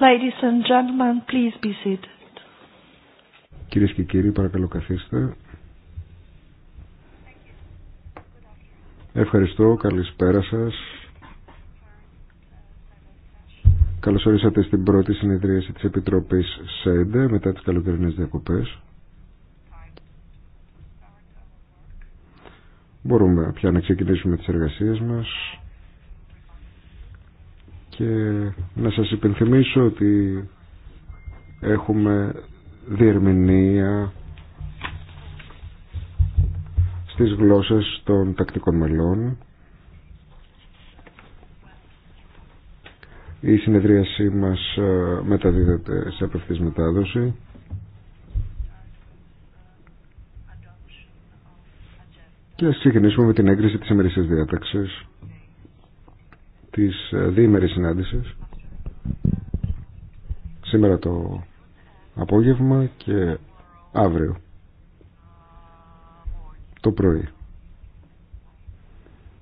Ladies and gentlemen, please be seated. Κυρίες και κύριοι, παρακαλώ καθίστε. Ευχαριστώ, καλησπέρα σας. Καλώς ορίσατε στην πρώτη συνεδρίαση της Επιτροπής ΣΕΝΤΕ μετά τις καλοκαιρινές διακοπές. Μπορούμε πια να ξεκινήσουμε τις εργασίες μας και να σας υπενθυμίσω ότι έχουμε διερμηνία στις γλώσσες των τακτικών μελών. Η συνεδρίασή μας ε, μεταδίδεται σε απευθύνση μετάδοση. Και ας ξεκινήσουμε με την έγκριση της ημερησίας διάταξης της ε, διήμερης συνάντησης σήμερα το απόγευμα και αύριο το πρωί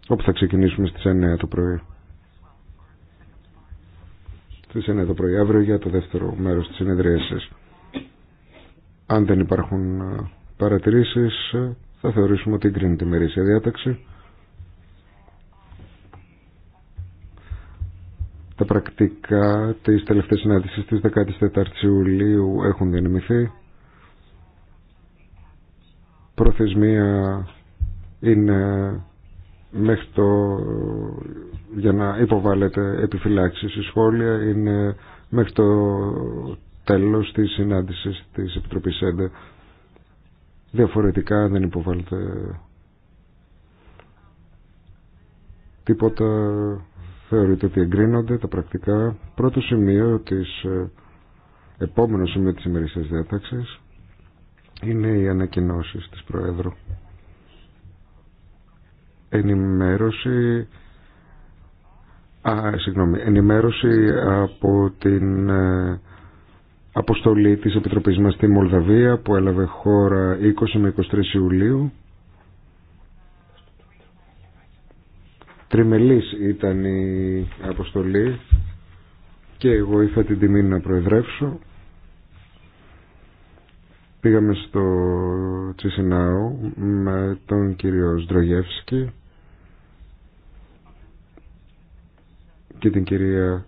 όπου θα ξεκινήσουμε στις 9 το πρωί στις 9 το πρωί αύριο για το δεύτερο μέρος της συνεδρίασης αν δεν υπάρχουν ε, παρατηρήσεις ε, θα θεωρήσουμε ότι εγκρίνεται η μερίσια διάταξη Τα πρακτικά της τελευταίας συνάντησης της 14ης Ιουλίου έχουν διανεμηθεί. Προθεσμία είναι μέχρι το για να υποβάλετε επιφυλάξεις ή σχόλια είναι μέχρι το τέλος της συνάντησης της Επιτροπής ΕΝΤΕ. Διαφορετικά δεν υποβάλλεται τίποτα θεωρείται ότι εγκρίνονται τα πρακτικά. Πρώτο σημείο της ε, επόμενο σημείο της ημερήσιας διάταξης είναι οι ανακοινώσεις της Προέδρου. Ενημέρωση Α, συγγνώμη, ενημέρωση από την ε, αποστολή της Επιτροπής μας στη Μολδαβία που έλαβε χώρα 20 με 23 Ιουλίου Τριμελής ήταν η αποστολή και εγώ είχα την τιμή να προεδρεύσω. Πήγαμε στο Τσισινάου με τον κύριο Σντρογεύσκη και την κυρία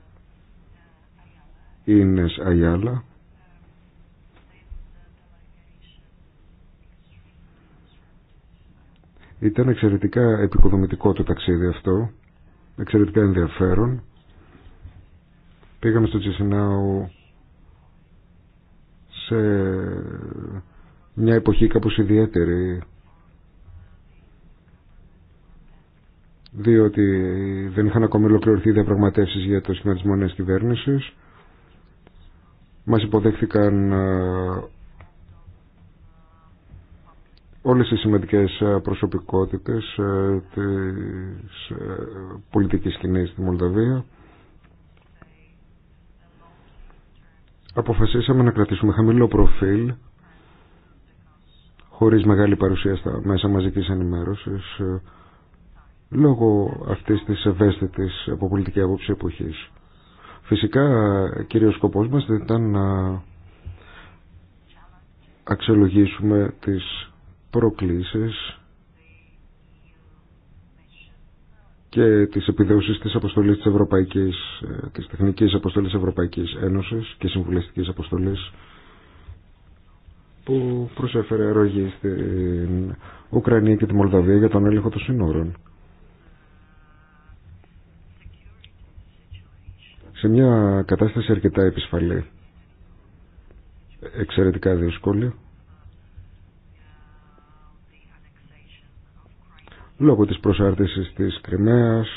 Ίνες Αγιάλα Ήταν εξαιρετικά επικοδομητικό το ταξίδι αυτό, εξαιρετικά ενδιαφέρον. Πήγαμε στο Τσισινάου σε μια εποχή κάπως ιδιαίτερη διότι δεν είχαν ακόμη ολοκληρωθεί οι διαπραγματεύσεις για το σχηματισμό νέας κυβέρνησης. Μας υποδέχθηκαν ε, όλες οι σημαντικές ε, προσωπικότητες ε, της ε, πολιτικής σκηνής στη Μολδαβία. Αποφασίσαμε να κρατήσουμε χαμηλό προφίλ χωρίς μεγάλη παρουσία στα μέσα μαζικής ενημέρωσης λόγω αυτής της ευαίσθητης από πολιτική άποψη εποχής. Φυσικά, κύριος σκοπός μας ήταν να αξιολογήσουμε τις προκλήσεις και τις επιδόσεις της αποστολής της Ευρωπαϊκής, ε, της Τεχνικής Αποστολής Ευρωπαϊκής Ένωσης και Συμβουλευτικής Αποστολής που προσέφερε αρρωγή στην Ουκρανία και τη Μολδαβία για τον έλεγχο των συνόρων. Σε μια κατάσταση αρκετά επισφαλή, εξαιρετικά δύσκολη, λόγω της προσάρτησης της Κρυμαίας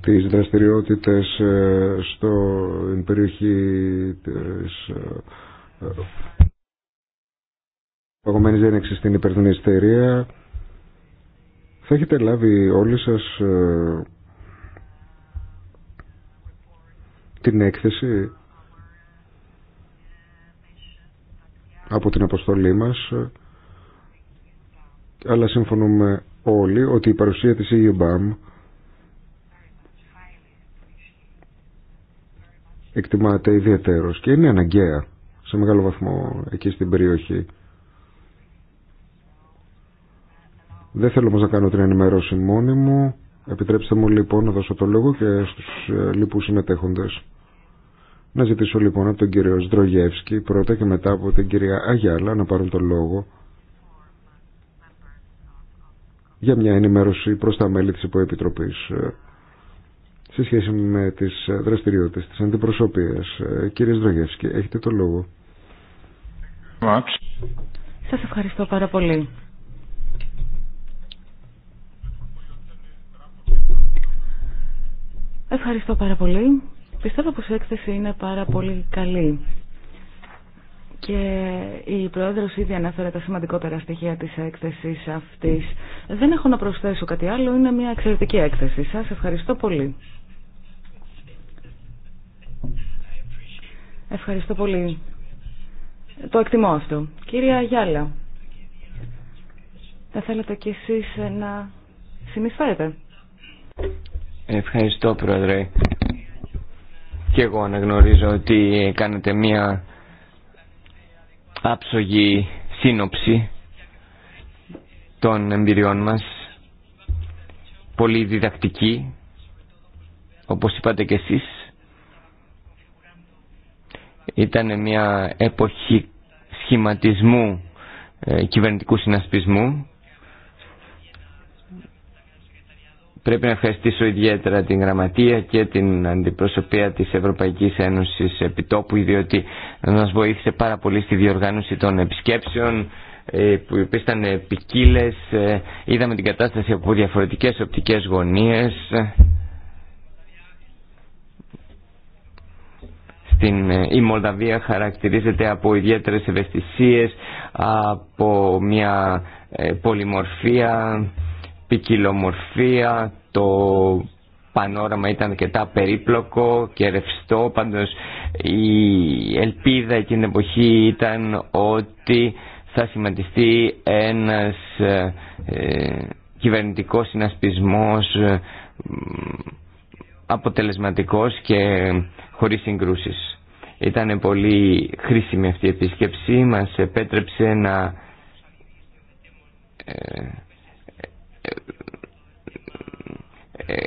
τις δραστηριότητες ε, στην περιοχή της παγωμένης ε, ε, ένεξης στην υπερδυνιστερία θα έχετε λάβει όλοι σας την έκθεση από την αποστολή μας αλλά συμφωνούμε όλοι ότι η παρουσία της EUBAM εκτιμάται ιδιαίτερος και είναι αναγκαία σε μεγάλο βαθμό εκεί στην περιοχή. Δεν θέλω όμως να κάνω την ενημέρωση μόνη μου. Επιτρέψτε μου λοιπόν να δώσω το λόγο και στους ε, λοιπούς συμμετέχοντες. Να ζητήσω λοιπόν από τον κύριο Σδρογεύσκη πρώτα και μετά από την κυρία Αγιάλα να πάρουν τον λόγο για μια ενημέρωση προς τα μέλη της υποεπιτροπής ε, σε σχέση με τις δραστηριότητες της αντιπροσωπείας. Ε, κύριε Σδρογεύσκη, έχετε το λόγο. Σας ευχαριστώ πάρα πολύ. Ευχαριστώ πάρα πολύ Πιστεύω πως η έκθεση είναι πάρα πολύ καλή. Και η Πρόεδρος ήδη ανέφερε τα σημαντικότερα στοιχεία της έκθεσης αυτής. Δεν έχω να προσθέσω κάτι άλλο, είναι μια εξαιρετική έκθεση. Σας ευχαριστώ πολύ. Ευχαριστώ πολύ. Το εκτιμώ αυτό. Κυρία Γιάλα, θα θέλετε κι εσείς να συνεισφέρετε. Ευχαριστώ, Πρόεδρε. Και εγώ αναγνωρίζω ότι κάνετε μία άψογη σύνοψη των εμπειριών μας, πολύ διδακτική, όπως είπατε και εσείς. Ήταν μια εποχή σχηματισμού ε, κυβερνητικού συνασπισμού Πρέπει να ευχαριστήσω ιδιαίτερα την Γραμματεία και την Αντιπροσωπεία της Ευρωπαϊκής Ένωσης Επιτόπου, διότι μας βοήθησε πάρα πολύ στη διοργάνωση των επισκέψεων, ε, που ήταν ποικίλε, ε, είδαμε την κατάσταση από διαφορετικές οπτικές γωνίες. Στην, ε, η Μολδαβία χαρακτηρίζεται από ιδιαίτερες ευαισθησίες, από μια πολυμορφία, ποικιλομορφία, το πανόραμα ήταν αρκετά περίπλοκο και ρευστό, πάντως η ελπίδα εκείνη την εποχή ήταν ότι θα σημαντιστεί ένας ε, ε, κυβερνητικός συνασπισμός ε, αποτελεσματικός και χωρίς συγκρούσεις. Ήταν πολύ χρήσιμη αυτή η επίσκεψη, μας επέτρεψε να ε,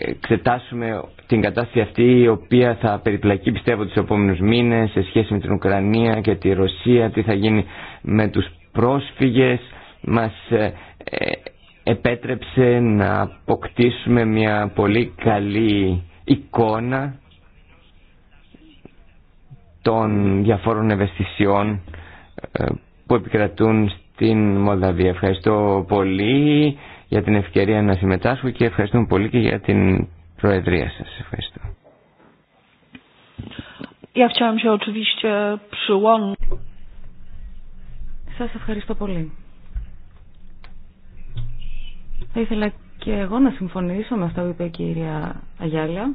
εξετάσουμε την κατάσταση αυτή η οποία θα περιπλακεί πιστεύω τους επόμενους μήνες σε σχέση με την Ουκρανία και τη Ρωσία, τι θα γίνει με τους πρόσφυγες. Μας ε, ε, επέτρεψε να αποκτήσουμε μια πολύ καλή εικόνα των διαφόρων ευαισθησιών ε, που επικρατούν στην Μολδαβία. Ευχαριστώ πολύ για την ευκαιρία να συμμετάσχω και ευχαριστούμε πολύ και για την προεδρία σας. Ευχαριστώ. Σας ευχαριστώ πολύ. Θα ήθελα και εγώ να συμφωνήσω με αυτά που είπε η κυρία Αγιάλια.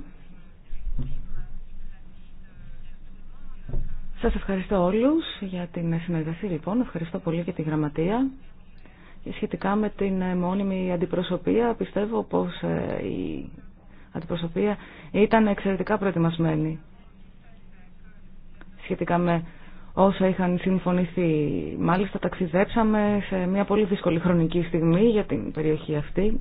Σας ευχαριστώ όλους για την συνεργασία λοιπόν. Ευχαριστώ πολύ και τη γραμματεία σχετικά με την ε, μόνιμη αντιπροσωπεία. Πιστεύω πως ε, η αντιπροσωπεία ήταν εξαιρετικά προετοιμασμένη σχετικά με όσα είχαν συμφωνηθεί. Μάλιστα ταξιδέψαμε σε μια πολύ δύσκολη χρονική στιγμή για την περιοχή αυτή.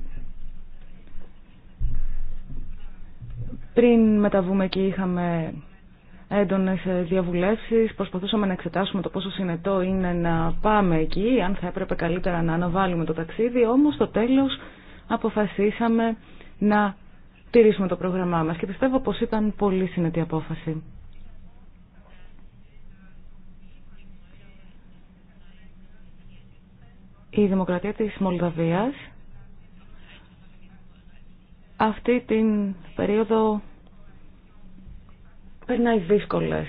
Πριν μεταβούμε εκεί είχαμε Έντονε διαβουλεύσεις. Προσπαθούσαμε να εξετάσουμε το πόσο συνετό είναι να πάμε εκεί, αν θα έπρεπε καλύτερα να αναβάλουμε το ταξίδι, όμως στο τέλος αποφασίσαμε να τηρήσουμε το πρόγραμμά μας και πιστεύω πως ήταν πολύ συνετή απόφαση. Η Δημοκρατία της Μολδαβίας αυτή την περίοδο περνάει δύσκολες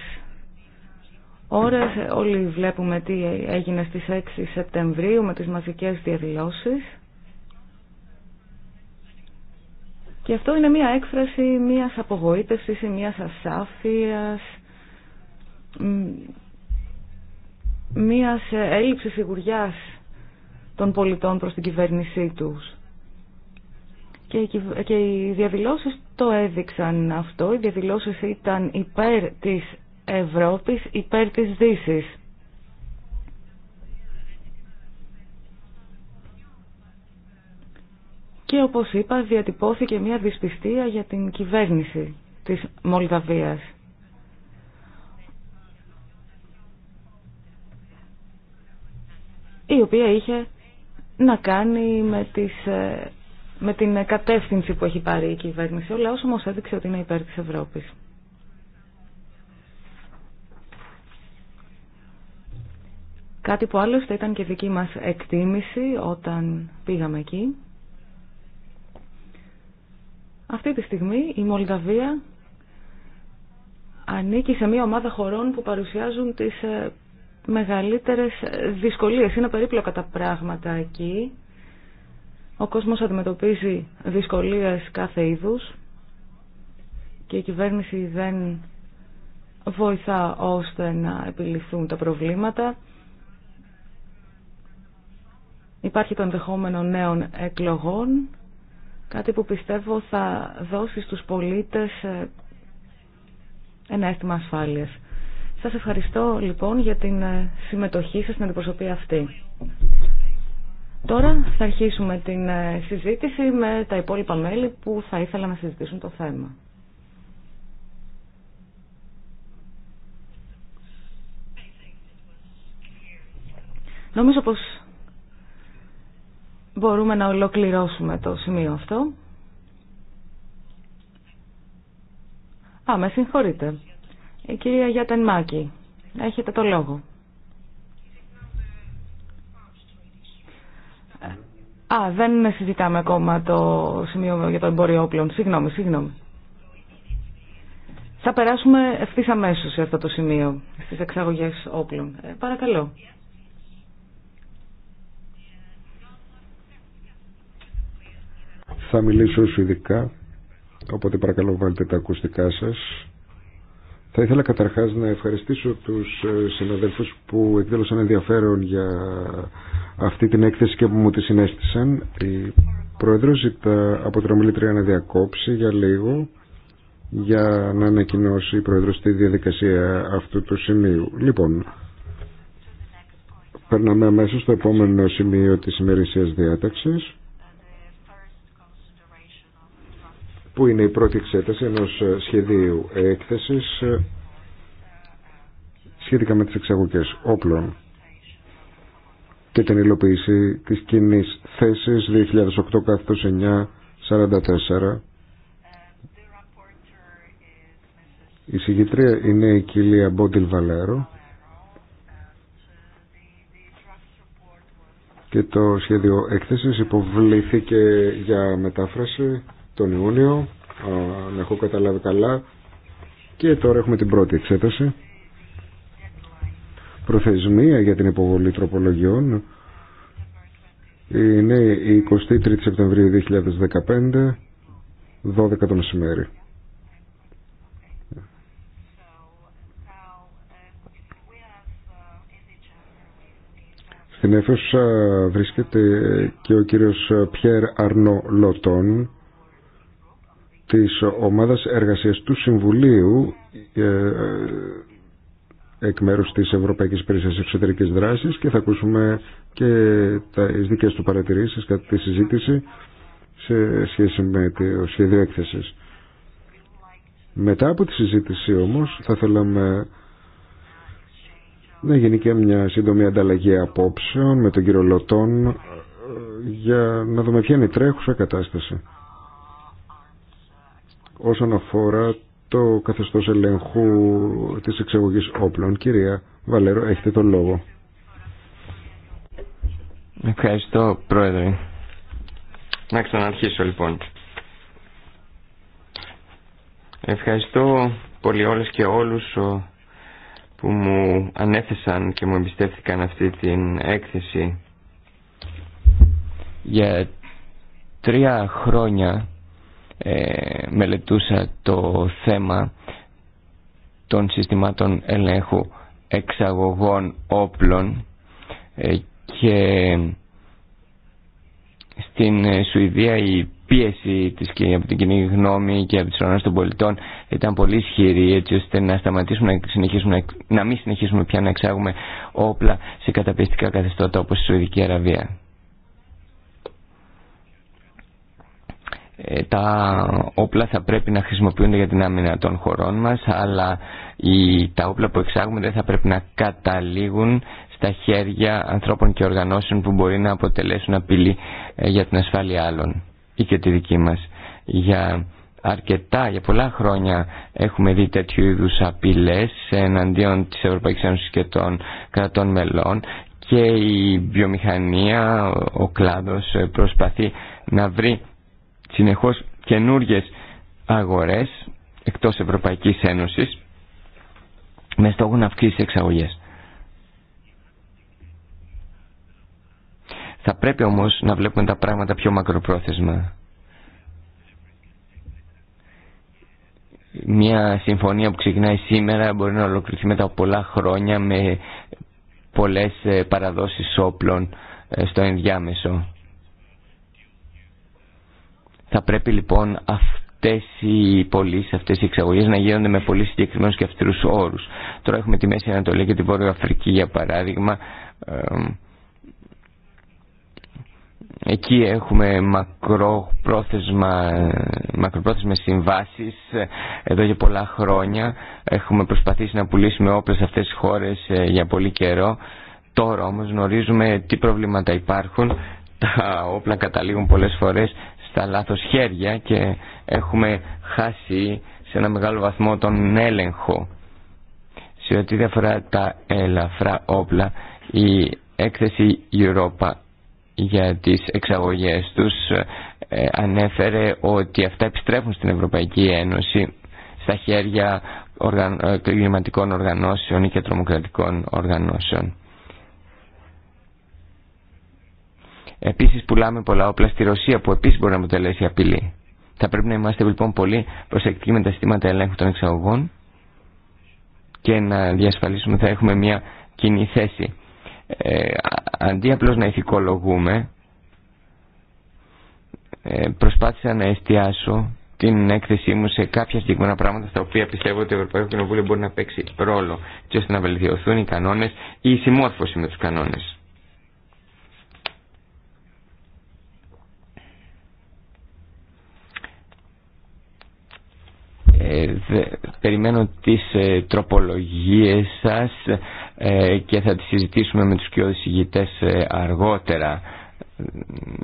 ώρες. Όλοι βλέπουμε τι έγινε στις 6 Σεπτεμβρίου με τις μαζικές διαδηλώσεις. Και αυτό είναι μια έκφραση μιας απογοήτευσης ή μιας ασάφειας, μιας έλλειψης σιγουριάς των πολιτών προς την κυβέρνησή τους. Και οι διαδηλώσεις το έδειξαν αυτό. Οι διαδηλώσεις ήταν υπέρ της Ευρώπης, υπέρ της Δύσης. Και όπως είπα διατυπώθηκε μια δυσπιστία για την κυβέρνηση της Μολδαβίας. Η οποία είχε να κάνει με τις ε, με την κατεύθυνση που έχει πάρει η κυβέρνηση. Ο λαός όμως έδειξε ότι είναι υπέρ της Ευρώπης. Κάτι που άλλωστε ήταν και δική μας εκτίμηση όταν πήγαμε εκεί. Αυτή τη στιγμή η Μολδαβία ανήκει σε μια ομάδα χωρών που παρουσιάζουν τις ε, μεγαλύτερες δυσκολίες. Είναι περίπλοκα τα πράγματα εκεί. Ο κόσμος αντιμετωπίζει δυσκολίες κάθε είδους και η κυβέρνηση δεν βοηθά ώστε να επιληθούν τα προβλήματα. Υπάρχει το ενδεχόμενο νέων εκλογών, κάτι που πιστεύω θα δώσει στους πολίτες ε, ένα αίσθημα ασφάλειας. Σας ευχαριστώ λοιπόν για την ε, συμμετοχή σας στην αντιπροσωπή αυτή. Τώρα θα αρχίσουμε την ε, συζήτηση με τα υπόλοιπα μέλη που θα ήθελα να συζητήσουν το θέμα. Νομίζω πως μπορούμε να ολοκληρώσουμε το σημείο αυτό. Α, με συγχωρείτε. Η κυρία Γιάτεν Μάκη, έχετε το λόγο. Α, δεν συζητάμε ακόμα το σημείο για το εμπόριο όπλων. Συγγνώμη, συγγνώμη. Θα περάσουμε ευθύ αμέσω σε αυτό το σημείο, στι εξαγωγέ όπλων. Ε, παρακαλώ. Θα μιλήσω σου ειδικά, οπότε παρακαλώ βάλτε τα ακουστικά σας. Θα ήθελα καταρχάς να ευχαριστήσω τους ε, συναδέλφους που εκδήλωσαν ενδιαφέρον για αυτή την έκθεση και που μου τη συνέστησαν. Η Πρόεδρος ζητά από την ομιλήτρια να διακόψει για λίγο για να ανακοινώσει η Πρόεδρος τη διαδικασία αυτού του σημείου. Λοιπόν, περνάμε αμέσως στο επόμενο σημείο της ημερησίας διάταξης. που είναι η πρώτη εξέταση ενός ε, σχεδίου έκθεσης ε, σχετικά με τις εξαγωγές όπλων και την υλοποίηση της κοινή θέσης 2008-944. Η συγκητρία είναι η κυρία Μπόντιλ Βαλέρο και το σχέδιο έκθεσης υποβλήθηκε για μετάφραση τον Ιούνιο, αν έχω καταλάβει καλά. Και τώρα έχουμε την πρώτη εξέταση. Προθεσμία για την υποβολή τροπολογιών είναι η 23η Σεπτεμβρίου 2015, 12 το μεσημέρι. Στην αίθουσα βρίσκεται και ο κύριος Πιέρ Αρνό Λότον, της ομάδας εργασίας του Συμβουλίου ε, ε, εκ μέρους της Ευρωπαϊκής Υπηρεσίας Εξωτερικής Δράσης και θα ακούσουμε και τα δικές του παρατηρήσεις κατά τη συζήτηση σε σχέση με το σχέδιο έκθεσης. Μετά από τη συζήτηση όμως θα θέλαμε να γίνει και μια σύντομη ανταλλαγή απόψεων με τον κύριο ε, για να δούμε ποια είναι η τρέχουσα κατάσταση όσον αφορά το καθεστώς ελέγχου της εξαγωγής όπλων. Κυρία Βαλέρο, έχετε τον λόγο. Ευχαριστώ, Πρόεδρε. Να ξαναρχίσω, λοιπόν. Ευχαριστώ πολύ όλες και όλους που μου ανέθεσαν και μου εμπιστεύτηκαν αυτή την έκθεση. Για τρία χρόνια ε, μελετούσα το θέμα των συστημάτων ελέγχου εξαγωγών όπλων ε, και στην ε, Σουηδία η πίεση της, από την κοινή γνώμη και από τις οργανώσεις των πολιτών ήταν πολύ ισχυρή έτσι ώστε να σταματήσουμε να, συνεχίσουμε, να μην συνεχίσουμε πια να εξάγουμε όπλα σε καταπιστικά καθεστώτα όπως η Σουηδική Αραβία. Ε, τα όπλα θα πρέπει να χρησιμοποιούνται για την άμυνα των χωρών μας αλλά οι τα όπλα που εξάγουμε δεν θα πρέπει να καταλήγουν στα χέρια ανθρώπων και οργανώσεων που μπορεί να αποτελέσουν απειλή ε, για την ασφάλεια άλλων ή και τη δική μας. Για αρκετά, για πολλά χρόνια έχουμε δει τέτοιου είδους απειλές εναντίον της Ευρωπαϊκής Ένωσης και των κρατών μελών και η βιομηχανία, ο κλάδος ε, προσπαθεί να βρει συνεχώς καινούργιες αγορές εκτός Ευρωπαϊκής Ένωσης με στόχο να αυξήσει εξαγωγές. Θα πρέπει όμως να βλέπουμε τα πράγματα πιο μακροπρόθεσμα. Μια συμφωνία που ξεκινάει σήμερα μπορεί να ολοκληρωθεί μετά από πολλά χρόνια με πολλές ε, παραδόσεις όπλων ε, στο ενδιάμεσο. Θα πρέπει λοιπόν αυτές οι πωλήσει, αυτές οι εξαγωγές να γίνονται με πολύ συγκεκριμένους και αυστηρούς όρους. Τώρα έχουμε τη Μέση Ανατολή και τη Βόρεια Αφρική για παράδειγμα. Εκεί έχουμε μακροπρόθεσμα, μακροπρόθεσμες συμβάσεις εδώ για πολλά χρόνια. Έχουμε προσπαθήσει να πουλήσουμε όπλα σε αυτές τις χώρες ε, για πολύ καιρό. Τώρα όμως γνωρίζουμε τι προβλήματα υπάρχουν. Τα όπλα καταλήγουν πολλές φορές στα λάθος χέρια και έχουμε χάσει σε ένα μεγάλο βαθμό τον έλεγχο. Σε ό,τι διαφορά τα ελαφρά όπλα, η έκθεση Europa για τις εξαγωγές τους ε, ανέφερε ότι αυτά επιστρέφουν στην Ευρωπαϊκή Ένωση στα χέρια οργαν... Ε, κλιματικών οργανώσεων και τρομοκρατικών οργανώσεων. Επίση, πουλάμε πολλά όπλα στη Ρωσία που επίση μπορεί να αποτελέσει απειλή. Θα πρέπει να είμαστε λοιπόν πολύ προσεκτικοί με τα συστήματα ελέγχου των εξαγωγών και να διασφαλίσουμε ότι θα έχουμε μια κοινή θέση. Ε, αντί απλώ να ηθικολογούμε, ε, προσπάθησα να εστιάσω την έκθεσή μου σε κάποια συγκεκριμένα πράγματα στα οποία πιστεύω ότι το Ευρωπαϊκό Κοινοβούλιο μπορεί να παίξει ρόλο, και ώστε να βελτιωθούν οι κανόνε ή η συμμόρφωση με του κανόνε. Ε, περιμένω τις ε, τροπολογίες σας ε, και θα τις συζητήσουμε με τους κοιόδης ηγητές αργότερα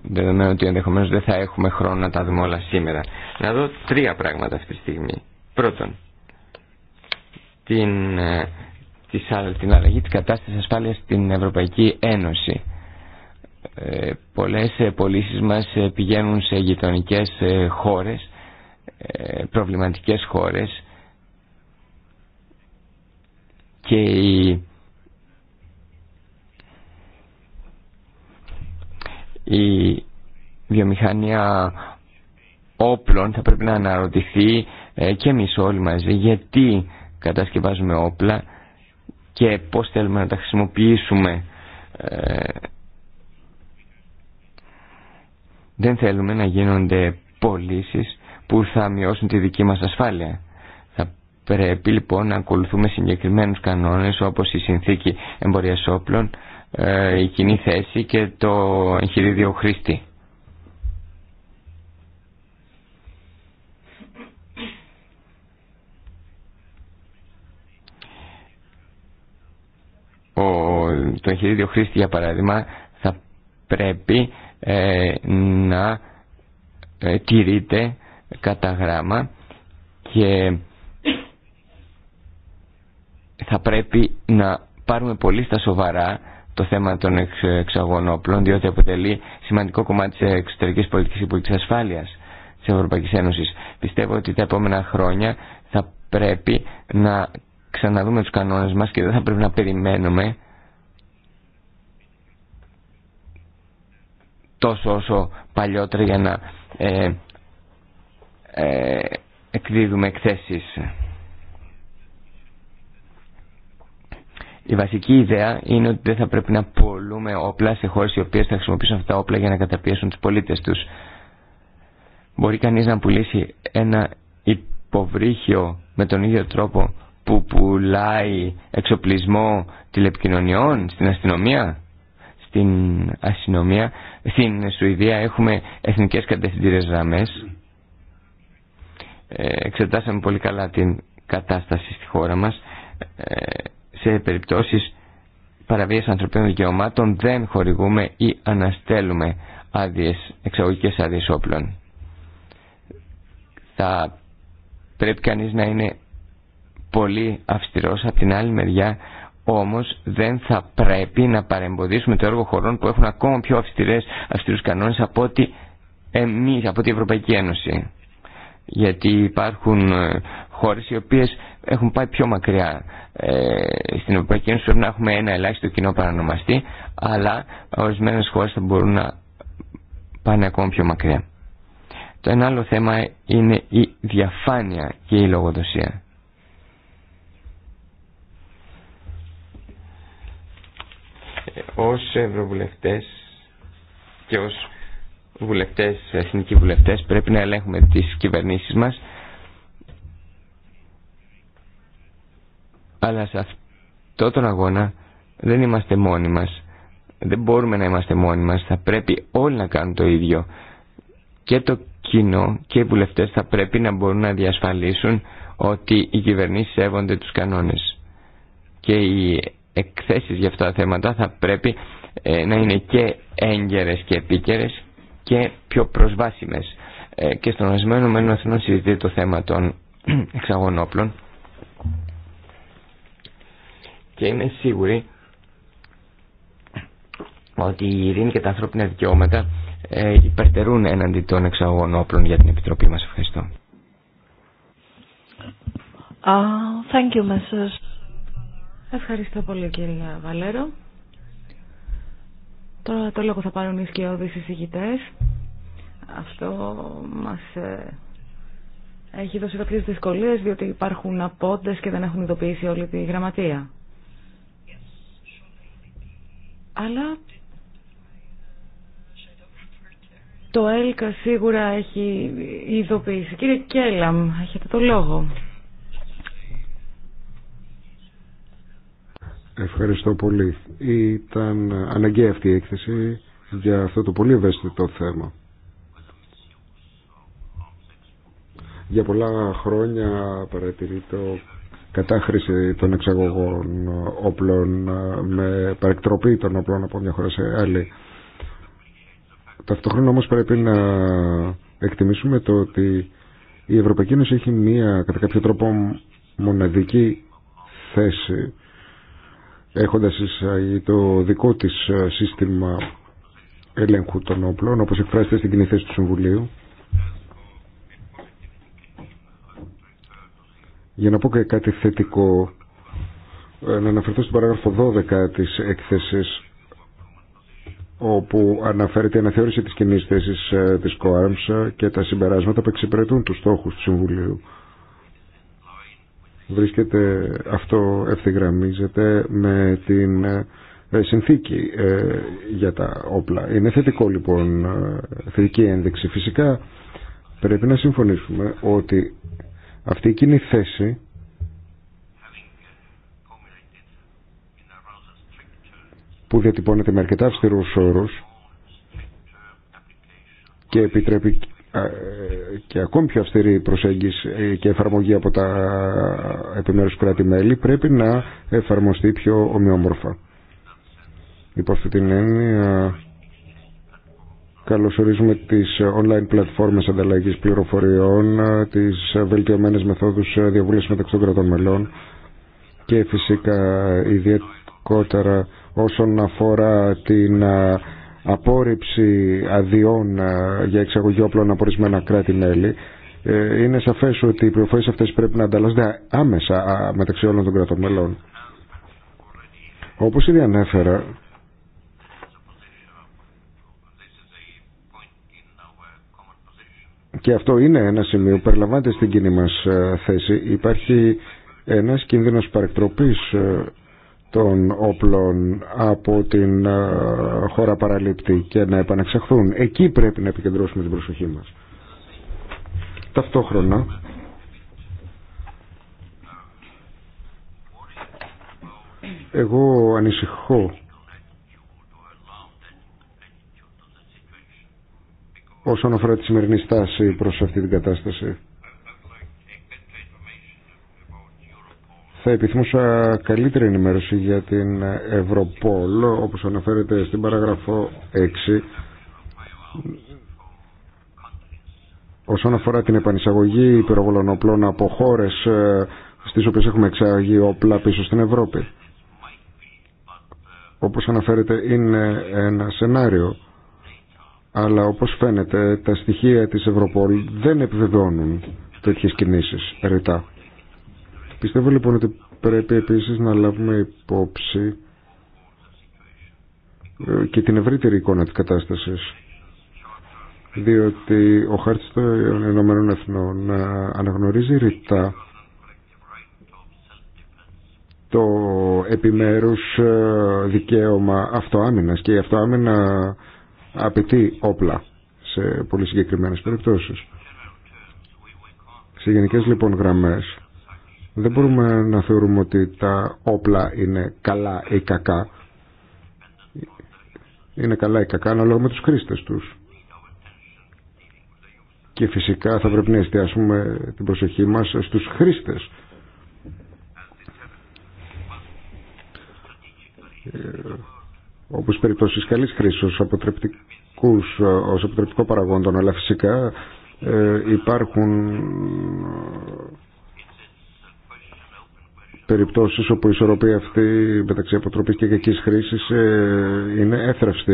δεδομένου ότι ενδεχομένως δεν θα έχουμε χρόνο να τα δούμε όλα σήμερα. Να δω τρία πράγματα αυτή τη στιγμή. Πρώτον, την, την αλλαγή της κατάστασης ασφάλειας στην Ευρωπαϊκή Ένωση. Πολλές πωλήσει μας πηγαίνουν σε γειτονικέ χώρες ε, προβληματικές χώρες και η, η βιομηχανία όπλων θα πρέπει να αναρωτηθεί ε, και εμείς όλοι μαζί γιατί κατασκευάζουμε όπλα και πώς θέλουμε να τα χρησιμοποιήσουμε. Ε, δεν θέλουμε να γίνονται πωλήσει που θα μειώσουν τη δική μας ασφάλεια. Θα πρέπει λοιπόν να ακολουθούμε συγκεκριμένους κανόνες όπως η συνθήκη εμπορίας όπλων, ε, η κοινή θέση και το εγχειρίδιο χρήστη. το εγχειρίδιο χρήστη για παράδειγμα θα πρέπει ε, να ε, τηρείται κατά γράμμα και θα πρέπει να πάρουμε πολύ στα σοβαρά το θέμα των εξαγωνόπλων διότι αποτελεί σημαντικό κομμάτι της εξωτερικής πολιτικής και πολιτικής ασφάλειας της Ευρωπαϊκής Ένωσης. Πιστεύω ότι τα επόμενα χρόνια θα πρέπει να ξαναδούμε τους κανόνες μας και δεν θα πρέπει να περιμένουμε τόσο όσο παλιότερα για να ε, ε, εκδίδουμε εκθέσεις. Η βασική ιδέα είναι ότι δεν θα πρέπει να πολλούμε όπλα σε χώρες οι οποίες θα χρησιμοποιήσουν αυτά τα όπλα για να καταπιέσουν τους πολίτες τους. Μπορεί κανείς να πουλήσει ένα υποβρύχιο με τον ίδιο τρόπο που πουλάει εξοπλισμό τηλεπικοινωνιών στην αστυνομία. Στην αστυνομία, στην Σουηδία έχουμε εθνικές κατευθυντήρες γραμμές ε, εξετάσαμε πολύ καλά την κατάσταση στη χώρα μας ε, σε περιπτώσεις παραβίαση ανθρωπίνων δικαιωμάτων δεν χορηγούμε ή αναστέλουμε άδειες, εξαγωγικές άδειες όπλων. Θα πρέπει κανείς να είναι πολύ αυστηρός από την άλλη μεριά όμως δεν θα πρέπει να παρεμποδίσουμε το έργο χωρών που έχουν ακόμα πιο αυστηρές, αυστηρούς κανόνες από ότι εμείς, από την Ευρωπαϊκή Ένωση γιατί υπάρχουν ε, χώρες οι οποίες έχουν πάει πιο μακριά. Ε, στην Ευρωπαϊκή Ένωση πρέπει να έχουμε ένα ελάχιστο κοινό παρανομαστή, αλλά ορισμένε χώρες θα μπορούν να πάνε ακόμα πιο μακριά. Το ένα άλλο θέμα είναι η διαφάνεια και η λογοδοσία. Ε, ως ευρωβουλευτές και ως βουλευτές, εθνικοί βουλευτές, πρέπει να ελέγχουμε τις κυβερνήσεις μας. Αλλά σε αυτόν τον αγώνα δεν είμαστε μόνοι μας. Δεν μπορούμε να είμαστε μόνοι μας. Θα πρέπει όλοι να κάνουν το ίδιο. Και το κοινό και οι βουλευτές θα πρέπει να μπορούν να διασφαλίσουν ότι οι κυβερνήσεις σέβονται τους κανόνες. Και οι εκθέσεις για αυτά τα θέματα θα πρέπει ε, να είναι και έγκαιρες και επίκαιρες και πιο προσβάσιμες. Ε, και στον ορισμένο μένω Αθηνών το θέμα των εξαγωνόπλων και είμαι σίγουρη ότι η ειρήνη και τα ανθρώπινα δικαιώματα ε, υπερτερούν έναντι των εξαγών για την Επιτροπή μας. Ευχαριστώ. Uh, thank you, Ευχαριστώ πολύ κύριε Βαλέρο. Τώρα το λόγο θα πάρουν οι σκιώδεις συζητητές. Αυτό μας ε, έχει δώσει κάποιες δυσκολίες διότι υπάρχουν απόντες και δεν έχουν ειδοποιήσει όλη τη γραμματεία. Αλλά το ΕΛΚΑ σίγουρα έχει ειδοποιήσει. Κύριε Κέλαμ, έχετε το λόγο. Ευχαριστώ πολύ. Ήταν αναγκαία αυτή η έκθεση για αυτό το πολύ ευαίσθητο θέμα. Για πολλά χρόνια παρατηρεί το κατάχρηση των εξαγωγών όπλων με παρεκτροπή των όπλων από μια χώρα σε άλλη. Ταυτόχρονα όμως πρέπει να εκτιμήσουμε το ότι η Ευρωπαϊκή Ένωση έχει μια κατά κάποιο τρόπο μοναδική θέση έχοντας εισαγεί το δικό της ε, σύστημα ελέγχου των όπλων όπως εκφράζεται στην κοινή θέση του Συμβουλίου για να πω και κάτι θετικό ε, να αναφερθώ στην παράγραφο 12 της έκθεσης όπου αναφέρεται η αναθεώρηση της κοινή θέση ε, της ΚΟΑΡΜΣ και τα συμπεράσματα που εξυπηρετούν τους στόχους του Συμβουλίου βρίσκεται, αυτό ευθυγραμμίζεται με την ε, συνθήκη ε, για τα όπλα. Είναι θετικό λοιπόν, ε, θετική ένδειξη. Φυσικά πρέπει να συμφωνήσουμε ότι αυτή η κοινή θέση που διατυπώνεται με αρκετά αυστηρούς όρους και επιτρέπει ε, και ακόμη πιο αυστηρή προσέγγιση ε, και εφαρμογή από τα επιμέρους κράτη-μέλη πρέπει να εφαρμοστεί πιο ομοιόμορφα. Υπό αυτή την έννοια καλωσορίζουμε τις online πλατφόρμες ανταλλαγής πληροφοριών, τις βελτιωμένες μεθόδους διαβούλευσης μεταξύ των κρατών μελών και φυσικά ιδιαίτερα όσον αφορά την απόρριψη αδειών ε, για εξαγωγή όπλων από ορισμένα κράτη-μέλη, ε, είναι σαφές ότι οι πληροφορίε αυτές πρέπει να ανταλλάσσονται άμεσα μεταξύ όλων των κρατών μελών. Όπως ήδη ανέφερα, και αυτό είναι ένα σημείο που περιλαμβάνεται στην κοινή μας ε, θέση, υπάρχει ένας κίνδυνος παρεκτροπής των όπλων από την ε, χώρα παραλήπτη και να επανεξεχθούν. Εκεί πρέπει να επικεντρώσουμε την προσοχή μας. Ταυτόχρονα εγώ ανησυχώ όσον αφορά τη σημερινή στάση προς αυτή την κατάσταση. Θα επιθυμούσα καλύτερη ενημέρωση για την Ευρωπόλ, όπως αναφέρεται στην παραγραφό 6, όσον αφορά την επανεισαγωγή πυροβολών όπλων από χώρε ε, στις οποίες έχουμε εξαγεί όπλα πίσω στην Ευρώπη. Όπως αναφέρεται είναι ένα σενάριο, αλλά όπως φαίνεται τα στοιχεία της Ευρωπόλ δεν επιβεβαιώνουν τέτοιες κινήσεις ρητά. Πιστεύω λοιπόν ότι πρέπει επίσης να λάβουμε υπόψη ε, και την ευρύτερη εικόνα της κατάστασης διότι ο χάρτης των Ηνωμένων Εθνών ε, αναγνωρίζει ρητά το επιμέρους ε, δικαίωμα αυτοάμυνας και η αυτοάμυνα απαιτεί όπλα σε πολύ συγκεκριμένες περιπτώσεις. Σε γενικές λοιπόν γραμμές δεν μπορούμε να θεωρούμε ότι τα όπλα είναι καλά ή κακά. Είναι καλά ή κακά ανάλογα με τους χρήστες τους. Και φυσικά θα πρέπει να εστιάσουμε την προσοχή μας στους χρήστες. Ε, όπως περιπτώσεις καλής χρήσης ως, αποτρεπτικούς, ως αποτρεπτικό παραγόντων, αλλά φυσικά ε, υπάρχουν Περιπτώσει όπου η ισορροπία αυτή μεταξύ αποτροπής και χρήση χρήσης ε, είναι έθραυστη.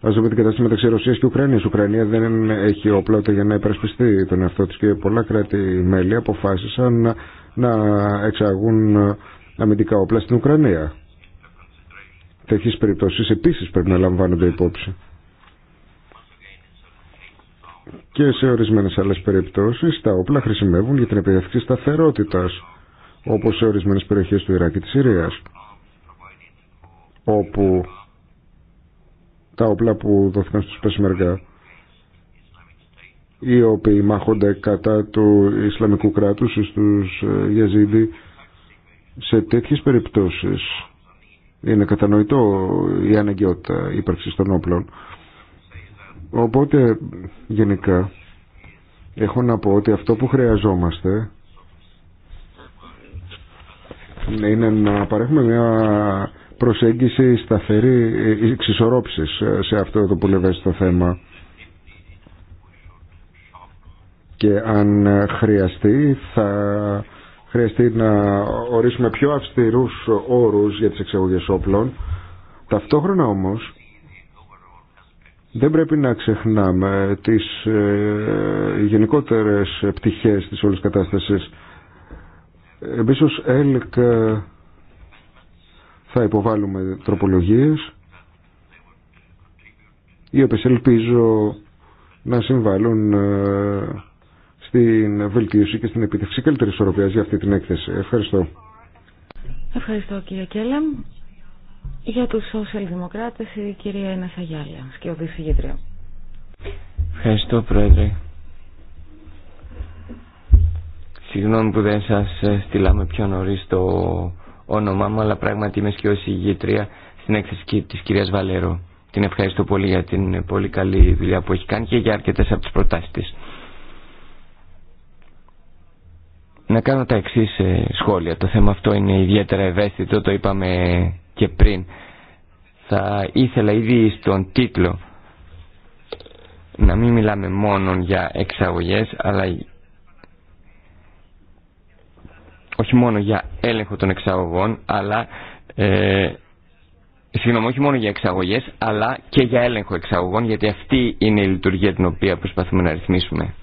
Α δούμε την κατάσταση μεταξύ Ρωσία και Ουκρανία. Η Ουκρανία δεν έχει όπλα ούτε για να υπερασπιστεί τον εαυτό τη και πολλά κράτη-μέλη αποφάσισαν να εξαγούν αμυντικά όπλα στην Ουκρανία. Τέτοιε περιπτώσει επίση πρέπει να λαμβάνονται υπόψη. Και σε ορισμένε άλλε περιπτώσει τα όπλα χρησιμεύουν για την επιδευτική σταθερότητα όπως σε ορισμένες περιοχές του Ιράκ και της Συρίας όπου τα όπλα που δόθηκαν στους Πεσμεργά οι οποίοι μάχονται κατά του Ισλαμικού κράτους στους ε, Γιαζίδη σε τέτοιες περιπτώσεις είναι κατανοητό η αναγκαιότητα ύπαρξη των όπλων οπότε γενικά έχω να πω ότι αυτό που χρειαζόμαστε είναι να παρέχουμε μια προσέγγιση σταθερή ε, ε, εξισορρόψης ε, σε αυτό το πολύ το θέμα. Και αν χρειαστεί θα χρειαστεί να ορίσουμε πιο αυστηρούς όρους για τις εξαγωγές όπλων. Ταυτόχρονα όμως δεν πρέπει να ξεχνάμε τις γενικότερες πτυχές της όλης κατάστασης Επίση, ε, θα υποβάλουμε τροπολογίες οι οποίες ελπίζω να συμβάλλουν ε, στην βελτίωση και στην επίτευξη καλύτερη ισορροπίας για αυτή την έκθεση. Ευχαριστώ. Ευχαριστώ κύριε Κέλλεμ. Για τους Σοσιαλδημοκράτε, η κυρία Ένα Σαγιάλια, σκιωδή συγγετρία. Ευχαριστώ πρόεδρε. Συγγνώμη που δεν σας ε, στείλαμε πιο νωρίς το όνομά μου, αλλά πράγματι είμαι σκιώση ηγητρία στην έκθεση της κυρίας Βαλέρο. Την ευχαριστώ πολύ για την ε, πολύ καλή δουλειά που έχει κάνει και για αρκετές από τις προτάσεις της. Να κάνω τα εξή ε, σχόλια. Το θέμα αυτό είναι ιδιαίτερα ευαίσθητο, το είπαμε και πριν. Θα ήθελα ήδη στον τίτλο να μην μιλάμε μόνο για εξαγωγές, αλλά όχι μόνο για έλεγχο των εξαγωγών, αλλά ε, συγγνώμη, όχι μόνο για εξαγωγές, αλλά και για έλεγχο εξαγωγών, γιατί αυτή είναι η λειτουργία την οποία προσπαθούμε να ρυθμίσουμε.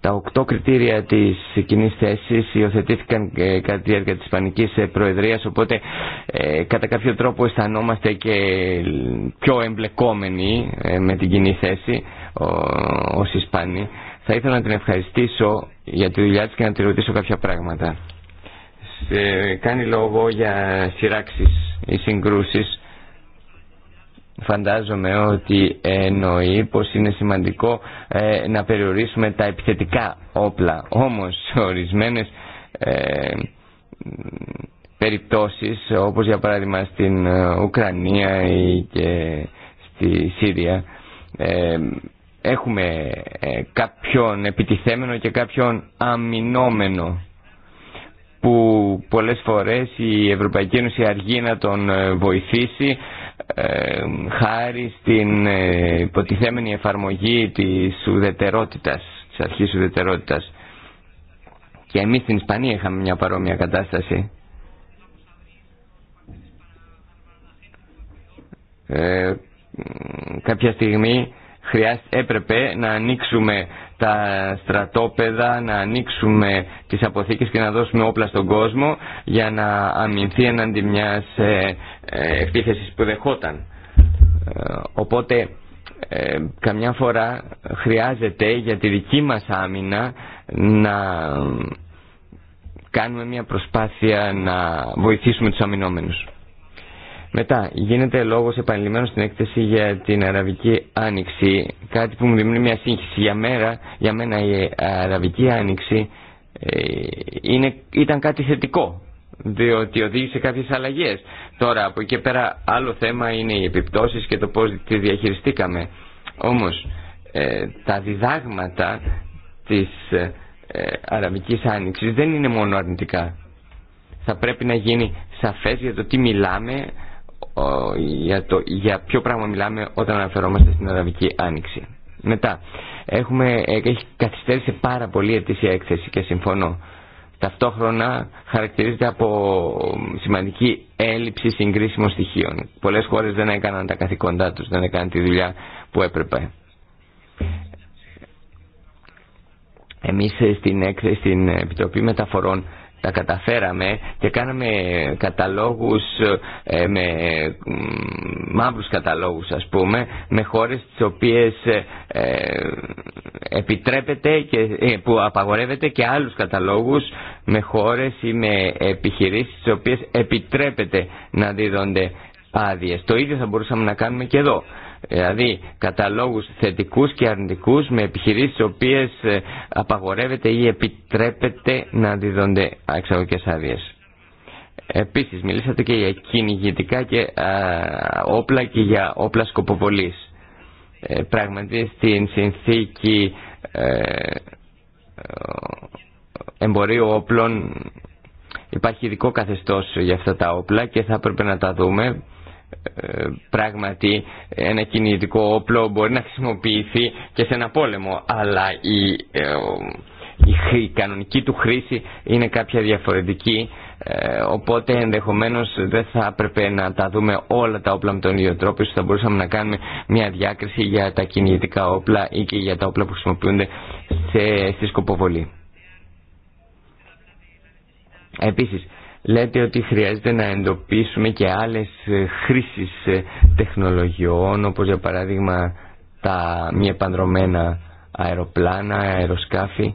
Τα οκτώ κριτήρια της κοινή θέση υιοθετήθηκαν ε, κατά τη διάρκεια της Ισπανική ε, Προεδρίας, οπότε ε, κατά κάποιο τρόπο αισθανόμαστε και πιο εμπλεκόμενοι με την κοινή θέση ω Ισπανοί. Θα ήθελα να την ευχαριστήσω για τη δουλειά της και να τη ρωτήσω κάποια πράγματα. κάνει λόγο για σειράξεις ή συγκρούσεις. Φαντάζομαι ότι εννοεί πως είναι σημαντικό ε, να περιορίσουμε τα επιθετικά όπλα. Όμως ορισμένες ε, περιπτώσεις όπως για παράδειγμα στην ε, Ουκρανία ή και στη Σύρια ε, έχουμε ε, κάποιον επιτιθέμενο και κάποιον αμυνόμενο που πολλές φορές η Ευρωπαϊκή Ένωση αργεί να τον ε, βοηθήσει ε, χάρη στην υποτιθέμενη εφαρμογή της ουδετερότητας, της αρχής ουδετερότητας. Και εμείς στην Ισπανία είχαμε μια παρόμοια κατάσταση. κάποια στιγμή έπρεπε να ανοίξουμε τα στρατόπεδα, να ανοίξουμε τις αποθήκες και να δώσουμε όπλα στον κόσμο για να αμυνθεί εναντί μιας επιθεση ε, που δεχόταν. Ε, οπότε ε, καμιά φορά χρειάζεται για τη δική μας άμυνα να κάνουμε μια προσπάθεια να βοηθήσουμε τους αμυνόμενους. Μετά, γίνεται λόγος επανειλημμένος στην έκθεση για την Αραβική Άνοιξη, κάτι που μου δημιουργεί μια σύγχυση. Για, μέρα, για μένα η ε, Αραβική Άνοιξη ε, είναι, ήταν κάτι θετικό, διότι οδήγησε κάποιες αλλαγές. Τώρα, από εκεί πέρα, άλλο θέμα είναι οι επιπτώσεις και το πώς τη διαχειριστήκαμε. Όμως, ε, τα διδάγματα της ε, Αραβικής Άνοιξης δεν είναι μόνο αρνητικά. Θα πρέπει να γίνει σαφές για το τι μιλάμε, για, το, για ποιο πράγμα μιλάμε όταν αναφερόμαστε στην Αραβική Άνοιξη. Μετά, έχουμε, ε, έχει καθυστέρησε πάρα πολύ η ετήσια έκθεση και συμφωνώ. Ταυτόχρονα χαρακτηρίζεται από σημαντική έλλειψη συγκρίσιμων στοιχείων. Πολλές χώρες δεν έκαναν τα καθηκοντά τους, δεν έκαναν τη δουλειά που έπρεπε. Εμείς ε, στην, έκθεση, στην Επιτροπή Μεταφορών τα καταφέραμε και κάναμε καταλόγους ε, με μαύρους καταλόγους ας πούμε με χώρες τις οποίες ε, ε, επιτρέπεται και, που απαγορεύεται και άλλους καταλόγους με χώρες ή με επιχειρήσεις τις οποίες επιτρέπεται να δίδονται άδειες. Το ίδιο θα μπορούσαμε να κάνουμε και εδώ δηλαδή καταλόγους θετικούς και αρνητικούς με επιχειρήσεις οι οποίες ε, απαγορεύεται ή επιτρέπεται να διδόνται εξαγωγικές άδειε. Επίσης μιλήσατε και για κυνηγητικά και όπλα και για όπλα σκοποβολής. Ε, πράγματι στην συνθήκη ε, ε, εμπορίου όπλων υπάρχει ειδικό καθεστώς για αυτά τα όπλα και θα έπρεπε να τα δούμε πράγματι ένα κινητικό όπλο μπορεί να χρησιμοποιηθεί και σε ένα πόλεμο αλλά η, ε, η κανονική του χρήση είναι κάποια διαφορετική ε, οπότε ενδεχομένως δεν θα έπρεπε να τα δούμε όλα τα όπλα με τον ίδιο τρόπο ίσως θα μπορούσαμε να κάνουμε μια διάκριση για τα κινητικά όπλα ή και για τα όπλα που χρησιμοποιούνται στη σκοποβολή Επίσης λέτε ότι χρειάζεται να εντοπίσουμε και άλλες ε, χρήσεις ε, τεχνολογιών όπως για παράδειγμα τα μη επανδρομένα αεροπλάνα, αεροσκάφη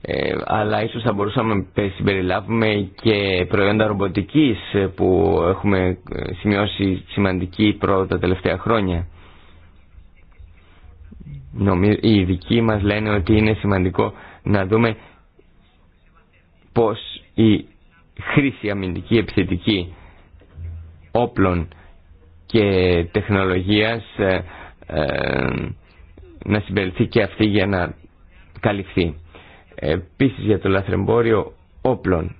ε, αλλά ίσως θα μπορούσαμε να συμπεριλάβουμε και προϊόντα ρομποτικής που έχουμε σημειώσει σημαντική πρόοδο τα τελευταία χρόνια. Νομίζω, οι ειδικοί μας λένε ότι είναι σημαντικό να δούμε πως η χρήση αμυντική επιθετική όπλων και τεχνολογίας ε, ε, να συμπεριθεί και αυτή για να καλυφθεί. Επίσης για το λαθρεμπόριο όπλων.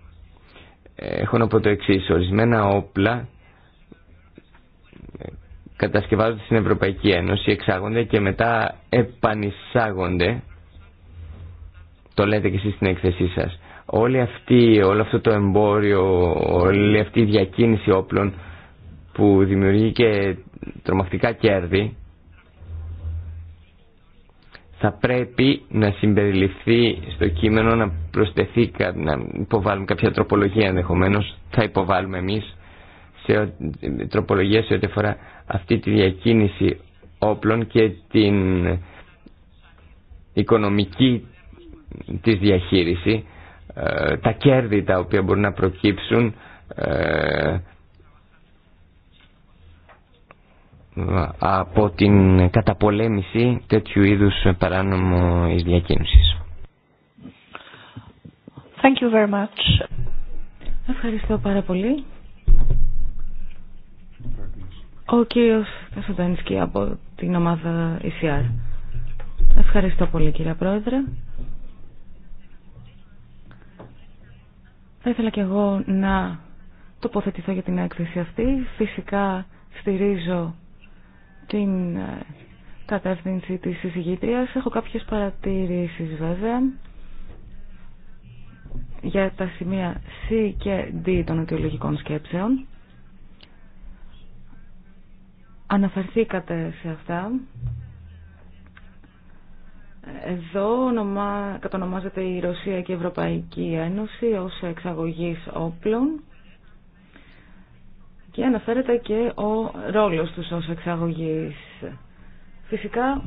Ε, έχω να πω το εξή Ορισμένα όπλα κατασκευάζονται στην Ευρωπαϊκή Ένωση, εξάγονται και μετά επανισάγονται Το λέτε και εσείς στην έκθεσή σας όλη αυτή, όλο αυτό το εμπόριο, όλη αυτή η διακίνηση όπλων που δημιουργεί και τρομακτικά κέρδη θα πρέπει να συμπεριληφθεί στο κείμενο να προσθεθεί, να υποβάλουμε κάποια τροπολογία ενδεχομένω. θα υποβάλουμε εμείς σε τροπολογία σε ό,τι αφορά αυτή τη διακίνηση όπλων και την οικονομική της διαχείριση ε, τα κέρδη τα οποία μπορούν να προκύψουν ε, από την καταπολέμηση τέτοιου είδους παράνομου διακίνησης. Thank you very much. Ευχαριστώ πάρα πολύ. Ο κύριος Κασοντανισκή από την ομάδα ECR. Ευχαριστώ πολύ κύριε Πρόεδρε. Θα ήθελα και εγώ να τοποθετηθώ για την έκθεση αυτή. Φυσικά στηρίζω την ε, κατεύθυνση της συζητήτριας. Έχω κάποιες παρατηρήσεις βέβαια για τα σημεία C και D των αιτιολογικών σκέψεων. Αναφερθήκατε σε αυτά εδώ κατονομάζεται η Ρωσία και η Ευρωπαϊκή Ένωση ως εξαγωγής όπλων και αναφέρεται και ο ρόλος τους ως εξαγωγής. Φυσικά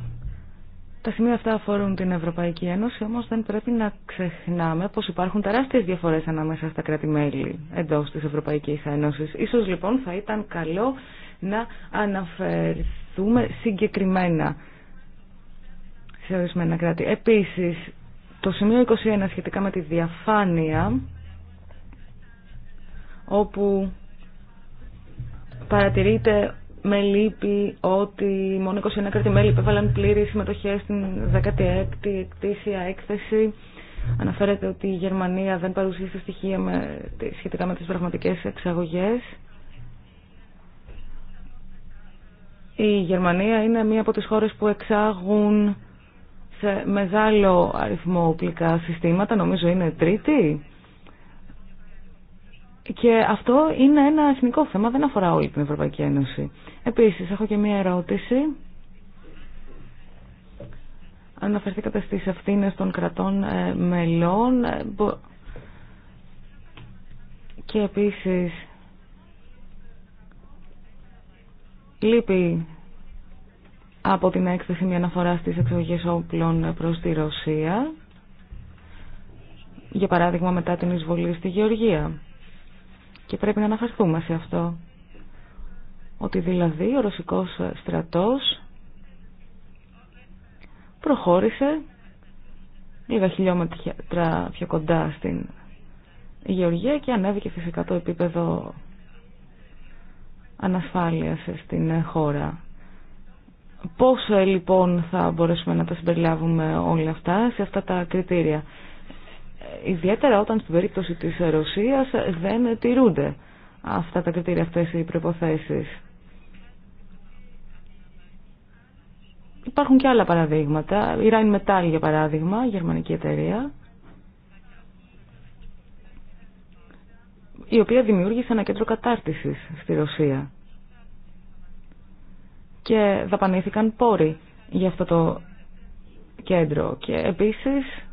τα σημεία αυτά αφορούν την Ευρωπαϊκή Ένωση, όμως δεν πρέπει να ξεχνάμε πως υπάρχουν τεράστιες διαφορές ανάμεσα στα κράτη-μέλη εντός της Ευρωπαϊκής Ένωσης. Ίσως λοιπόν θα ήταν καλό να αναφερθούμε συγκεκριμένα σε ορισμένα κράτη. Επίσης, το σημείο 21 σχετικά με τη διαφάνεια, όπου παρατηρείται με λύπη ότι μόνο 21 κράτη-μέλη υπέβαλαν πλήρη συμμετοχή στην 16η εκτήσια έκθεση. Αναφέρεται ότι η Γερμανία δεν παρουσίασε στοιχεία σχετικά με τις πραγματικές εξαγωγές. Η Γερμανία είναι μία από τις χώρες που εξάγουν σε μεγάλο αριθμό οπλικά συστήματα, νομίζω είναι τρίτη. Και αυτό είναι ένα εθνικό θέμα, δεν αφορά όλη την Ευρωπαϊκή Ένωση. Επίσης, έχω και μία ερώτηση. Αναφερθήκατε στις ευθύνε των κρατών ε, μελών ε, και επίσης λείπει από την έκθεση μια αναφορά στις εξαγωγές όπλων προς τη Ρωσία, για παράδειγμα μετά την εισβολή στη Γεωργία. Και πρέπει να αναφερθούμε σε αυτό. Ότι δηλαδή ο ρωσικός στρατός προχώρησε λίγα χιλιόμετρα πιο κοντά στην Γεωργία και ανέβηκε φυσικά το επίπεδο ανασφάλειας στην χώρα. Πώς ε, λοιπόν θα μπορέσουμε να τα συμπεριλάβουμε όλα αυτά σε αυτά τα κριτήρια. Ιδιαίτερα όταν στην περίπτωση της Ρωσίας δεν τηρούνται αυτά τα κριτήρια, αυτές οι προϋποθέσεις. Υπάρχουν και άλλα παραδείγματα. Η Rheinmetall για παράδειγμα, γερμανική εταιρεία, η οποία δημιούργησε ένα κέντρο κατάρτισης στη Ρωσία και δαπανήθηκαν πόροι για αυτό το κέντρο. Και επίσης,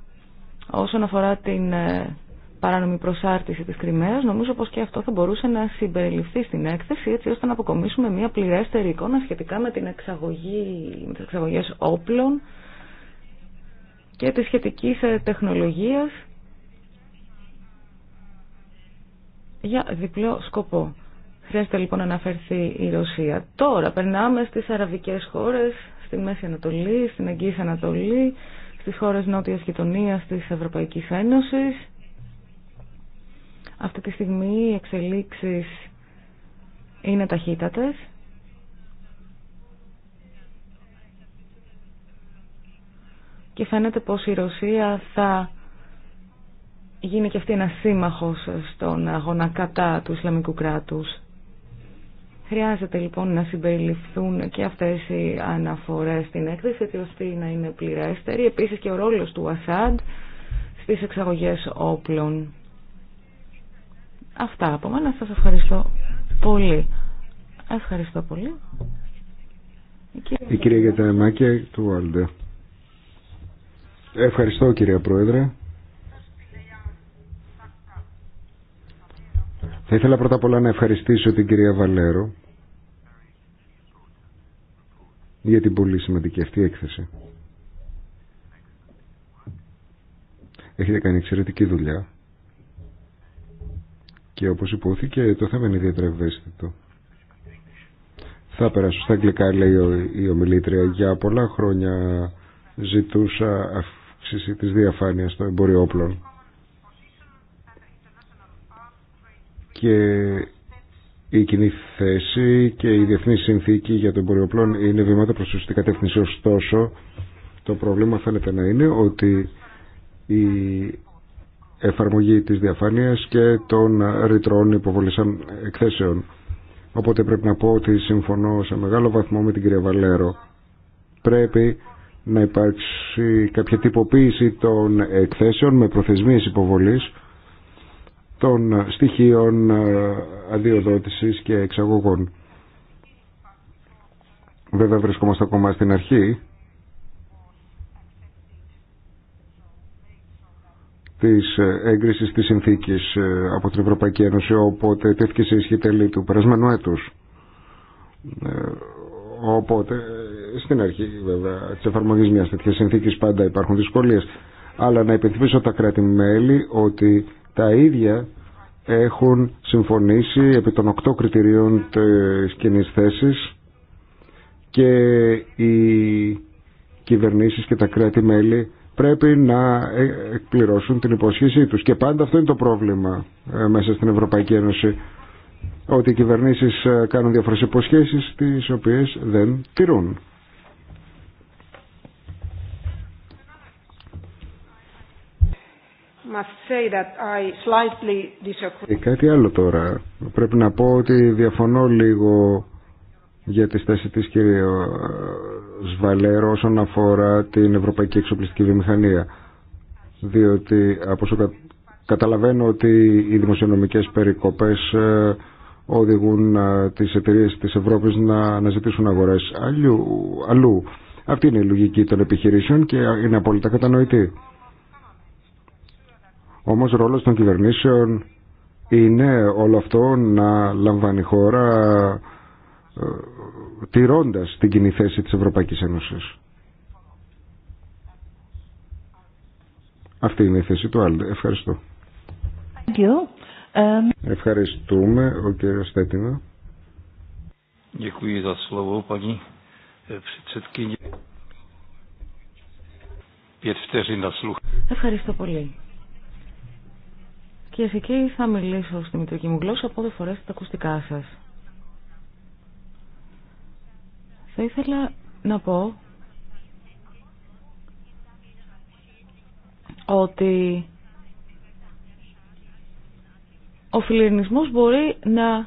όσον αφορά την ε, παράνομη προσάρτηση της Κρυμαίας, νομίζω πως και αυτό θα μπορούσε να συμπεριληφθεί στην έκθεση, έτσι ώστε να αποκομίσουμε μια πληρέστερη εικόνα σχετικά με, την εξαγωγή, με τις εξαγωγές όπλων και τη σχετική ε, τεχνολογίας για διπλό σκοπό. Χρειάζεται λοιπόν να αναφερθεί η Ρωσία. Τώρα περνάμε στις αραβικές χώρες, στη Μέση Ανατολή, στην Αγγής Ανατολή, στις χώρες νότιας γειτονίας της Ευρωπαϊκής Ένωσης. Αυτή τη στιγμή οι εξελίξεις είναι ταχύτατες. Και φαίνεται πως η Ρωσία θα γίνει και αυτή ένα σύμμαχος στον αγώνα κατά του Ισλαμικού κράτους. Χρειάζεται λοιπόν να συμπεριληφθούν και αυτές οι αναφορές στην έκθεση έτσι ώστε να είναι πληρέστερη. Επίσης και ο ρόλος του Ασάντ στις εξαγωγές όπλων. Αυτά από μένα. Σας ευχαριστώ πολύ. Ευχαριστώ πολύ. Η κυρία, Η του Άλντε. Ευχαριστώ κυρία Πρόεδρε. Θα ήθελα πρώτα απ' όλα να ευχαριστήσω την κυρία Βαλέρο για την πολύ σημαντική αυτή έκθεση. Έχετε κάνει εξαιρετική δουλειά και όπως υπόθηκε το θέμα είναι ιδιαίτερα ευαίσθητο. Θα περάσω στα αγγλικά λέει η ομιλήτρια. Για πολλά χρόνια ζητούσα αύξηση της διαφάνειας των εμποριόπλων και η κοινή θέση και η διεθνή συνθήκη για τον πορεοπλόν είναι βήματα προς σωστή κατεύθυνση. Ωστόσο, το πρόβλημα φαίνεται να είναι ότι η εφαρμογή της διαφάνειας και των ρητρών υποβολησάν εκθέσεων. Οπότε πρέπει να πω ότι συμφωνώ σε μεγάλο βαθμό με την κυρία Βαλέρο. Πρέπει να υπάρξει κάποια τυποποίηση των εκθέσεων με προθεσμίες υποβολής των ε, στοιχείων ε, αδειοδότησης και εξαγωγών. Βέβαια βρισκόμαστε ακόμα στην αρχή της ε, έγκρισης της συνθήκης από την Ευρωπαϊκή Ένωση οπότε τέθηκε σε ισχύ τέλη του περασμένου έτους. Οπότε στην αρχή βέβαια της εφαρμογής μιας τέτοιας συνθήκης πάντα υπάρχουν δυσκολίες αλλά να υπενθυμίσω τα κράτη-μέλη ότι τα ίδια έχουν συμφωνήσει επί των οκτώ κριτηρίων της κοινή θέση και οι κυβερνήσεις και τα κράτη-μέλη πρέπει να ε, εκπληρώσουν την υποσχέσή τους. Και πάντα αυτό είναι το πρόβλημα ε, μέσα στην Ευρωπαϊκή Ένωση, ότι οι κυβερνήσεις ε, κάνουν διάφορες υποσχέσεις τις οποίες δεν τηρούν. Ε, κάτι άλλο τώρα. Πρέπει να πω ότι διαφωνώ λίγο για τη στάση της κυρία ε, Σβαλέρο όσον αφορά την Ευρωπαϊκή Εξοπλιστική Βιομηχανία. Διότι από όσο καταλαβαίνω ότι οι δημοσιονομικές περικοπές ε, οδηγούν τις εταιρείες της Ευρώπης να αναζητήσουν αγορές αλλού. Αυτή είναι η λογική των επιχειρήσεων και είναι απόλυτα κατανοητή. Όμως ρόλος των κυβερνήσεων είναι όλο αυτό να λαμβάνει χώρα ε, τηρώντας την κοινή θέση της Ευρωπαϊκής Ένωσης. Αυτή είναι η θέση του Άλντε. Ευχαριστώ. Um, Ευχαριστούμε, ο κύριο Στέτινα. Eh, Ευχαριστώ πολύ. Και εκεί θα μιλήσω στη μητρική μου γλώσσα, ό,τι φορέστε τα ακουστικά σας. Θα ήθελα να πω ότι ο φιλιρινισμός μπορεί να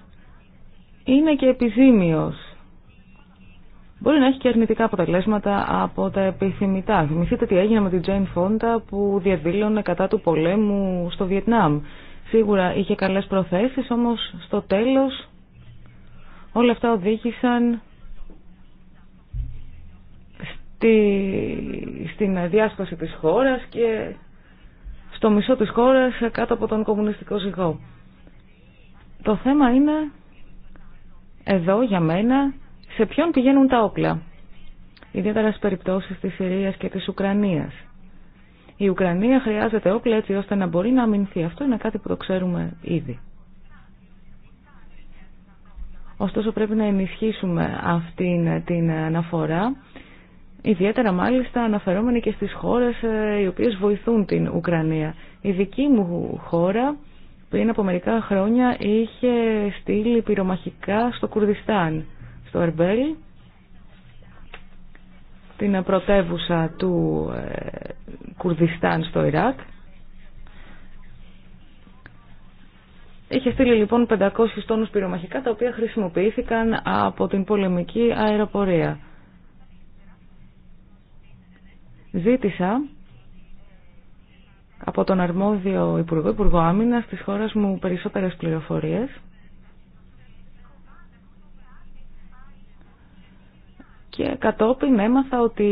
είναι και επιζήμιος μπορεί να έχει και αρνητικά αποτελέσματα από τα επιθυμητά. Θυμηθείτε τι έγινε με την Jane Φόντα που διαδήλωνε κατά του πολέμου στο Βιετνάμ. Σίγουρα είχε καλές προθέσεις, όμως στο τέλος όλα αυτά οδήγησαν στη, στην διάσπαση της χώρας και στο μισό της χώρας κάτω από τον κομμουνιστικό ζυγό. Το θέμα είναι εδώ για μένα σε ποιον πηγαίνουν τα όπλα. Ιδιαίτερα στις περιπτώσεις της Συρία και της Ουκρανίας. Η Ουκρανία χρειάζεται όπλα έτσι ώστε να μπορεί να αμυνθεί. Αυτό είναι κάτι που το ξέρουμε ήδη. Ωστόσο πρέπει να ενισχύσουμε αυτή την αναφορά, ιδιαίτερα μάλιστα αναφερόμενοι και στις χώρες ε, οι οποίες βοηθούν την Ουκρανία. Η δική μου χώρα πριν από μερικά χρόνια είχε στείλει πυρομαχικά στο Κουρδιστάν στο Ερμπέλ, την πρωτεύουσα του ε, Κουρδιστάν στο Ιράκ. Είχε στείλει λοιπόν 500 τόνους πυρομαχικά τα οποία χρησιμοποιήθηκαν από την πολεμική αεροπορία. Ζήτησα από τον αρμόδιο Υπουργό, Υπουργό Άμυνας της χώρας μου περισσότερες πληροφορίες και κατόπιν έμαθα ότι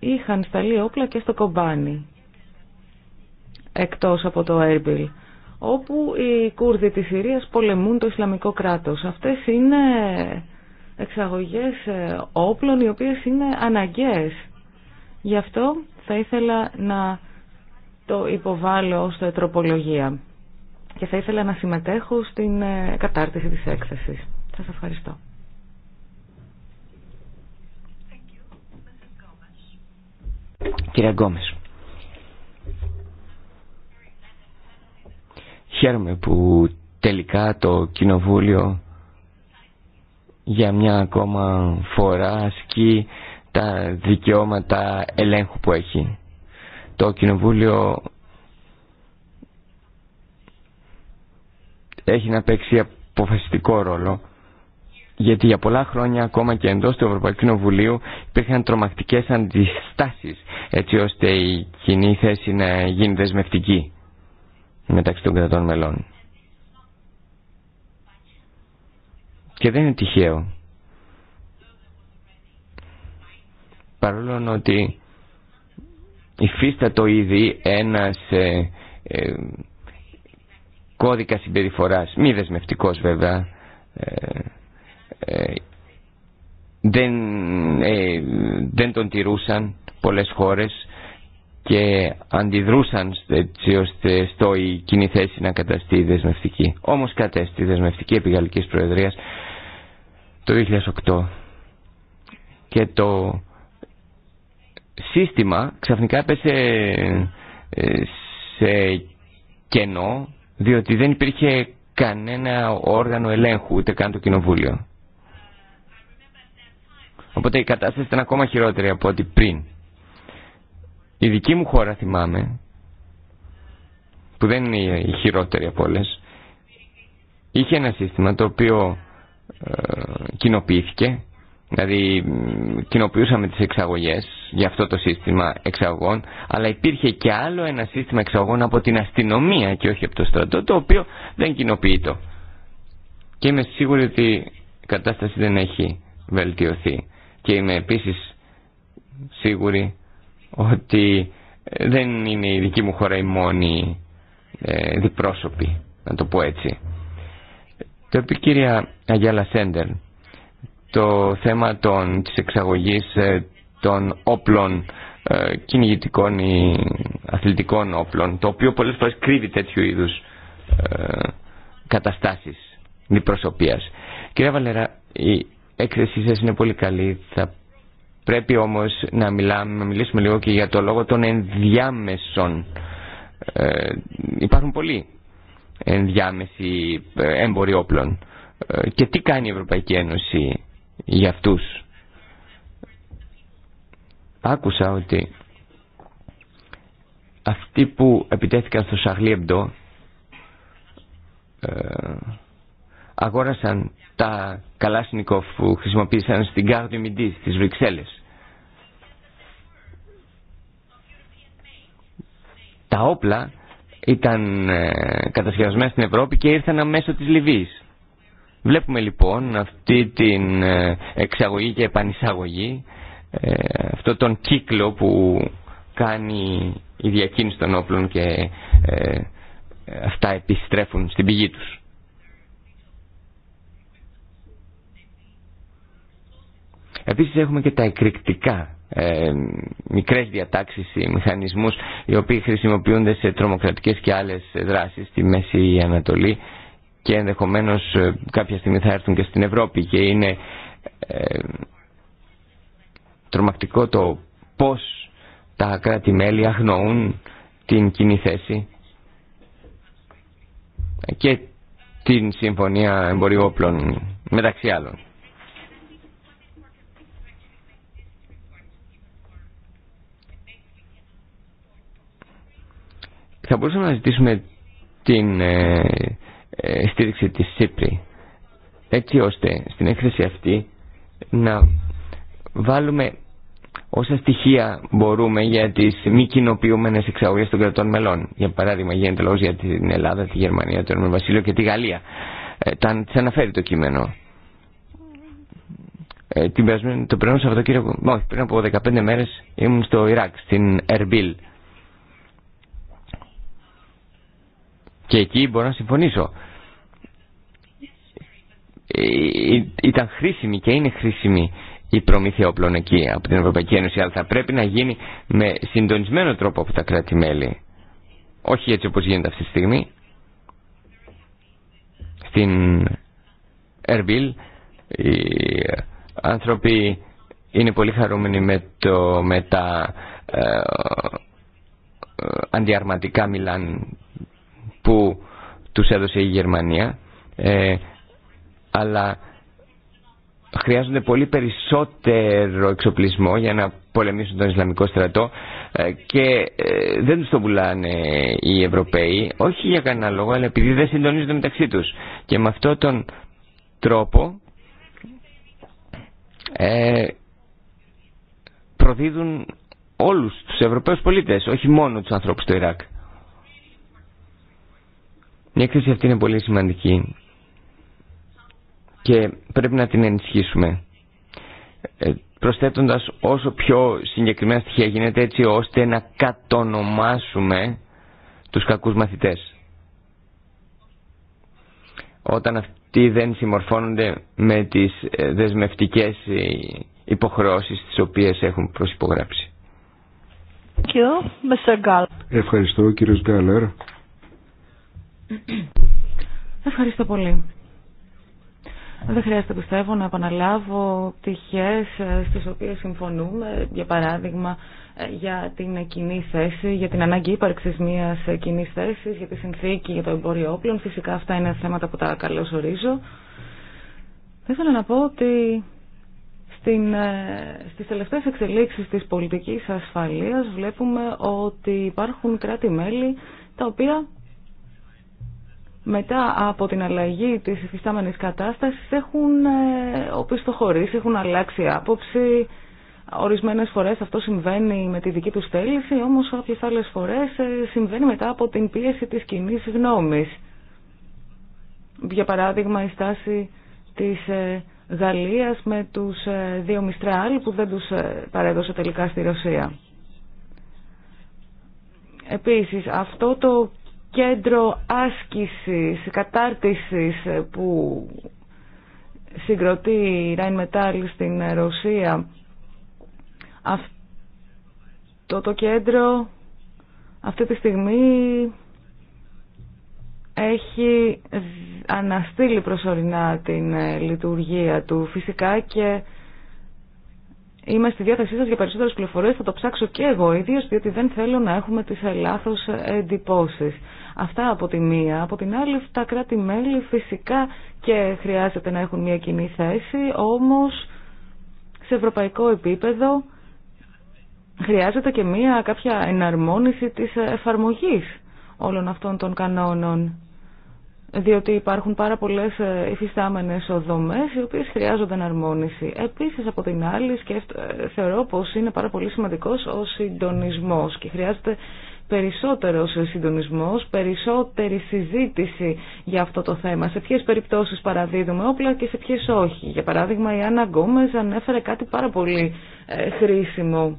είχαν σταλεί όπλα και στο κομπάνι εκτός από το Έρμπιλ όπου οι Κούρδοι της Συρίας πολεμούν το Ισλαμικό κράτος. Αυτές είναι εξαγωγές ε, όπλων οι οποίες είναι αναγκαίες. Γι' αυτό θα ήθελα να το υποβάλω ως τροπολογία και θα ήθελα να συμμετέχω στην ε, κατάρτιση της έκθεσης. Σας ευχαριστώ. Κύριε Γκόμες. Χαίρομαι που τελικά το Κοινοβούλιο για μια ακόμα φορά ασκεί τα δικαιώματα ελέγχου που έχει. Το Κοινοβούλιο έχει να παίξει αποφασιστικό ρόλο γιατί για πολλά χρόνια ακόμα και εντός του Ευρωπαϊκού Κοινοβουλίου υπήρχαν τρομακτικές αντιστάσεις έτσι ώστε η κοινή θέση να γίνει δεσμευτική μεταξύ των κρατών μελών. Και δεν είναι τυχαίο. Παρόλο ότι υφίστατο ήδη ένας ε, ε, κώδικα συμπεριφοράς, μη δεσμευτικός βέβαια, ε, ε, δεν, ε, δεν τον τηρούσαν πολλές χώρες και αντιδρούσαν έτσι ώστε στο η κοινή θέση να καταστεί δεσμευτική. Όμως κατέστη δεσμευτική επί Γαλλικής Προεδρίας το 2008 και το σύστημα ξαφνικά έπεσε ε, σε κενό διότι δεν υπήρχε κανένα όργανο ελέγχου ούτε καν το κοινοβούλιο. Οπότε η κατάσταση ήταν ακόμα χειρότερη από ό,τι πριν. Η δική μου χώρα θυμάμαι, που δεν είναι η χειρότερη από όλες, είχε ένα σύστημα το οποίο ε, κοινοποιήθηκε, δηλαδή κοινοποιούσαμε τις εξαγωγές για αυτό το σύστημα εξαγών, αλλά υπήρχε και άλλο ένα σύστημα εξαγών από την αστυνομία και όχι από το στρατό, το οποίο δεν το Και είμαι σίγουρη ότι η κατάσταση δεν έχει βελτιωθεί και είμαι επίσης σίγουρη ότι δεν είναι η δική μου χώρα η μόνη ε, να το πω έτσι. Το είπε η κυρία Αγιάλα Σέντερ, το θέμα των, της εξαγωγής ε, των όπλων ε, κυνηγητικών ή αθλητικών όπλων, το οποίο πολλές φορές κρύβει τέτοιου είδους καταστάσεις διπροσωπείας. Κυρία Βαλέρα, η αθλητικων οπλων το οποιο πολλες φορες κρυβει τετοιου ειδους καταστασεις διπροσωπειας κυρια βαλερα έκθεσή σας είναι πολύ καλή. Θα πρέπει όμως να, μιλάμε, να μιλήσουμε λίγο και για το λόγο των ενδιάμεσων. Ε, υπάρχουν πολλοί ενδιάμεσοι ε, έμποροι όπλων. Ε, και τι κάνει η Ευρωπαϊκή Ένωση για αυτούς. Άκουσα ότι αυτοί που επιτέθηκαν στο Σαγλίεμπτο αγόρασαν τα Καλάσνικοφ που χρησιμοποίησαν στην Κάρδη Μιντή στις Βρυξέλλες. Τα όπλα ήταν ε, κατασκευασμένα στην Ευρώπη και ήρθαν μέσω της Λιβύης. Βλέπουμε λοιπόν αυτή την ε, εξαγωγή και επανεισαγωγή, ε, αυτό τον κύκλο που κάνει η διακίνηση των όπλων και αυτά επιστρέφουν στην πηγή τους. Επίσης έχουμε και τα εκρηκτικά ε, μικρές διατάξεις ή μηχανισμούς οι οποίοι χρησιμοποιούνται σε τρομοκρατικές και άλλες δράσεις στη Μέση Ανατολή και ενδεχομένως ε, κάποια στιγμή θα έρθουν και στην Ευρώπη και είναι ε, τρομακτικό το πώς τα κράτη-μέλη αγνοούν την κοινή θέση και την Συμφωνία Εμπορίου Όπλων μεταξύ άλλων. Θα μπορούσαμε να ζητήσουμε την ε, ε στήριξη της ΣΥΠΡΗ έτσι ώστε στην έκθεση αυτή να βάλουμε όσα στοιχεία μπορούμε για τις μη κοινοποιούμενες εξαγωγές των κρατών μελών. Για παράδειγμα γίνεται λόγος για την Ελλάδα, τη Γερμανία, το Ηνωμένο Βασίλειο και τη Γαλλία. Ε, τα, τις αναφέρει το κείμενο. Ε, την το πριν από 15 μέρες ήμουν στο Ιράκ, στην Ερμπίλ. Και εκεί μπορώ να συμφωνήσω. Ε, ε, ήταν χρήσιμη και είναι χρήσιμη η προμήθεια όπλων εκεί από την Ευρωπαϊκή Ένωση, αλλά θα πρέπει να γίνει με συντονισμένο τρόπο από τα κράτη-μέλη. Όχι έτσι όπως γίνεται αυτή τη στιγμή. Στην Ερμπίλ οι άνθρωποι είναι πολύ χαρούμενοι με, το, με τα ε, αντιαρματικά μιλάν που τους έδωσε η Γερμανία ε, αλλά χρειάζονται πολύ περισσότερο εξοπλισμό για να πολεμήσουν τον Ισλαμικό στρατό ε, και ε, δεν τους το πουλάνε οι Ευρωπαίοι όχι για κανένα λόγο αλλά επειδή δεν συντονίζονται μεταξύ τους και με αυτόν τον τρόπο προδίδουν όλους τους Ευρωπαίους πολίτες όχι μόνο τους ανθρώπους του Ιράκ η έκθεση αυτή είναι πολύ σημαντική και πρέπει να την ενισχύσουμε ε, προσθέτοντας όσο πιο συγκεκριμένα στοιχεία γίνεται έτσι ώστε να κατονομάσουμε τους κακούς μαθητές. Όταν αυτοί δεν συμμορφώνονται με τις ε, δεσμευτικές ε, υποχρεώσεις τις οποίες έχουν προσυπογράψει. Ευχαριστώ κύριος Γκάλερ. Ευχαριστώ πολύ. Δεν χρειάζεται πιστεύω να επαναλάβω πτυχές ε, στις οποίες συμφωνούμε, για παράδειγμα ε, για την κοινή θέση, για την ανάγκη ύπαρξης μιας ε, κοινή θέση, για τη συνθήκη, για το εμπόριο όπλων. Φυσικά αυτά είναι θέματα που τα καλώ ορίζω. Θα ήθελα να πω ότι στην, στις τελευταίες εξελίξεις της πολιτικής ασφαλείας βλέπουμε ότι υπάρχουν κράτη-μέλη τα οποία μετά από την αλλαγή της υφιστάμενης κατάστασης έχουν ε, οπισθοχωρήσει, έχουν αλλάξει άποψη. Ορισμένες φορές αυτό συμβαίνει με τη δική του θέληση, όμως όποιες άλλες φορές ε, συμβαίνει μετά από την πίεση της κοινή γνώμης. Για παράδειγμα η στάση της ε, Γαλλίας με τους δύο Μιστρεάλ που δεν τους παρέδωσε τελικά στη Ρωσία. Επίσης αυτό το κέντρο άσκησης, κατάρτισης που συγκροτεί η Ράιν Μετάλλη στην Ρωσία. Αυτό το κέντρο αυτή τη στιγμή έχει αναστείλει προσωρινά την λειτουργία του φυσικά και Είμαι στη διάθεσή σα για περισσότερε πληροφορίε θα το ψάξω και εγώ ίδιο, διότι δεν θέλω να έχουμε τις λάθο εντυπωσει. Αυτά από τη μία. Από την άλλη, τα κράτη-μέλη φυσικά και χρειάζεται να έχουν μια κοινή θέση, όμως σε ευρωπαϊκό επίπεδο χρειάζεται και μια κάποια εναρμόνιση τη εφαρμογή όλων αυτών των κανόνων διότι υπάρχουν πάρα πολλές ε, υφιστάμενες οδομές οι οποίες χρειάζονται αρμόνιση. Επίσης από την άλλη σκέφτω, ε, θεωρώ πως είναι πάρα πολύ σημαντικός ο συντονισμός και χρειάζεται περισσότερος συντονισμός, περισσότερη συζήτηση για αυτό το θέμα. Σε ποιες περιπτώσεις παραδίδουμε όπλα και σε ποιες όχι. Για παράδειγμα η Άννα Γκόμες ανέφερε κάτι πάρα πολύ ε, χρήσιμο.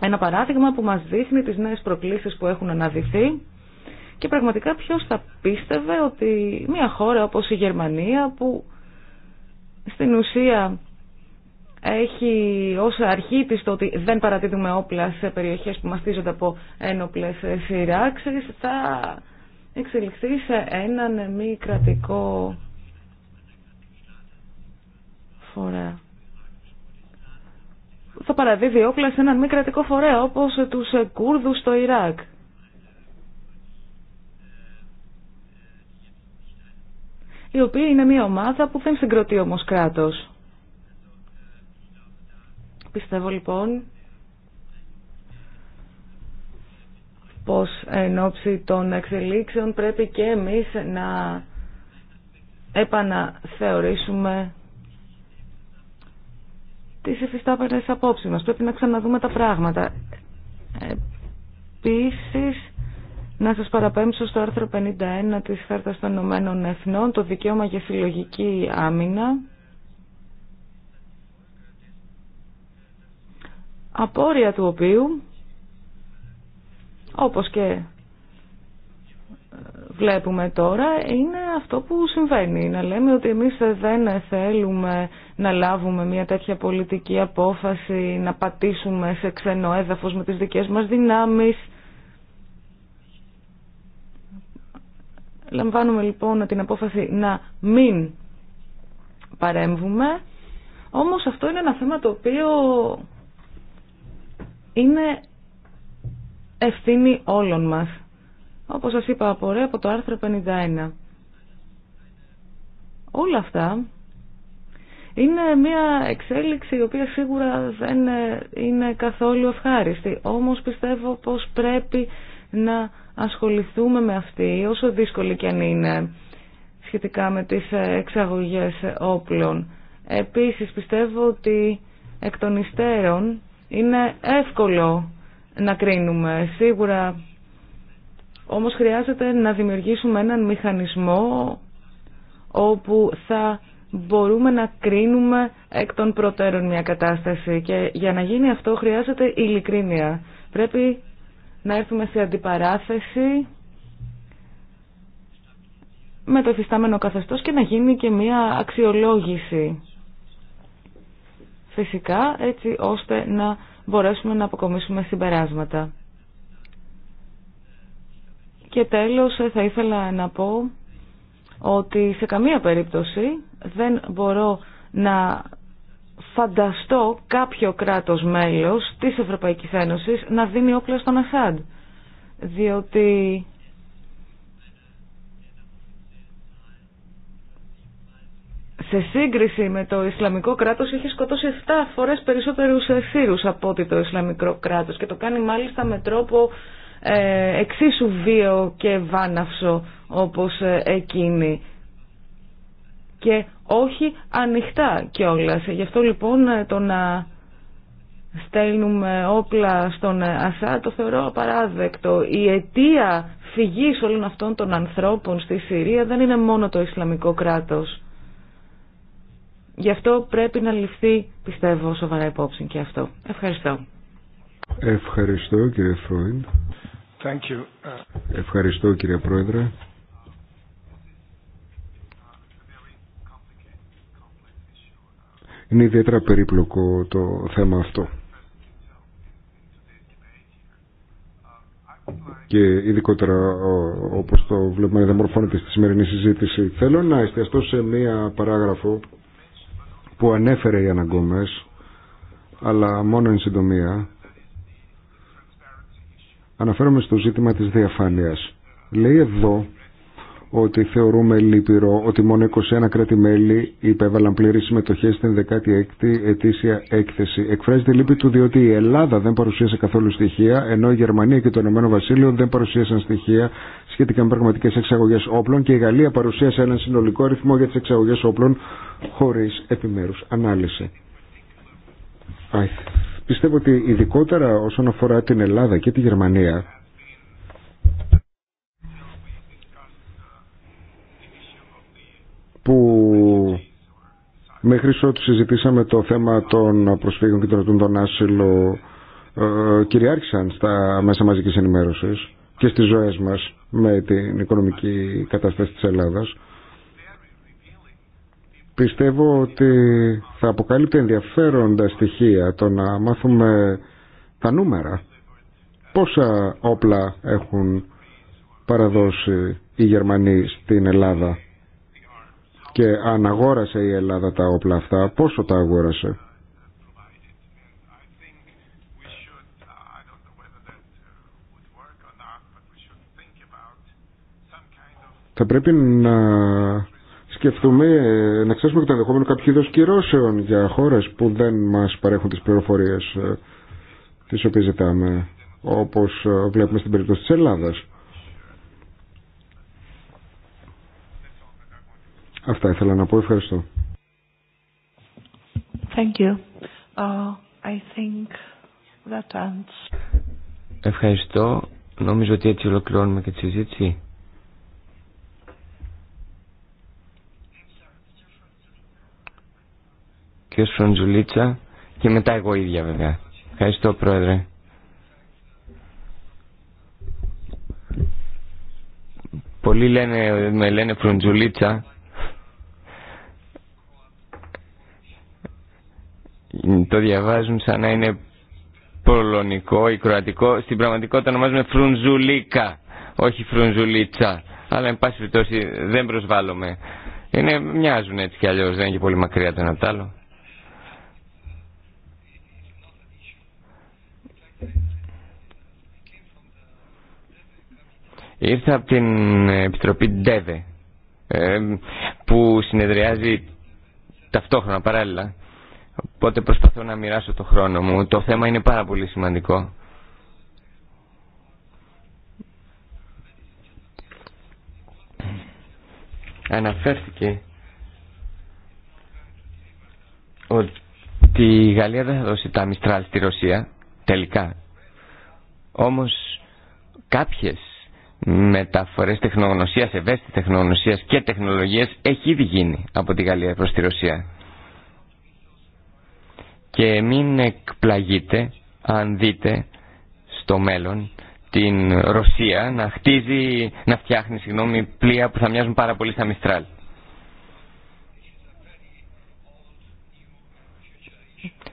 Ένα παράδειγμα που μας δείχνει τις νέες προκλήσεις που έχουν αναδειθεί και πραγματικά ποιο θα πίστευε ότι μια χώρα όπως η Γερμανία που στην ουσία έχει ως αρχή της το ότι δεν παρατηρούμε όπλα σε περιοχές που μαστίζονται από ένοπλες σειράξεις θα εξελιχθεί σε έναν μη κρατικό φορέα. Θα παραδίδει όπλα σε έναν μη κρατικό φορέα όπως τους Κούρδους στο Ιράκ. η οποία είναι μια ομάδα που δεν συγκροτεί όμω κράτο. Πιστεύω λοιπόν πως εν ώψη των εξελίξεων πρέπει και εμείς να επαναθεωρήσουμε τις εφιστάμενες απόψεις μας. Πρέπει να ξαναδούμε τα πράγματα. Επίσης, να σας παραπέμψω στο άρθρο 51 της Χάρτας των Ηνωμένων Εθνών, το δικαίωμα για συλλογική άμυνα. Απόρρια του οποίου, όπως και ε, βλέπουμε τώρα, είναι αυτό που συμβαίνει. Να λέμε ότι εμείς δεν θέλουμε να λάβουμε μια τέτοια πολιτική απόφαση, να πατήσουμε σε ξένο με τις δικές μας δυνάμεις, Λαμβάνουμε λοιπόν την απόφαση να μην παρέμβουμε, όμως αυτό είναι ένα θέμα το οποίο είναι ευθύνη όλων μας. Όπως σας είπα, απορρέει από το άρθρο 51. Όλα αυτά είναι μια εξέλιξη η οποία σίγουρα δεν είναι καθόλου ευχάριστη. Όμως πιστεύω πως πρέπει να ασχοληθούμε με αυτή, όσο δύσκολη και αν είναι, σχετικά με τις εξαγωγές όπλων. Επίσης πιστεύω ότι εκ των υστέρων είναι εύκολο να κρίνουμε. Σίγουρα όμως χρειάζεται να δημιουργήσουμε έναν μηχανισμό όπου θα μπορούμε να κρίνουμε εκ των προτέρων μια κατάσταση και για να γίνει αυτό χρειάζεται ειλικρίνεια. Πρέπει να έρθουμε σε αντιπαράθεση με το εφιστάμενο καθεστώς και να γίνει και μία αξιολόγηση. Φυσικά, έτσι ώστε να μπορέσουμε να αποκομίσουμε συμπεράσματα. Και τέλος θα ήθελα να πω ότι σε καμία περίπτωση δεν μπορώ να φανταστώ κάποιο κράτος μέλος της Ευρωπαϊκής Ένωσης να δίνει όπλα στον Ασάντ. Διότι σε σύγκριση με το Ισλαμικό κράτος έχει σκοτώσει 7 φορές περισσότερους εσύρους από ότι το Ισλαμικό κράτος και το κάνει μάλιστα με τρόπο ε, εξίσου βίο και βάναυσο όπως ε, εκείνη και όχι ανοιχτά κιόλα. Γι' αυτό λοιπόν το να στέλνουμε όπλα στον Ασά το θεωρώ απαράδεκτο. Η αιτία φυγής όλων αυτών των ανθρώπων στη Συρία δεν είναι μόνο το Ισλαμικό κράτος. Γι' αυτό πρέπει να ληφθεί, πιστεύω, σοβαρά υπόψη και αυτό. Ευχαριστώ. Ευχαριστώ κύριε Φρόιν. Ευχαριστώ κύριε Πρόεδρε. Είναι ιδιαίτερα περίπλοκο το θέμα αυτό. και ειδικότερα όπως το βλέπουμε δεν μορφώνεται στη σημερινή συζήτηση. Θέλω να εστιαστώ σε μία παράγραφο που ανέφερε η Αναγκόμες, αλλά μόνο εν συντομία. Αναφέρομαι στο ζήτημα της διαφάνειας. Λέει εδώ ότι θεωρούμε λυπηρό ότι μόνο 21 κράτη-μέλη υπέβαλαν πλήρη συμμετοχή στην 16η ετήσια έκθεση. Εκφράζεται λύπη του διότι η Ελλάδα δεν παρουσίασε καθόλου στοιχεία, ενώ η Γερμανία και το Ηνωμένο Βασίλειο δεν παρουσίασαν στοιχεία σχετικά με πραγματικέ εξαγωγέ όπλων και η Γαλλία παρουσίασε έναν συνολικό αριθμό για τι εξαγωγέ όπλων χωρί επιμέρου ανάλυση. Πιστεύω ότι ειδικότερα όσον αφορά την Ελλάδα και τη Γερμανία που μέχρι ότου συζητήσαμε το θέμα των προσφύγων και των ρωτών των άσυλο ε, κυριάρχησαν στα μέσα μαζικής ενημέρωσης και στις ζωές μας με την οικονομική κατάσταση της Ελλάδας πιστεύω ότι θα αποκαλύπτει ενδιαφέροντα στοιχεία το να μάθουμε τα νούμερα πόσα όπλα έχουν παραδώσει οι Γερμανοί στην Ελλάδα και αν αγόρασε η Ελλάδα τα όπλα αυτά, πόσο τα αγόρασε. Θα πρέπει να σκεφτούμε, να ξέρουμε και το ενδεχόμενο κάποιο είδο κυρώσεων για χώρες που δεν μας παρέχουν τις πληροφορίες ε, τις οποίες ζητάμε, όπως ε, βλέπουμε στην περίπτωση της Ελλάδας. Αυτά ήθελα να πω. Ευχαριστώ. Thank you. Uh, I think that ends. Ευχαριστώ. Νομίζω ότι έτσι ολοκληρώνουμε και τη συζήτηση. ως Φροντζουλίτσα και μετά εγώ ίδια βέβαια. Ευχαριστώ Πρόεδρε. Πολλοί λένε, με λένε Φροντζουλίτσα το διαβάζουν σαν να είναι πολωνικό ή κροατικό. Στην πραγματικότητα ονομάζουμε φρουνζουλίκα, όχι φρουνζουλίτσα. Αλλά εν πάση περιπτώσει δεν προσβάλλομαι Είναι, μοιάζουν έτσι κι αλλιώς, δεν είναι και πολύ μακριά το ένα το άλλο. Ήρθα από την Επιτροπή ΝΤΕΒΕ ε, που συνεδριάζει ταυτόχρονα παράλληλα Οπότε προσπαθώ να μοιράσω το χρόνο μου. Το θέμα είναι πάρα πολύ σημαντικό. Αναφέρθηκε ότι η Γαλλία δεν θα δώσει τα Μιστράλ στη Ρωσία, τελικά. Όμως κάποιες μεταφορές τεχνογνωσίας, ευαίσθητη τεχνογνωσίας και τεχνολογίες έχει ήδη γίνει από τη Γαλλία προς τη Ρωσία και μην εκπλαγείτε αν δείτε στο μέλλον την Ρωσία να χτίζει, να φτιάχνει συγγνώμη, πλοία που θα μοιάζουν πάρα πολύ στα Μιστράλ.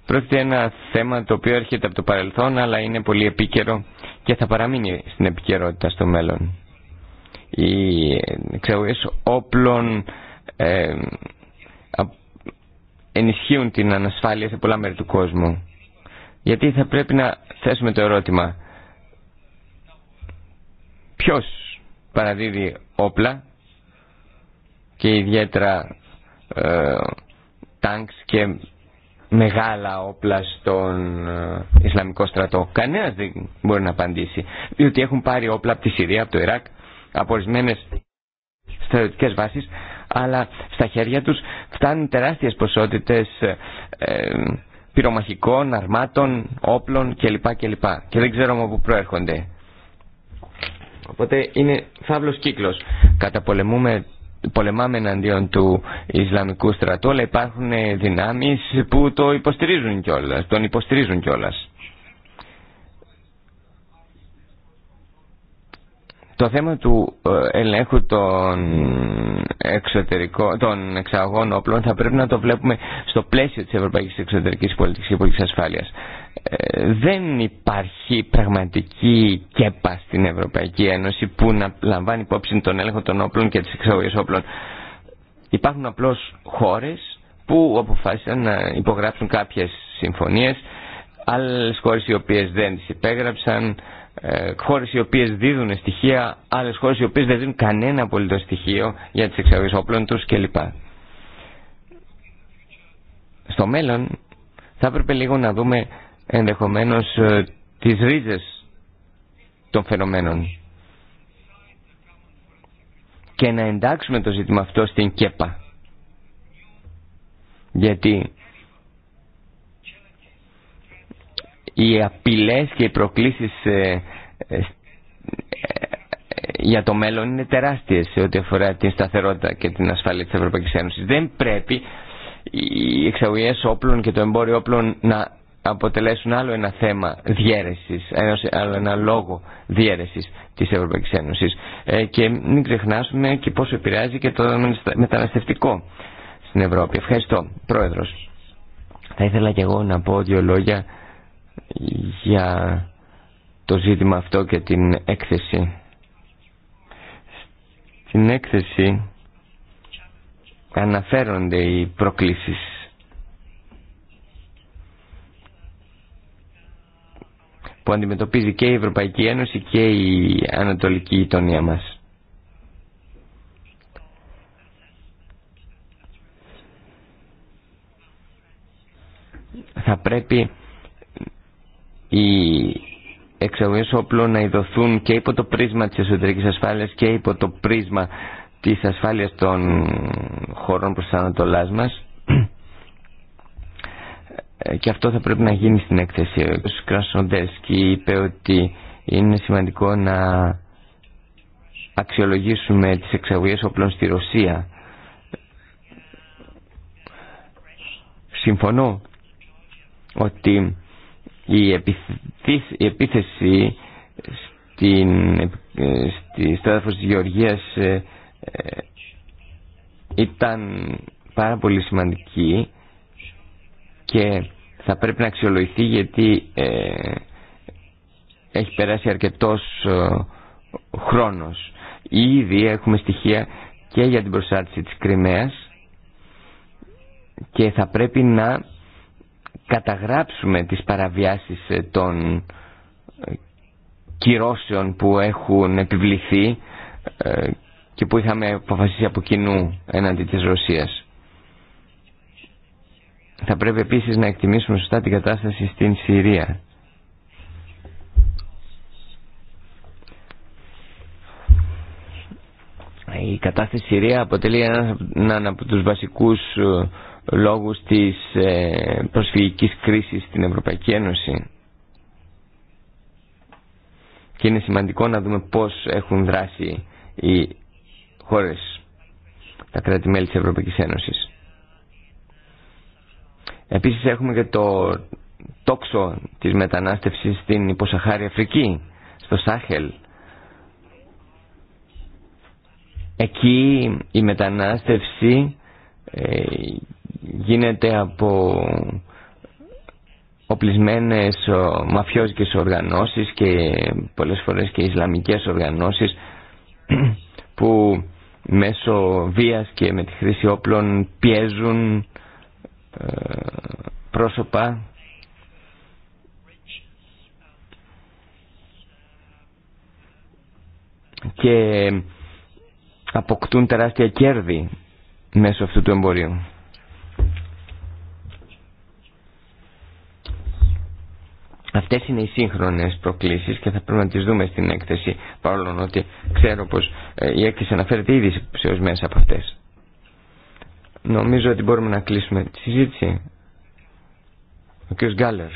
Πρόκειται ένα θέμα το οποίο έρχεται από το παρελθόν αλλά είναι πολύ επίκαιρο και θα παραμείνει στην επικαιρότητα στο μέλλον. Οι εξαγωγές όπλων ε, ενισχύουν την ανασφάλεια σε πολλά μέρη του κόσμου. Γιατί θα πρέπει να θέσουμε το ερώτημα ποιος παραδίδει όπλα και ιδιαίτερα ε, και μεγάλα όπλα στον ε, Ισλαμικό στρατό. Κανένας δεν μπορεί να απαντήσει. Διότι έχουν πάρει όπλα από τη Συρία, από το Ιράκ, από ορισμένες στρατιωτικές βάσεις αλλά στα χέρια τους φτάνουν τεράστιες ποσότητες ε, ε, πυρομαχικών, αρμάτων, όπλων κλπ. κλπ. Και δεν ξέρουμε από πού προέρχονται. Οπότε είναι φαύλος κύκλος. Καταπολεμούμε πολεμάμε εναντίον του Ισλαμικού στρατού, αλλά υπάρχουν δυνάμεις που το υποστηρίζουν κιόλας, τον υποστηρίζουν κιόλας. Το θέμα του ε, ελέγχου των, εξωτερικών, των εξαγών όπλων θα πρέπει να το βλέπουμε στο πλαίσιο της ευρωπαϊκής εξωτερικής πολιτικής και πολιτικής ασφάλειας. Ε, δεν υπάρχει πραγματική κέπα στην Ευρωπαϊκή Ένωση που να λαμβάνει υπόψη τον έλεγχο των όπλων και τις εξαγωγής όπλων. Υπάρχουν απλώς χώρες που αποφάσισαν να υπογράψουν κάποιες συμφωνίες, άλλες χώρες οι οποίες δεν τις υπέγραψαν, Χώρε χώρες οι οποίες δίδουν στοιχεία, άλλες χώρες οι οποίες δεν δίνουν κανένα απολύτως στοιχείο για τις εξαγωγές όπλων τους κλπ. Στο μέλλον θα έπρεπε λίγο να δούμε ενδεχομένως ε, τις ρίζες των φαινομένων και να εντάξουμε το ζήτημα αυτό στην ΚΕΠΑ. Γιατί οι απειλές και οι προκλήσεις ε, ε, ε, για το μέλλον είναι τεράστιες σε ό,τι αφορά την σταθερότητα και την ασφάλεια της Ευρωπαϊκής Ένωσης. Δεν πρέπει οι εξαγωγές όπλων και το εμπόριο όπλων να αποτελέσουν άλλο ένα θέμα διέρεσης, άλλο ένα λόγο διέρεσης της Ευρωπαϊκής Ένωσης. και μην ξεχνάσουμε και πόσο επηρεάζει και το μεταναστευτικό στην Ευρώπη. Ευχαριστώ. Πρόεδρος, θα ήθελα και εγώ να πω δύο λόγια για το ζήτημα αυτό και την έκθεση. Στην έκθεση αναφέρονται οι προκλήσεις. που αντιμετωπίζει και η Ευρωπαϊκή Ένωση και η Ανατολική ιτώνια μας. Θα πρέπει οι εξαγωγές όπλων να ειδωθούν και υπό το πρίσμα της εσωτερικής ασφάλειας και υπό το πρίσμα της ασφάλειας των χωρών προς Ανατολάς μας ε, και αυτό θα πρέπει να γίνει στην έκθεση. Ο και είπε ότι είναι σημαντικό να αξιολογήσουμε τις εξαγωγές όπλων στη Ρωσία. Συμφωνώ ότι η επίθεση στην, στη στάδαφος της Γεωργίας ε, ε, ήταν πάρα πολύ σημαντική και θα πρέπει να αξιολογηθεί γιατί ε, έχει περάσει αρκετός χρόνος. Ήδη έχουμε στοιχεία και για την προσάρτηση της Κρυμαίας και θα πρέπει να καταγράψουμε τις παραβιάσεις ε, των ε, κυρώσεων που έχουν επιβληθεί ε, και που είχαμε αποφασίσει από κοινού έναντι της Ρωσίας. Θα πρέπει επίσης να εκτιμήσουμε σωστά την κατάσταση στην Συρία. Η κατάσταση Συρία αποτελεί έναν από τους βασικούς λόγους της ε, προσφυγικής κρίσης στην Ευρωπαϊκή Ένωση. Και είναι σημαντικό να δούμε πώς έχουν δράσει οι χώρες, τα κράτη-μέλη της Ευρωπαϊκής Ένωσης. Επίσης έχουμε και το τόξο της μετανάστευσης στην υποσαχάρη Αφρική, στο Σάχελ. Εκεί η μετανάστευση γίνεται από οπλισμένες ε, μαφιόζικες οργανώσεις και πολλές φορές και ισλαμικές οργανώσεις που μέσω βίας και με τη χρήση όπλων πιέζουν ε, πρόσωπα και αποκτούν τεράστια κέρδη μέσω αυτού του εμπορίου. Αυτές είναι οι σύγχρονες προκλήσεις και θα πρέπει να τις δούμε στην έκθεση παρόλο ότι ξέρω πως ε, η έκθεση αναφέρεται ήδη σε μέσα από αυτές. Νομίζω ότι μπορούμε να κλείσουμε τη συζήτηση. Ο κ. Γκάλερ.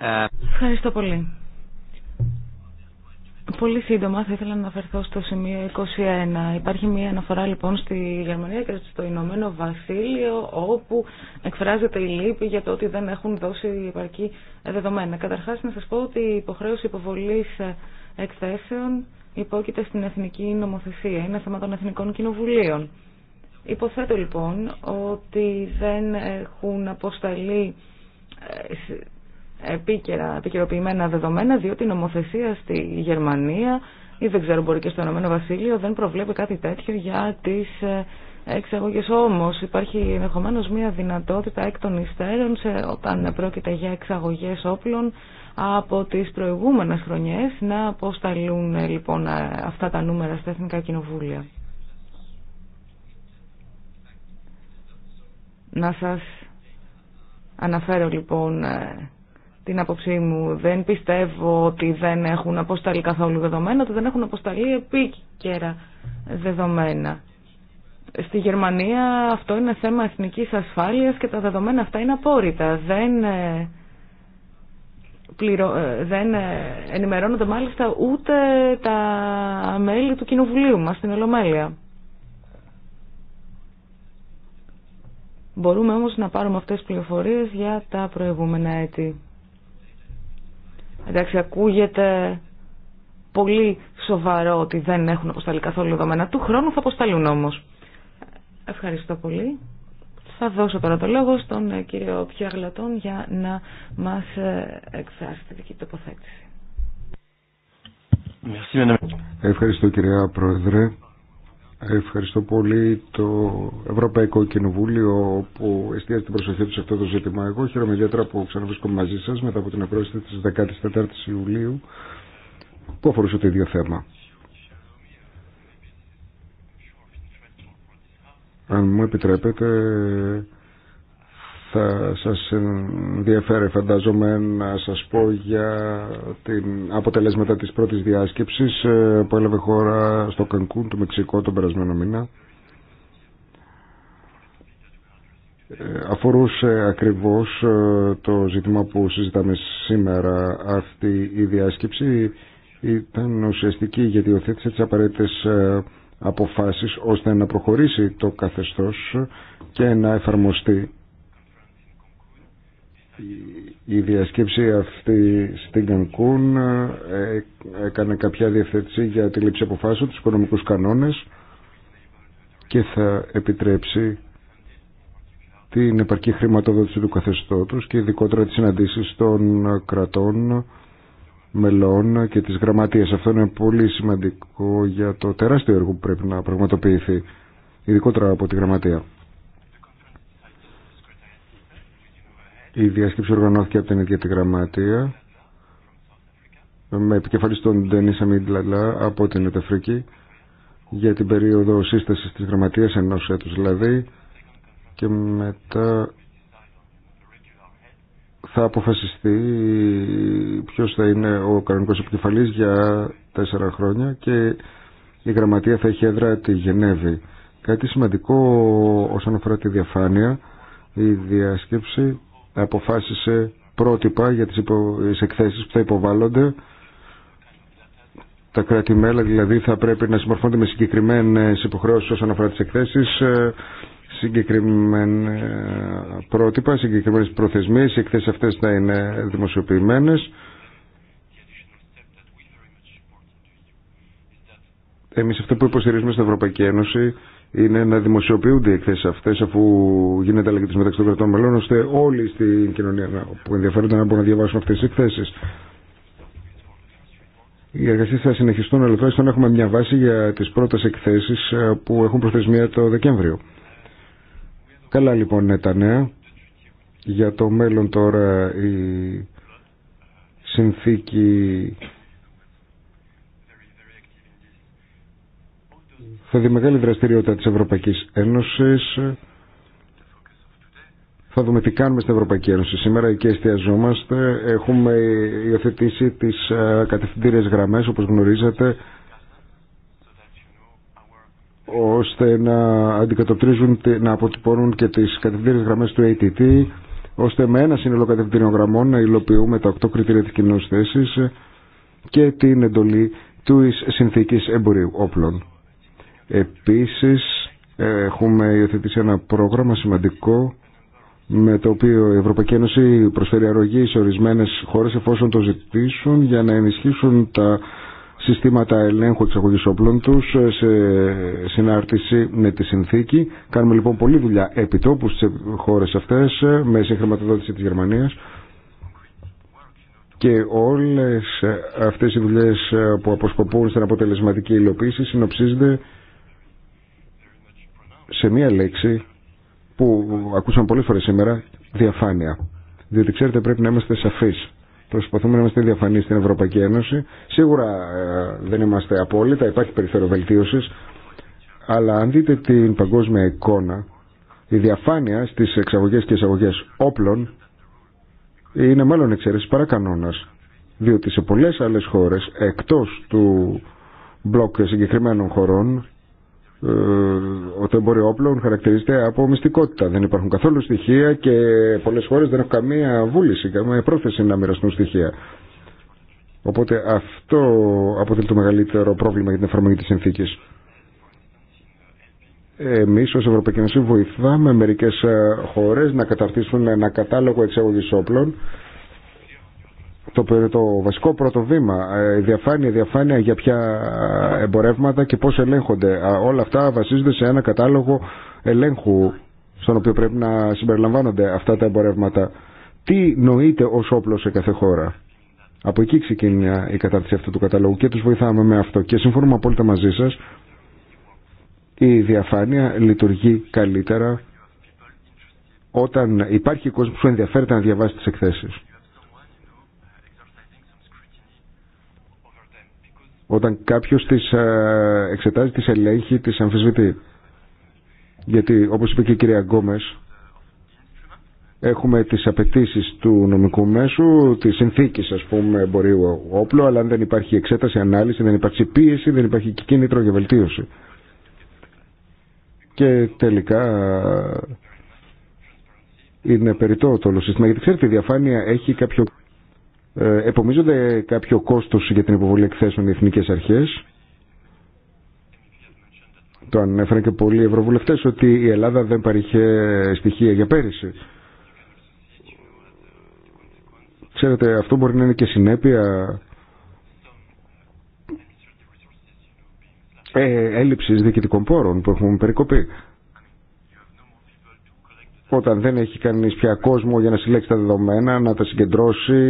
Uh, Ευχαριστώ πολύ. Πολύ σύντομα θα ήθελα να αναφερθώ στο σημείο 21. Υπάρχει μια αναφορά λοιπόν στη Γερμανία και στο Ηνωμένο Βασίλειο όπου εκφράζεται η λύπη για το ότι δεν έχουν δώσει επαρκή δεδομένα. Καταρχάς να σας πω ότι η υποχρέωση υποβολής εκθέσεων υπόκειται στην εθνική νομοθεσία. Είναι θέμα των εθνικών κοινοβουλίων. Υποθέτω λοιπόν ότι δεν έχουν αποσταλεί ε, επίκαιρα, επικαιροποιημένα δεδομένα, διότι η νομοθεσία στη Γερμανία ή δεν ξέρω μπορεί και στο Ηνωμένο Βασίλειο δεν προβλέπει κάτι τέτοιο για τις ε, εξαγωγές. Όμως υπάρχει ενδεχομένω μια δυνατότητα εκ των υστέρων σε, όταν πρόκειται για εξαγωγές όπλων από τις προηγούμενες χρονιές να αποσταλούν ε, λοιπόν ε, αυτά τα νούμερα στα Εθνικά Κοινοβούλια. Να σας αναφέρω λοιπόν την άποψή μου. Δεν πιστεύω ότι δεν έχουν αποσταλεί καθόλου δεδομένα, ότι δεν έχουν αποσταλεί επίκαιρα δεδομένα. Στη Γερμανία αυτό είναι θέμα εθνικής ασφάλειας και τα δεδομένα αυτά είναι απόρριτα. Δεν, ε, ε, δεν ε, ενημερώνονται μάλιστα ούτε τα μέλη του Κοινοβουλίου μας στην Ολομέλεια. Μπορούμε όμως να πάρουμε αυτές τις πληροφορίες για τα προηγούμενα έτη. Εντάξει, ακούγεται πολύ σοβαρό ότι δεν έχουν αποσταλεί καθόλου δεδομένα του χρόνου, θα αποσταλούν όμως. Ευχαριστώ πολύ. Θα δώσω τώρα το λόγο στον ε, κύριο Πιαγλατών για να μας ε, εκφράσει τη δική τοποθέτηση. Ευχαριστώ κυρία Πρόεδρε. Ευχαριστώ πολύ το Ευρωπαϊκό Κοινοβούλιο που εστίασε την προσοχή του σε αυτό το ζήτημα. Εγώ χαίρομαι ιδιαίτερα που ξαναβρίσκομαι μαζί σα μετά από την απρόσθεση τη 14η Ιουλίου που αφορούσε το ίδιο θέμα. Αν μου επιτρέπετε, θα σας ενδιαφέρει φαντάζομαι να σας πω για την αποτελέσματα της πρώτης διάσκεψης ε, που έλαβε χώρα στο Κανκούν του Μεξικό τον περασμένο μήνα. Ε, αφορούσε ακριβώς ε, το ζήτημα που συζητάμε σήμερα αυτή η διάσκεψη ήταν ουσιαστική γιατί οθέτησε της απαραίτητες αποφάσεις ώστε να προχωρήσει το καθεστώς και να εφαρμοστεί η διασκέψη αυτή στην Κανκούν ε, έκανε κάποια διευθέτηση για τη λήψη αποφάσεων, τους οικονομικούς κανόνες και θα επιτρέψει την επαρκή χρηματοδότηση του καθεστώτος και ειδικότερα τις συναντήσεις των κρατών μελών και της γραμματείας. Αυτό είναι πολύ σημαντικό για το τεράστιο έργο που πρέπει να πραγματοποιηθεί, ειδικότερα από τη γραμματεία. Η διάσκεψη οργανώθηκε από την ίδια τη γραμματεία με επικεφαλή στον Ντενίσα Μιντλαλά από την Ετεφρική για την περίοδο σύσταση της γραμματείας ενός έτους δηλαδή και μετά θα αποφασιστεί ποιος θα είναι ο κανονικός επικεφαλής για τέσσερα χρόνια και η γραμματεία θα έχει έδρα τη Γενέβη. Κάτι σημαντικό όσον αφορά τη διαφάνεια, η διάσκεψη αποφάσισε πρότυπα για τις, υπο... τις εκθέσεις που θα υποβάλλονται. Τα κράτη-μέλα δηλαδή θα πρέπει να συμμορφώνται με συγκεκριμένες υποχρεώσεις όσον αφορά τις εκθέσεις, ε, συγκεκριμένα πρότυπα, συγκεκριμένες προθεσμίες. Οι εκθέσεις αυτές θα είναι δημοσιοποιημένες. Εμείς αυτό που υποστηρίζουμε στην Ευρωπαϊκή Ένωση είναι να δημοσιοποιούνται οι εκθέσει αυτέ αφού γίνεται αλλαγή τη μεταξύ των κρατών μελών, ώστε όλοι στην κοινωνία που ενδιαφέρονται να μπορούν να διαβάσουν αυτέ τι εκθέσει. Οι εργασίε θα συνεχιστούν, αλλά τουλάχιστον έχουμε μια βάση για τι πρώτε εκθέσει ε, που έχουν προθεσμία το Δεκέμβριο. Καλά λοιπόν είναι τα νέα. Για το μέλλον τώρα η συνθήκη θα δει μεγάλη δραστηριότητα της Ευρωπαϊκής Ένωσης. Θα δούμε τι κάνουμε στην Ευρωπαϊκή Ένωση. Σήμερα εκεί εστιαζόμαστε. Έχουμε υιοθετήσει τις ε, κατευθυντήριες γραμμές, όπως γνωρίζετε, ώστε να αντικατοπτρίζουν, να αποτυπώνουν και τις κατευθυντήριες γραμμές του ATT, ώστε με ένα σύνολο κατευθυντήριων γραμμών να υλοποιούμε τα οκτώ κριτήρια της κοινωνικής θέσης και την εντολή του συνθήκης εμπορίου όπλων. Επίσης ε, έχουμε υιοθετήσει ένα πρόγραμμα σημαντικό με το οποίο η Ευρωπαϊκή Ένωση προσφέρει αρρωγή σε ορισμένες χώρες εφόσον το ζητήσουν για να ενισχύσουν τα συστήματα ελέγχου εξαγωγής όπλων τους σε συνάρτηση με τη συνθήκη. Κάνουμε λοιπόν πολλή δουλειά επιτόπου στις χώρες αυτές με συγχρηματοδότηση της Γερμανίας και όλες αυτές οι δουλειές που αποσκοπούν στην αποτελεσματική υλοποίηση συνοψίζονται σε μία λέξη που ακούσαμε πολλές φορές σήμερα, διαφάνεια. Διότι ξέρετε πρέπει να είμαστε σαφείς. Προσπαθούμε να είμαστε διαφανείς στην Ευρωπαϊκή Ένωση. Σίγουρα ε, δεν είμαστε απόλυτα, υπάρχει περιθώριο βελτίωσης. Αλλά αν δείτε την παγκόσμια εικόνα, η διαφάνεια στις εξαγωγές και εισαγωγές όπλων είναι μάλλον εξαίρεση κανόνας. Διότι σε πολλές άλλες χώρες, εκτός του μπλοκ συγκεκριμένων χωρών, ε, ο εμπόριο όπλων χαρακτηρίζεται από μυστικότητα. Δεν υπάρχουν καθόλου στοιχεία και πολλές χώρες δεν έχουν καμία βούληση, καμία πρόθεση να μοιραστούν στοιχεία. Οπότε αυτό αποτελεί το μεγαλύτερο πρόβλημα για την εφαρμογή της συνθήκης. Εμείς ως Ευρωπαϊκή Ένωση βοηθάμε μερικές ε, χώρες να καταρτήσουν ένα κατάλογο εξαγωγής όπλων το, το βασικό πρώτο βήμα, ε, διαφάνεια, διαφάνεια για ποια ε, εμπορεύματα και πώς ελέγχονται. Όλα αυτά βασίζονται σε ένα κατάλογο ελέγχου στον οποίο πρέπει να συμπεριλαμβάνονται αυτά τα εμπορεύματα. Τι νοείται ως όπλο σε κάθε χώρα. Από εκεί ξεκίνησε η κατάρτιση αυτού του καταλόγου και τους βοηθάμε με αυτό. Και συμφωνούμε απόλυτα μαζί σας, η διαφάνεια λειτουργεί καλύτερα όταν υπάρχει κόσμο που ενδιαφέρεται να διαβάσει τις εκθέσεις. όταν κάποιος τις ε, εξετάζει, τις ελέγχει, τις αμφισβητεί. Γιατί όπως είπε και η κυρία Γκόμες, έχουμε τις απαιτήσει του νομικού μέσου, τις συνθήκες ας πούμε εμπορίου όπλο, αλλά αν δεν υπάρχει εξέταση, ανάλυση, δεν υπάρχει πίεση, δεν υπάρχει και κίνητρο για βελτίωση. Και τελικά είναι περιττό το όλο σύστημα, γιατί ξέρετε η διαφάνεια έχει κάποιο ε, επομίζονται κάποιο κόστος για την υποβολή εκθέσεων οι εθνικές αρχές. Το ανέφεραν και πολλοί ευρωβουλευτές ότι η Ελλάδα δεν παρήχε στοιχεία για πέρυσι. Ξέρετε, αυτό μπορεί να είναι και συνέπεια ε, έλλειψης διοικητικών πόρων που έχουμε περικοπεί όταν δεν έχει κανείς πια κόσμο για να συλλέξει τα δεδομένα, να τα συγκεντρώσει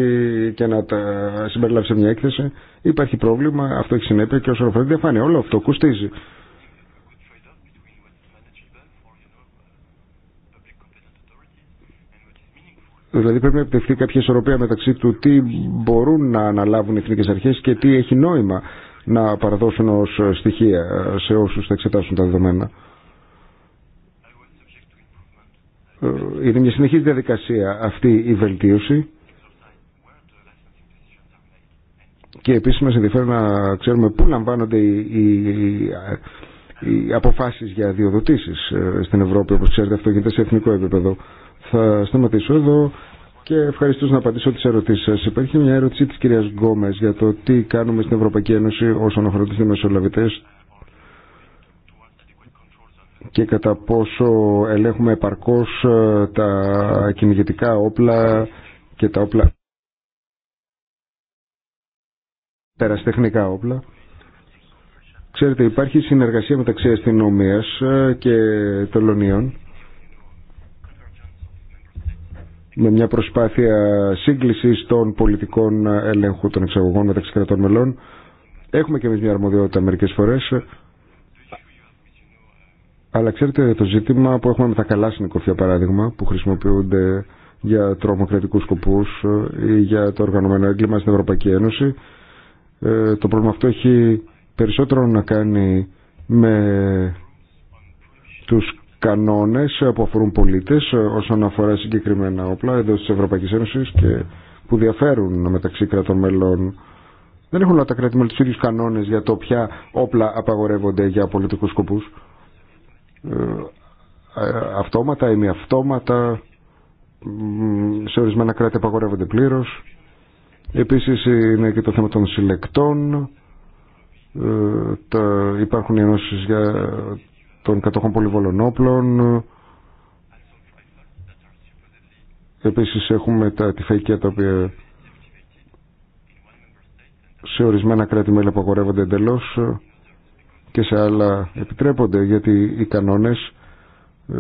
και να τα συμπεριλάβει σε μια έκθεση, υπάρχει πρόβλημα, αυτό έχει συνέπεια και οσο αφορά τη διαφάνεια. Όλο αυτό κοστίζει. Δηλαδή πρέπει να επιτευχθεί κάποια ισορροπία μεταξύ του τι μπορούν να αναλάβουν οι εθνικές αρχές και τι έχει νόημα να παραδώσουν ως στοιχεία σε όσους θα εξετάσουν τα δεδομένα. Ε, είναι μια συνεχής διαδικασία αυτή η βελτίωση και επίσης μας ενδιαφέρει να ξέρουμε πού λαμβάνονται οι, οι αποφάσεις για διοδοτήσεις ε, στην Ευρώπη όπως ξέρετε αυτό γίνεται σε εθνικό επίπεδο θα σταματήσω εδώ και ευχαριστώ να απαντήσω τις ερωτήσεις σας. Υπάρχει μια ερώτηση της κυρίας Γκόμες για το τι κάνουμε στην Ευρωπαϊκή Ένωση όσον αφορά τους δημοσιολαβητές και κατά πόσο ελέγχουμε επαρκώς ε, τα κυνηγητικά όπλα και τα όπλα περαστεχνικά όπλα. Ξέρετε, υπάρχει συνεργασία μεταξύ αστυνομία ε, και τελωνίων με μια προσπάθεια σύγκλησης των πολιτικών ελέγχου των εξαγωγών μεταξύ κρατών μελών. Έχουμε και εμείς μια αρμοδιότητα μερικές φορές αλλά ξέρετε το ζήτημα που έχουμε με τα καλά συνοικοφία παράδειγμα που χρησιμοποιούνται για τρομοκρατικούς σκοπούς ε, ή για το οργανωμένο έγκλημα στην Ευρωπαϊκή Ένωση. Ε, το πρόβλημα αυτό έχει περισσότερο να κάνει με τους κανόνες που αφορούν πολίτες ε, όσον αφορά συγκεκριμένα όπλα εδώ της Ευρωπαϊκής Ένωσης και που διαφέρουν μεταξύ κρατών μελών. Δεν έχουν όλα τα κράτη με τους ίδιους κανόνες για το ποια όπλα απαγορεύονται για πολιτικούς σκοπούς. Ε, ε, αυτόματα ή μη αυτόματα σε ορισμένα κράτη απαγορεύονται πλήρω, επίσης είναι και το θέμα των συλλεκτών ε, τα, υπάρχουν οι για τον κατόχων πολυβολών όπλων επίσης έχουμε τα τυφαϊκία τα οποία σε ορισμένα κράτη-μέλη απαγορεύονται εντελώς και σε άλλα επιτρέπονται γιατί οι κανόνες ε,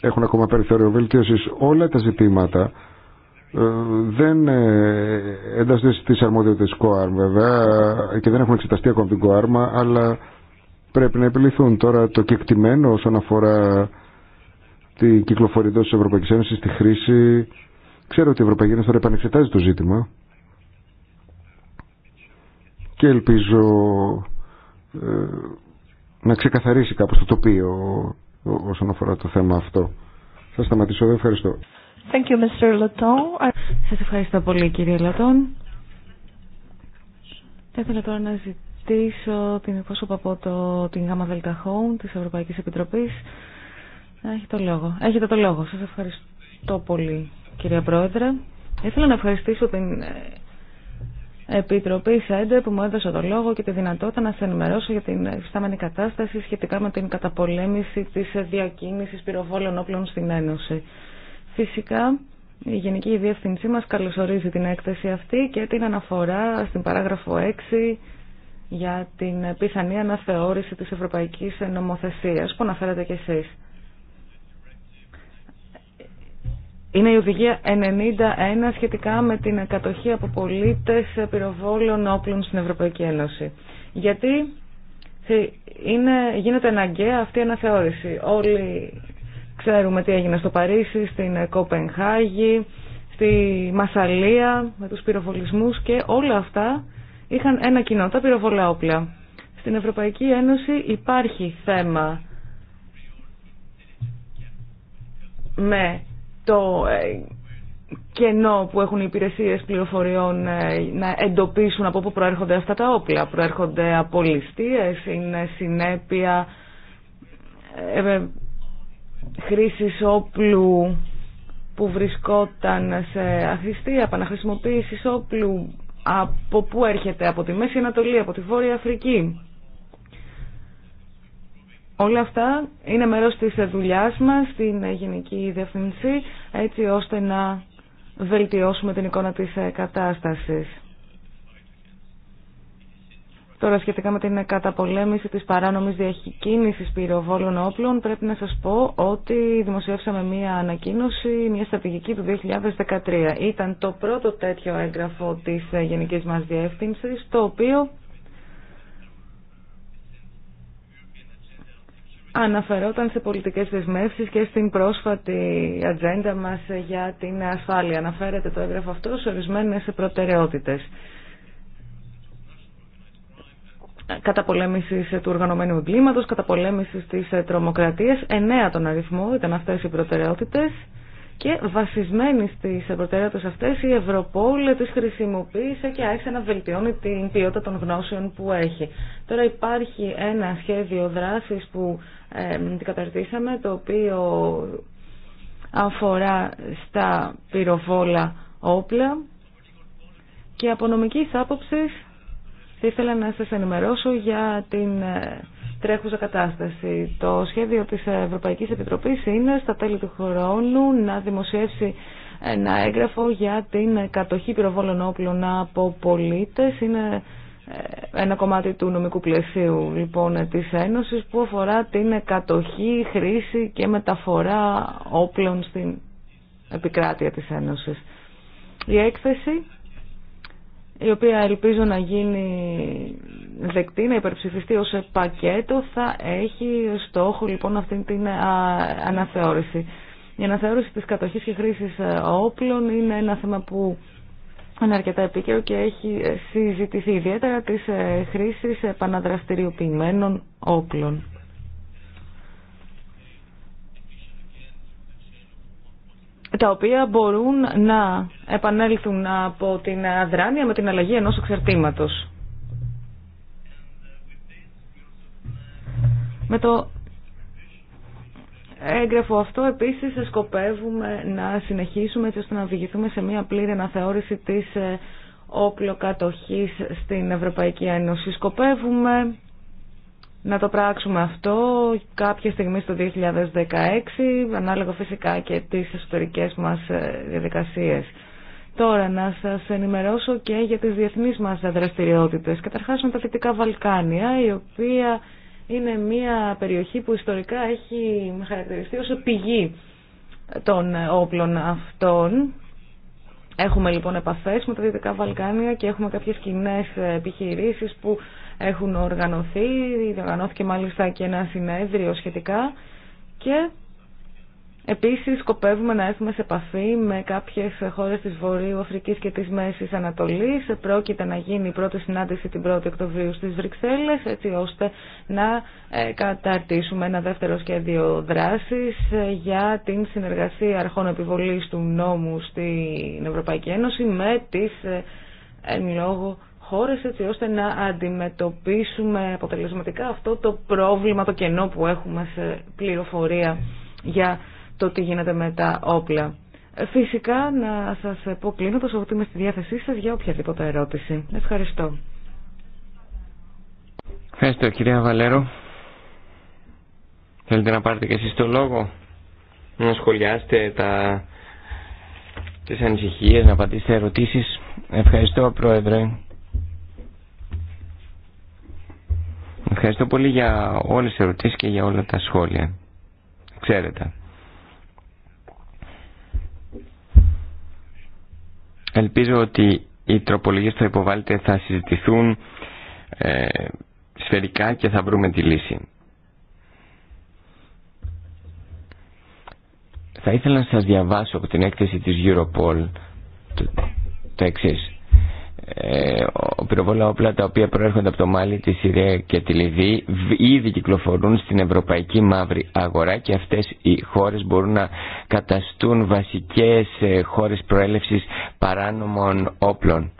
έχουν ακόμα περιθώριο βελτίωσης όλα τα ζητήματα ε, δεν εντάσσονται στις αρμοδιότητες ΚΟΑΡΜ βέβαια και δεν έχουν εξεταστεί ακόμα την ΚΟΑΡΜ αλλά πρέπει να επιληθούν τώρα το κεκτημένο όσον αφορά την κυκλοφορία της Ευρωπαϊκής Ένωσης στη χρήση ξέρω ότι η Ευρωπαϊκή Ένωση τώρα επανεξετάζει το ζήτημα και ελπίζω ε, να ξεκαθαρίσει κάπως το τοπίο όσον αφορά το θέμα αυτό. Θα σταματήσω εδώ. Ευχαριστώ. Thank you, Mr. Σας ευχαριστώ πολύ κύριε Λατών. Θα ήθελα τώρα να ζητήσω την εκπρόσωπα από το, την ΓΑΜΑ ΔΕΛΤΑ Home της Ευρωπαϊκής Επιτροπής. Έχετε το λόγο. Έχετε το λόγο. Σας ευχαριστώ πολύ κυρία Πρόεδρε. Ήθελα να ευχαριστήσω την Επιτροπή ΣΕΝΤΕ που μου έδωσε το λόγο και τη δυνατότητα να σε ενημερώσω για την εφιστάμενη κατάσταση σχετικά με την καταπολέμηση τη διακίνηση πυροβόλων όπλων στην Ένωση. Φυσικά, η Γενική Διεύθυνσή μα καλωσορίζει την έκθεση αυτή και την αναφορά στην παράγραφο 6 για την πιθανή αναθεώρηση της Ευρωπαϊκής Νομοθεσίας που αναφέρατε κι εσείς. είναι η οδηγία 91 σχετικά με την κατοχή από πολίτε πυροβόλων όπλων στην Ευρωπαϊκή Ένωση. Γιατί είναι, γίνεται αναγκαία αυτή η αναθεώρηση. Όλοι ξέρουμε τι έγινε στο Παρίσι, στην Κοπενχάγη, στη Μασαλία, με τους πυροβολισμούς και όλα αυτά είχαν ένα κοινό, τα πυροβολά όπλα. Στην Ευρωπαϊκή Ένωση υπάρχει θέμα με το ε, κενό που έχουν οι υπηρεσίες πληροφοριών ε, να εντοπίσουν από πού προέρχονται αυτά τα όπλα. Προέρχονται από ληστείες, είναι συνέπεια ε, χρήσης όπλου που βρισκόταν σε αθιστία, επαναχρησιμοποίηση όπλου από πού έρχεται, από τη Μέση Ανατολή, από τη Βόρεια Αφρική. Όλα αυτά είναι μέρος της δουλειά μας στην Γενική Διευθυνσή έτσι ώστε να βελτιώσουμε την εικόνα της κατάστασης. Τώρα σχετικά με την καταπολέμηση της παράνομης διακίνησης πυροβόλων όπλων πρέπει να σας πω ότι δημοσιεύσαμε μία ανακοίνωση, μία στρατηγική του 2013. Ήταν το πρώτο τέτοιο έγγραφο της Γενικής μας Διεύθυνσης το οποίο αναφερόταν σε πολιτικές δεσμεύσεις και στην πρόσφατη ατζέντα μας για την ασφάλεια. Αναφέρεται το έγγραφο αυτό σε ορισμένες προτεραιότητες. Καταπολέμηση του οργανωμένου εγκλήματος, καταπολέμηση τη τρομοκρατίας. Εννέα τον αριθμό ήταν αυτέ οι προτεραιότητε Και βασισμένη στι προτεραιότητε αυτέ, η Ευρωπόλ τι χρησιμοποίησε και άρχισε να βελτιώνει την ποιότητα των γνώσεων που έχει. Τώρα υπάρχει ένα σχέδιο δράση που την καταρτήσαμε, το οποίο αφορά στα πυροβόλα όπλα και από νομικής άποψης θα ήθελα να σας ενημερώσω για την ε, τρέχουσα κατάσταση. Το σχέδιο της Ευρωπαϊκής Επιτροπής είναι στα τέλη του χρόνου να δημοσιεύσει ένα έγγραφο για την κατοχή πυροβόλων όπλων από πολίτες. Είναι ε, ένα κομμάτι του νομικού πλαισίου λοιπόν της Ένωσης που αφορά την κατοχή, χρήση και μεταφορά όπλων στην επικράτεια της Ένωσης. Η έκθεση η οποία ελπίζω να γίνει δεκτή, να υπερψηφιστεί ως πακέτο, θα έχει στόχο λοιπόν αυτή την ε, αναθεώρηση. Η αναθεώρηση της κατοχής και χρήσης ε, όπλων είναι ένα θέμα που είναι αρκετά επίκαιρο και έχει ε, συζητηθεί ιδιαίτερα της ε, χρήσης επαναδραστηριοποιημένων όπλων. τα οποία μπορούν να επανέλθουν από την αδράνεια με την αλλαγή ενός εξαρτήματος. Με το έγγραφο αυτό επίσης σκοπεύουμε να συνεχίσουμε έτσι ώστε να οδηγηθούμε σε μια πλήρη αναθεώρηση της ε, κατοχής στην Ευρωπαϊκή Ένωση. Σκοπεύουμε να το πράξουμε αυτό κάποια στιγμή στο 2016, ανάλογα φυσικά και τις εσωτερικές μας ε, διαδικασίες. Τώρα να σας ενημερώσω και για τις διεθνείς μας δραστηριότητες. Καταρχάς με τα Βαλκάνια, η οποία είναι μια περιοχή που ιστορικά έχει χαρακτηριστεί ως πηγή των όπλων αυτών. Έχουμε λοιπόν επαφές με τα Δυτικά Βαλκάνια και έχουμε κάποιες κοινέ επιχειρήσεις που έχουν οργανωθεί. Οργανώθηκε μάλιστα και ένα συνέδριο σχετικά και Επίσης, σκοπεύουμε να έρθουμε σε επαφή με κάποιες χώρες της Βορείου Αφρικής και της Μέσης Ανατολής. Πρόκειται να γίνει η πρώτη συνάντηση την 1η Οκτωβρίου στις Βρυξέλλες, έτσι ώστε να ε, καταρτήσουμε ένα δεύτερο σχέδιο δράσης ε, για την συνεργασία αρχών επιβολής του νόμου στην Ευρωπαϊκή Ένωση με τις ε, εν λόγω χώρες έτσι ώστε να αντιμετωπίσουμε αποτελεσματικά αυτό το πρόβλημα, το κενό που έχουμε σε πληροφορία για το τι γίνεται με τα όπλα. Φυσικά να σας πω κλείνοντας ότι είμαι στη διάθεσή σας για οποιαδήποτε ερώτηση. Ευχαριστώ. Ευχαριστώ κυρία Βαλέρο. Θέλετε να πάρετε και εσείς το λόγο, να σχολιάσετε τα... τις ανησυχίες, να απαντήσετε ερωτήσεις. Ευχαριστώ Πρόεδρε. Ευχαριστώ πολύ για όλες τις ερωτήσεις και για όλα τα σχόλια. Ξέρετε. Ελπίζω ότι οι τροπολογίες που θα υποβάλλετε θα συζητηθούν ε, σφαιρικά και θα βρούμε τη λύση. Θα ήθελα να σας διαβάσω από την έκθεση της Europol το, το εξής ε, πυροβόλα όπλα τα οποία προέρχονται από το Μάλι, τη Συρία και τη Λιβύη ήδη κυκλοφορούν στην ευρωπαϊκή μαύρη αγορά και αυτές οι χώρες μπορούν να καταστούν βασικές ε, χώρες προέλευσης παράνομων όπλων.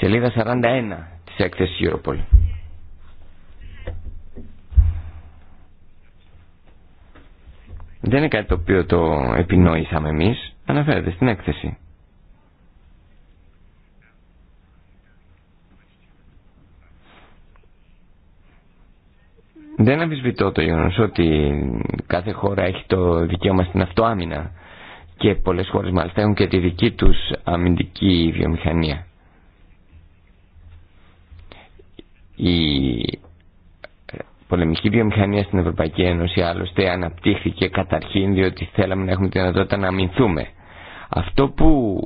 Σελίδα 41 της έκθεσης Europol. Δεν είναι κάτι το οποίο το επινόησαμε εμείς, αναφέρεται στην έκθεση. Δεν αμφισβητώ το γεγονό ότι κάθε χώρα έχει το δικαίωμα στην αυτοάμυνα και πολλές χώρες μάλιστα έχουν και τη δική τους αμυντική βιομηχανία. Η πολεμική βιομηχανία στην Ευρωπαϊκή Ένωση άλλωστε αναπτύχθηκε καταρχήν διότι θέλαμε να έχουμε τη δυνατότητα να αμυνθούμε. Αυτό που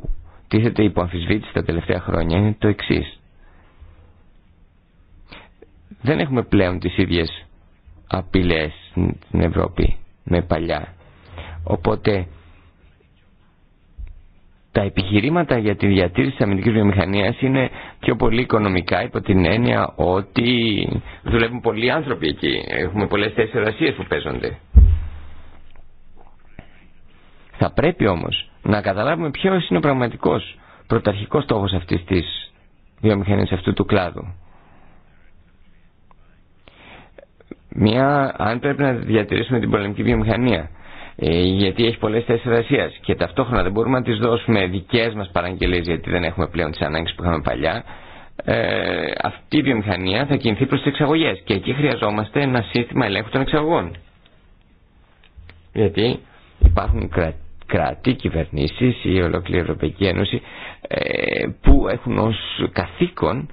τίθεται υπό αμφισβήτηση τα τελευταία χρόνια είναι το εξή. Δεν έχουμε πλέον τις ίδιες απειλές στην Ευρώπη με παλιά. Οπότε τα επιχειρήματα για τη διατήρηση της αμυντικής βιομηχανίας είναι πιο πολύ οικονομικά υπό την έννοια ότι δουλεύουν πολλοί άνθρωποι εκεί. Έχουμε πολλές θέσεις εργασίες που παίζονται. Θα πρέπει όμως να καταλάβουμε ποιος είναι ο πραγματικός πρωταρχικός στόχος αυτής της βιομηχανίας αυτού του κλάδου. μια, αν πρέπει να διατηρήσουμε την πολεμική βιομηχανία ε, γιατί έχει πολλές θέσεις εργασία και ταυτόχρονα δεν μπορούμε να τις δώσουμε δικές μας παραγγελίες γιατί δεν έχουμε πλέον τις ανάγκες που είχαμε παλιά ε, αυτή η βιομηχανία θα κινηθεί προς τις εξαγωγές και εκεί χρειαζόμαστε ένα σύστημα ελέγχου των εξαγωγών γιατί υπάρχουν κράτη κράτη, κυβερνήσεις ή ολόκληρη Ευρωπαϊκή Ένωση ε, που έχουν ως καθήκον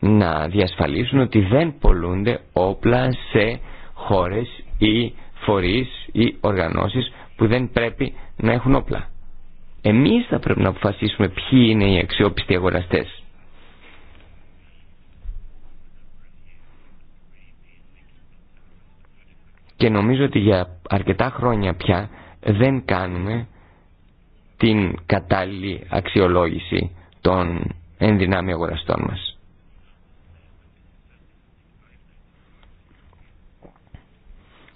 να διασφαλίσουν ότι δεν πολλούνται όπλα σε χώρες ή φορείς ή οργανώσεις που δεν πρέπει να έχουν όπλα. Εμείς θα πρέπει να αποφασίσουμε ποιοι είναι οι αξιόπιστοι αγοραστές. Και νομίζω ότι για αρκετά χρόνια πια δεν κάνουμε την κατάλληλη αξιολόγηση των ενδυνάμει αγοραστών μας.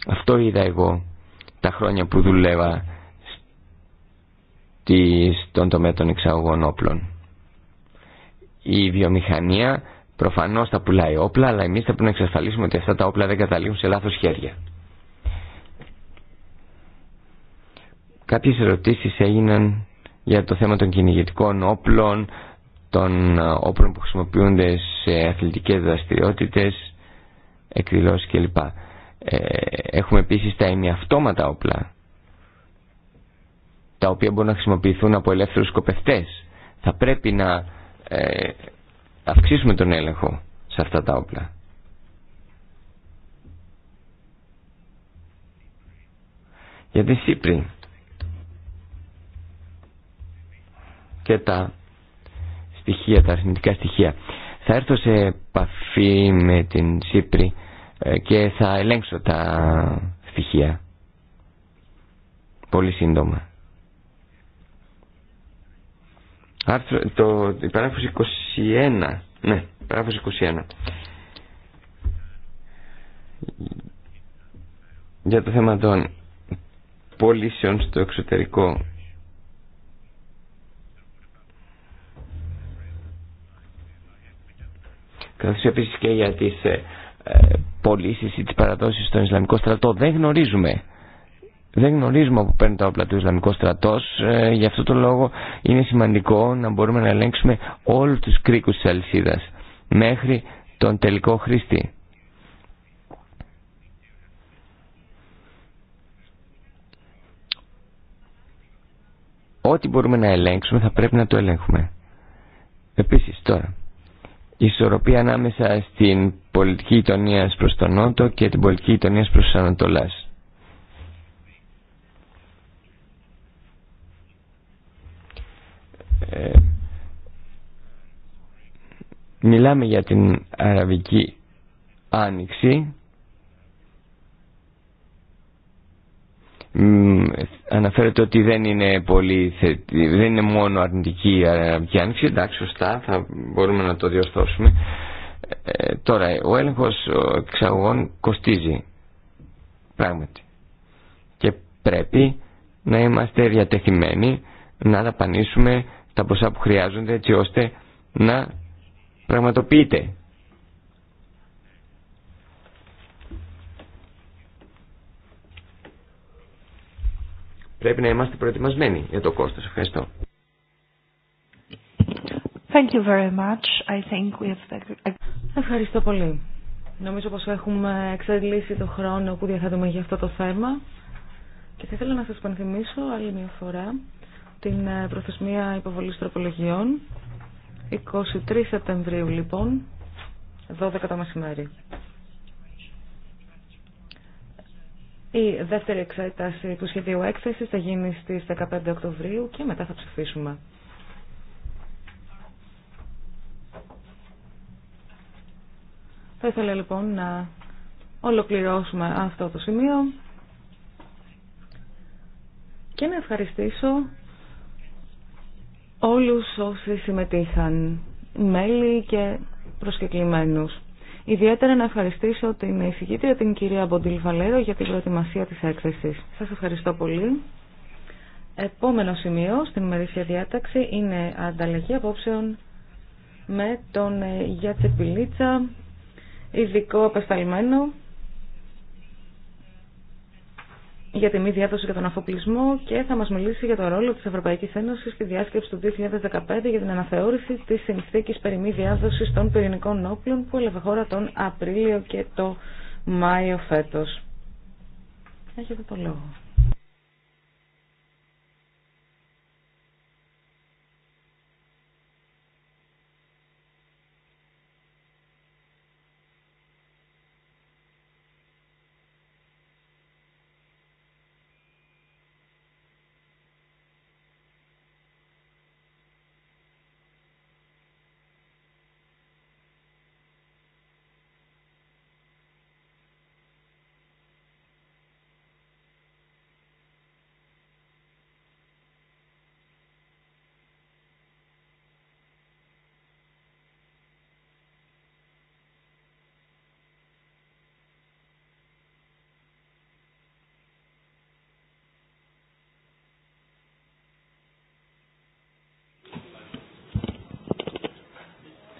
Αυτό είδα εγώ τα χρόνια που δουλεύα στον τομέα των εξαγωγών όπλων. Η βιομηχανία προφανώς θα πουλάει όπλα, αλλά εμείς θα πρέπει να εξασφαλίσουμε ότι αυτά τα όπλα δεν καταλήγουν σε λάθος χέρια. Κάποιες ερωτήσεις έγιναν για το θέμα των κυνηγητικών όπλων, των ε, όπλων που χρησιμοποιούνται σε αθλητικές δραστηριότητες, εκδηλώσεις κλπ. Ε, έχουμε επίσης τα ημιαυτόματα όπλα, τα οποία μπορούν να χρησιμοποιηθούν από ελεύθερους σκοπευτές. Θα πρέπει να ε, αυξήσουμε τον έλεγχο σε αυτά τα όπλα. Για τη Σύπρη και τα στοιχεία, τα αρνητικά στοιχεία. Θα έρθω σε επαφή με την Σύπρη ε, και θα ελέγξω τα στοιχεία. Πολύ σύντομα. Άρθρο, το, παράγραφος 21. Ναι, παράγραφος 21. Για το θέμα των πωλήσεων στο εξωτερικό. Καθώς επίσης και για τις ε, ε, πωλήσει ή τι παραδόσει στον Ισλαμικό στρατό. Δεν γνωρίζουμε. Δεν γνωρίζουμε από παίρνει τα όπλα του Ισλαμικό στρατό. Ε, γι' αυτό το λόγο είναι σημαντικό να μπορούμε να ελέγξουμε όλου του κρίκου τη αλυσίδα μέχρι τον τελικό χρήστη. Ό,τι μπορούμε να ελέγξουμε θα πρέπει να το ελέγχουμε. Επίσης τώρα, ισορροπία ανάμεσα στην πολιτική γειτονία προς τον Νότο και την πολιτική γειτονία προς τον Ανατολά. Ε, μιλάμε για την Αραβική Άνοιξη αναφέρεται ότι δεν είναι, πολύ δεν είναι μόνο αρνητική η αραβική άνοιξη. Εντάξει, σωστά, θα μπορούμε να το διορθώσουμε. Ε, τώρα, ο έλεγχος εξαγωγών κοστίζει. Πράγματι. Και πρέπει να είμαστε διατεθειμένοι να δαπανίσουμε τα ποσά που χρειάζονται έτσι ώστε να πραγματοποιείται πρέπει να είμαστε προετοιμασμένοι για το κόστος. Ευχαριστώ. Thank you very much. I think we have... Ευχαριστώ πολύ. Νομίζω πως έχουμε εξαντλήσει το χρόνο που διαθέτουμε για αυτό το θέμα και θα ήθελα να σας πανθυμίσω άλλη μια φορά την ε, προθεσμία υποβολής τροπολογιών 23 Σεπτεμβρίου λοιπόν 12 το μεσημέρι. Η δεύτερη εξέταση του σχεδίου έκθεσης θα γίνει στις 15 Οκτωβρίου και μετά θα ψηφίσουμε. Θα ήθελα λοιπόν να ολοκληρώσουμε αυτό το σημείο και να ευχαριστήσω όλους όσοι συμμετείχαν, μέλη και προσκεκλημένους. Ιδιαίτερα να ευχαριστήσω την εισηγήτρια, την κυρία Μποντιλ Βαλέρο, για την προετοιμασία της έκθεσης. Σας ευχαριστώ πολύ. Επόμενο σημείο στην ημερήσια διάταξη είναι ανταλλαγή απόψεων με τον Γιάτσε Πιλίτσα, ειδικό απεσταλμένο για τη μη διάδοση και τον αφοπλισμό και θα μας μιλήσει για το ρόλο της Ευρωπαϊκής Ένωσης στη διάσκεψη του 2015 για την αναθεώρηση της συνθήκης περί μη διάδοσης των πυρηνικών όπλων που έλαβε χώρα τον Απρίλιο και το Μάιο φέτος. Έχετε το λόγο.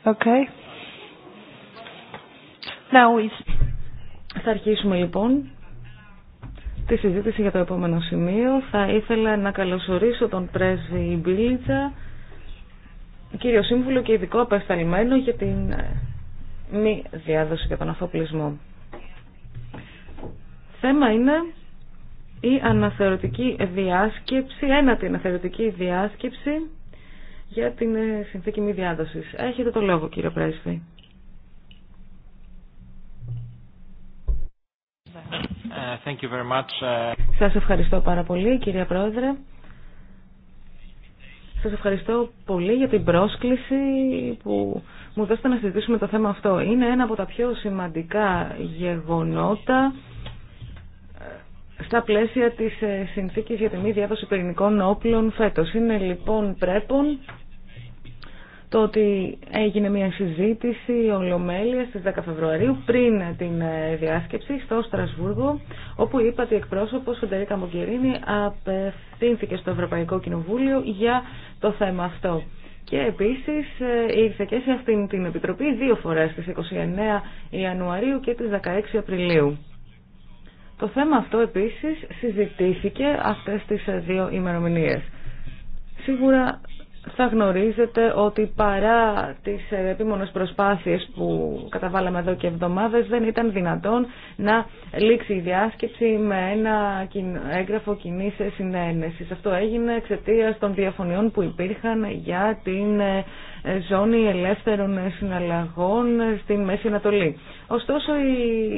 Okay. Now Θα αρχίσουμε λοιπόν τη συζήτηση για το επόμενο σημείο. Θα ήθελα να καλωσορίσω τον πρέσβη Μπίλιτσα, κύριο σύμβουλο και ειδικό απεσταλμένο για την ε, μη διάδοση και τον αφοπλισμό. Θέμα είναι η αναθεωρητική διάσκεψη, ένατη αναθεωρητική διάσκεψη για την ε, συνθήκη μη διάδοσης. Έχετε το λόγο κύριε Πρέσβη. Ε, ε. Σας ευχαριστώ πάρα πολύ κύριε Πρόεδρε. Σας ευχαριστώ πολύ για την πρόσκληση που μου δώσετε να συζητήσουμε το θέμα αυτό. Είναι ένα από τα πιο σημαντικά γεγονότα στα πλαίσια της συνθήκης για τη μη διάδοση πυρηνικών όπλων φέτος. Είναι λοιπόν πρέπον το ότι έγινε μια συζήτηση ολομέλεια στις 10 Φεβρουαρίου πριν την ε, διάσκεψη στο Στρασβούργο, όπου είπα ότι εκπρόσωπο Φεντερίκα Μογκερίνη απευθύνθηκε στο Ευρωπαϊκό Κοινοβούλιο για το θέμα αυτό. Και επίσης ε, ήρθε και σε αυτήν την Επιτροπή δύο φορές, στις 29 Ιανουαρίου και τις 16 Απριλίου. Το θέμα αυτό επίσης συζητήθηκε αυτές τις ε, δύο ημερομηνίες. Σίγουρα θα γνωρίζετε ότι παρά τις επίμονες προσπάθειες που καταβάλαμε εδώ και εβδομάδες δεν ήταν δυνατόν να λήξει η διάσκεψη με ένα έγγραφο κοινή συνένεση. Αυτό έγινε εξαιτία των διαφωνιών που υπήρχαν για την ε, ζώνη ελεύθερων συναλλαγών στην Μέση Ανατολή. Ωστόσο η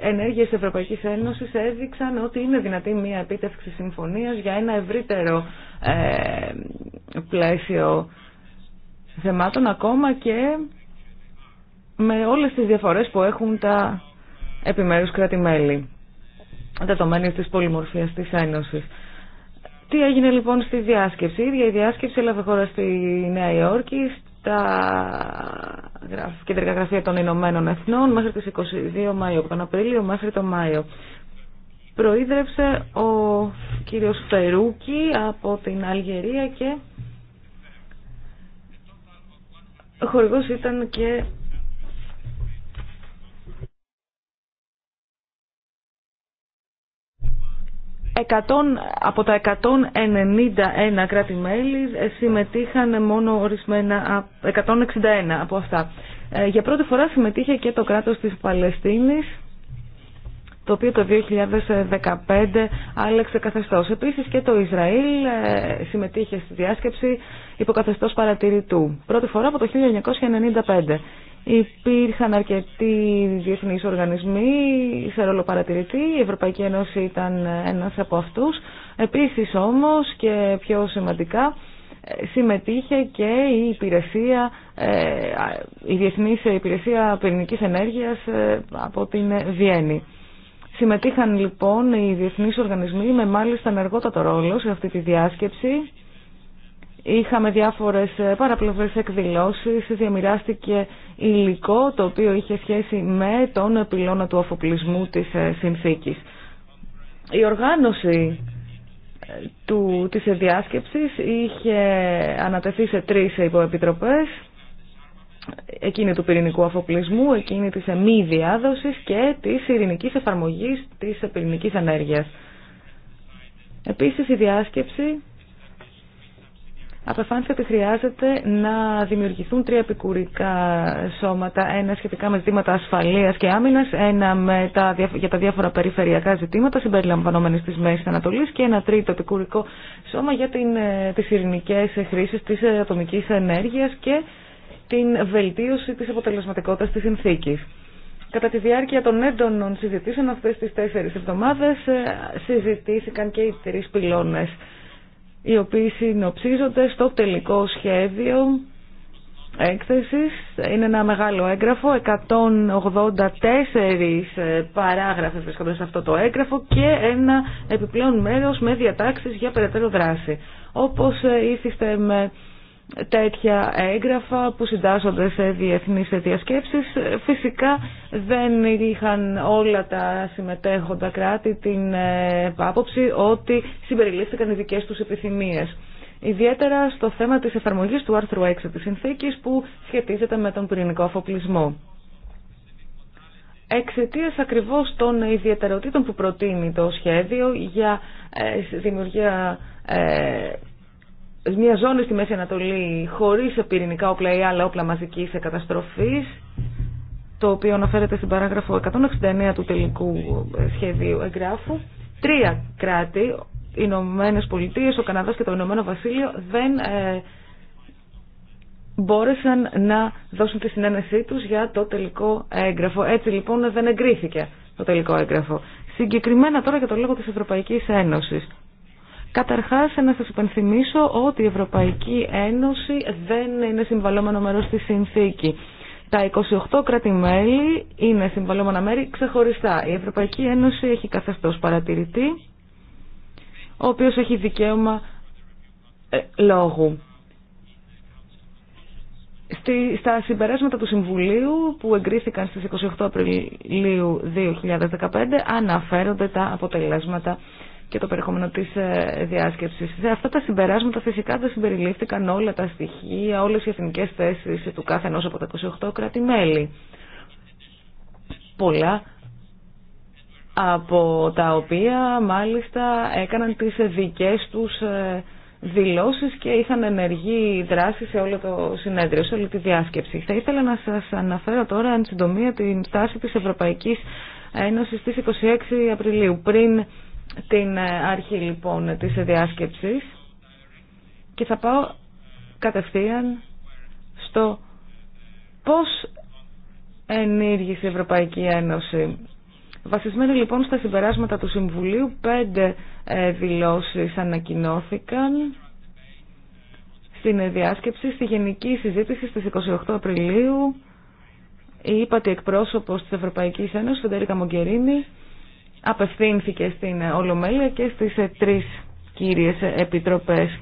ενέργειες της Ευρωπαϊκής Ένωσης έδειξαν ότι είναι δυνατή μια επίτευξη συμφωνίας για ένα ευρύτερο ε, πλαίσιο θεμάτων ακόμα και με όλες τις διαφορές που έχουν τα επιμέρους κράτη-μέλη δεδομένης της πολυμορφίας της Ένωσης. Τι έγινε λοιπόν στη διάσκεψη. Η ίδια η διάσκεψη έλαβε χώρα στη Νέα Υόρκη τα κεντρικά γραφεία των Ηνωμένων Εθνών μέχρι τις 22 Μαΐου, από τον Απρίλιο μέχρι τον Μάιο. Προείδρευσε ο κύριος Φερούκη από την Αλγερία και χορηγός ήταν και 100, από τα 191 κράτη-μέλη ε, συμμετείχαν μόνο ορισμένα 161 από αυτά. Ε, για πρώτη φορά συμμετείχε και το κράτος της Παλαιστίνης το οποίο το 2015 άλλαξε καθεστώς. Επίσης και το Ισραήλ ε, συμμετείχε στη διάσκεψη υποκαθεστώς παρατηρητού. Πρώτη φορά από το 1995. Υπήρχαν αρκετοί διεθνείς οργανισμοί, σε παρατηρητή. η Ευρωπαϊκή Ένωση ήταν ένας από αυτούς. Επίσης όμως και πιο σημαντικά ε, συμμετείχε και η υπηρεσία, ε, η Διεθνής Υπηρεσία Πυρηνικής Ενέργειας ε, από την Βιέννη. Συμμετείχαν λοιπόν οι διεθνείς οργανισμοί με μάλιστα ενεργότατο ρόλο σε αυτή τη διάσκεψη Είχαμε διάφορες ε, παραπλευρές εκδηλώσεις, διαμοιράστηκε υλικό το οποίο είχε σχέση με τον πυλώνα του αφοπλισμού της ε, συνθήκης. Η οργάνωση ε, του, της διάσκεψης είχε ανατεθεί σε τρεις υποεπιτροπές, εκείνη του πυρηνικού αφοπλισμού, εκείνη της μη διάδοσης και της ειρηνικής εφαρμογής της πυρηνικής ενέργειας. Επίσης η διάσκεψη απεφάνθηκε ότι χρειάζεται να δημιουργηθούν τρία επικουρικά σώματα. Ένα σχετικά με ζητήματα ασφαλεία και άμυνας, ένα με τα, για τα διάφορα περιφερειακά ζητήματα συμπεριλαμβανόμενης της Μέσης Ανατολής και ένα τρίτο επικουρικό σώμα για την, ε, τις ειρηνικές χρήσεις της ατομικής ενέργειας και την βελτίωση της αποτελεσματικότητας της συνθήκης. Κατά τη διάρκεια των έντονων συζητήσεων αυτές τις τέσσερις εβδομάδες ε, συζητήθηκαν και οι τρεις πυλώνε οι οποίοι συνοψίζονται στο τελικό σχέδιο έκθεσης. Είναι ένα μεγάλο έγγραφο, 184 ε, παράγραφοι βρίσκονται σε αυτό το έγγραφο και ένα επιπλέον μέρος με διατάξεις για περαιτέρω δράση. Όπως ε, ήθιστε με τέτοια έγγραφα που συντάσσονται σε διεθνείς διασκέψεις. Φυσικά δεν είχαν όλα τα συμμετέχοντα κράτη την ε, άποψη ότι συμπεριλήφθηκαν οι δικές τους επιθυμίες. Ιδιαίτερα στο θέμα της εφαρμογής του άρθρου 6 της συνθήκης που σχετίζεται με τον πυρηνικό αφοπλισμό. Εξαιτία ακριβώς των ιδιαιτεροτήτων που προτείνει το σχέδιο για ε, δημιουργία ε, μια ζώνη στη Μέση Ανατολή χωρίς πυρηνικά όπλα ή άλλα όπλα μαζικής καταστροφής το οποίο αναφέρεται στην παράγραφο 169 του τελικού σχεδίου εγγράφου τρία κράτη οι Ηνωμένε Πολιτείε, ο Καναδάς και το Ηνωμένο Βασίλειο δεν ε, μπόρεσαν να δώσουν τη συνένεσή τους για το τελικό έγγραφο. Έτσι λοιπόν δεν εγκρίθηκε το τελικό έγγραφο. Συγκεκριμένα τώρα για το λόγο της Ευρωπαϊκής Ένωσης. Καταρχάς, να σας υπενθυμίσω ότι η Ευρωπαϊκή Ένωση δεν είναι συμβαλόμενο μέρος στη συνθήκη. Τα 28 κράτη-μέλη είναι συμβαλόμενα μέρη ξεχωριστά. Η Ευρωπαϊκή Ένωση έχει καθεστώς παρατηρητή, ο οποίος έχει δικαίωμα ε, λόγου. στα συμπεράσματα του Συμβουλίου που εγκρίθηκαν στις 28 Απριλίου 2015 αναφέρονται τα αποτελέσματα και το περιεχόμενο τη ε, διάσκεψη. Σε αυτά τα συμπεράσματα φυσικά δεν συμπεριλήφθηκαν όλα τα στοιχεία, όλε οι εθνικέ θέσει του κάθε ενό από τα 28 κράτη-μέλη. Πολλά από τα οποία μάλιστα έκαναν τις δικές τους ε, δηλώσεις και είχαν ενεργή δράση σε όλο το συνέδριο, σε όλη τη διάσκεψη. Θα ήθελα να σας αναφέρω τώρα εν συντομία την στάση της Ευρωπαϊκής Ένωσης στις 26 Απριλίου, πριν την ε, αρχή λοιπόν της διάσκεψης και θα πάω κατευθείαν στο πώς ενήργησε η Ευρωπαϊκή Ένωση. Βασισμένοι λοιπόν στα συμπεράσματα του Συμβουλίου, πέντε ε, δηλώσεις ανακοινώθηκαν στην διάσκεψη, στη γενική συζήτηση στις 28 Απριλίου, η ύπατη εκπρόσωπος της Ευρωπαϊκής Ένωσης, Φεντερίκα Μογκερίνη, απευθύνθηκε στην Ολομέλεια και στις ε, τρεις κύριες ε, επιτροπές.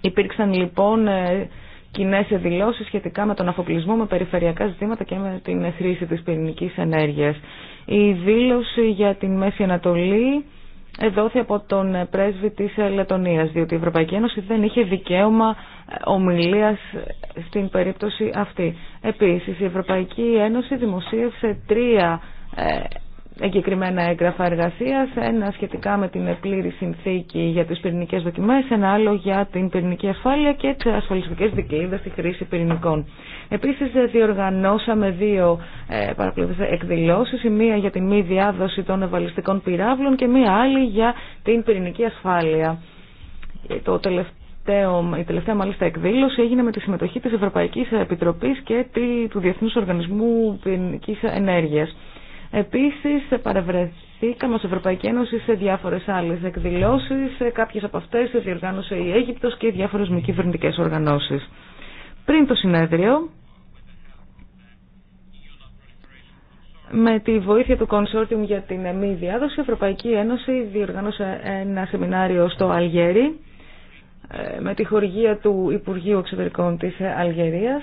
Υπήρξαν λοιπόν ε, κοινέ δηλώσει σχετικά με τον αφοπλισμό, με περιφερειακά ζητήματα και με την χρήση της πυρηνικής ενέργειας. Η δήλωση για την Μέση Ανατολή δόθη από τον πρέσβη της Λετωνίας, διότι η Ευρωπαϊκή Ένωση δεν είχε δικαίωμα ομιλίας στην περίπτωση αυτή. Επίσης, η Ευρωπαϊκή Ένωση δημοσίευσε τρία εγκεκριμένα έγγραφα εργασία. ένα σχετικά με την πλήρη συνθήκη για τι πυρηνικέ δοκιμέ, ένα άλλο για την πυρηνική ασφάλεια και τι ασφαλιστικέ δικλείδε στη χρήση πυρηνικών. Επίση, διοργανώσαμε δύο ε, εκδηλώσεις, η μία για τη μη διάδοση των ευαλιστικών πυράβλων και μία άλλη για την πυρηνική ασφάλεια. Το τελευταίο, η τελευταία μάλιστα εκδήλωση έγινε με τη συμμετοχή της Ευρωπαϊκής Επιτροπής και του Διεθνούς Οργανισμού Πυρηνικής Ενέργειας. Επίσης παρευρεθήκαμε ως Ευρωπαϊκή Ένωση σε διάφορες άλλες εκδηλώσεις, κάποιες από αυτές διοργάνωσε η Αίγυπτος και διάφορες μη κυβερνητικέ οργανώσεις. Πριν το συνέδριο, με τη βοήθεια του Consortium για την μη διάδοση, η Ευρωπαϊκή Ένωση διοργάνωσε ένα σεμινάριο στο Αλγέρι ε, με τη χορηγία του Υπουργείου Εξωτερικών της Αλγερίας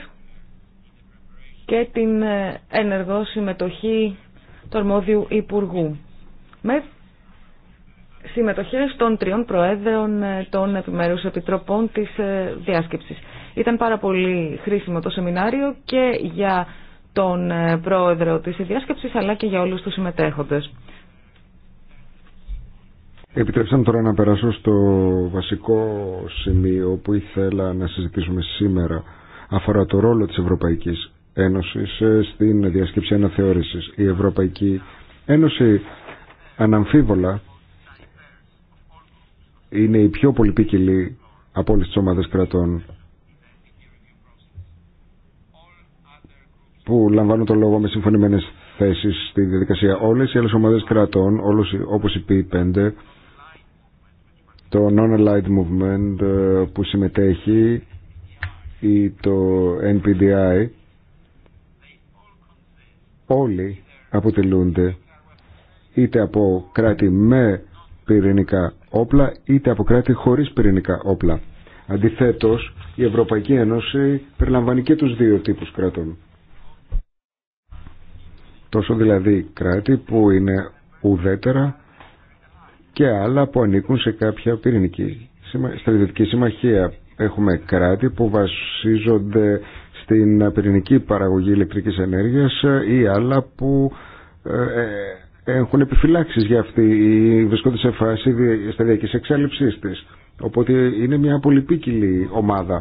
και την ε, ενεργό συμμετοχή του αρμόδιου Υπουργού. Με συμμετοχή των τριών Προέδρων ε, των Επιμέρους Επιτροπών της ε, Διάσκεψης. Ήταν πάρα πολύ χρήσιμο το σεμινάριο και για τον ε, Πρόεδρο της Διάσκεψης αλλά και για όλους τους συμμετέχοντες. Επιτρέψτε μου τώρα να περάσω στο βασικό σημείο που ήθελα να συζητήσουμε σήμερα αφορά το ρόλο της Ευρωπαϊκής Ένωση ε, στην διασκέψη αναθεώρηση. Η Ευρωπαϊκή Ένωση αναμφίβολα είναι η πιο πολυπίκυλη από όλε τι ομάδε κρατών που λαμβάνουν το λόγο με συμφωνημένες θέσεις στη διαδικασία. όλε οι άλλε ομάδες κρατών, όπω όπως η P5, το Non-Allied Movement ε, που συμμετέχει ή το NPDI όλοι αποτελούνται είτε από κράτη με πυρηνικά όπλα είτε από κράτη χωρίς πυρηνικά όπλα. Αντιθέτως, η Ευρωπαϊκή Ένωση περιλαμβάνει και τους δύο τύπους κρατών. Τόσο δηλαδή κράτη που είναι ουδέτερα και άλλα που ανήκουν σε κάποια πυρηνική στρατιωτική συμμαχία. Έχουμε κράτη που βασίζονται στην πυρηνική παραγωγή ηλεκτρικής ενέργειας ή άλλα που ε, ε, έχουν επιφυλάξεις για αυτή ή βρισκόνται σε φάση σταδιακής εξάλληψής της. Οπότε είναι μια πολυπίκυλη ομάδα.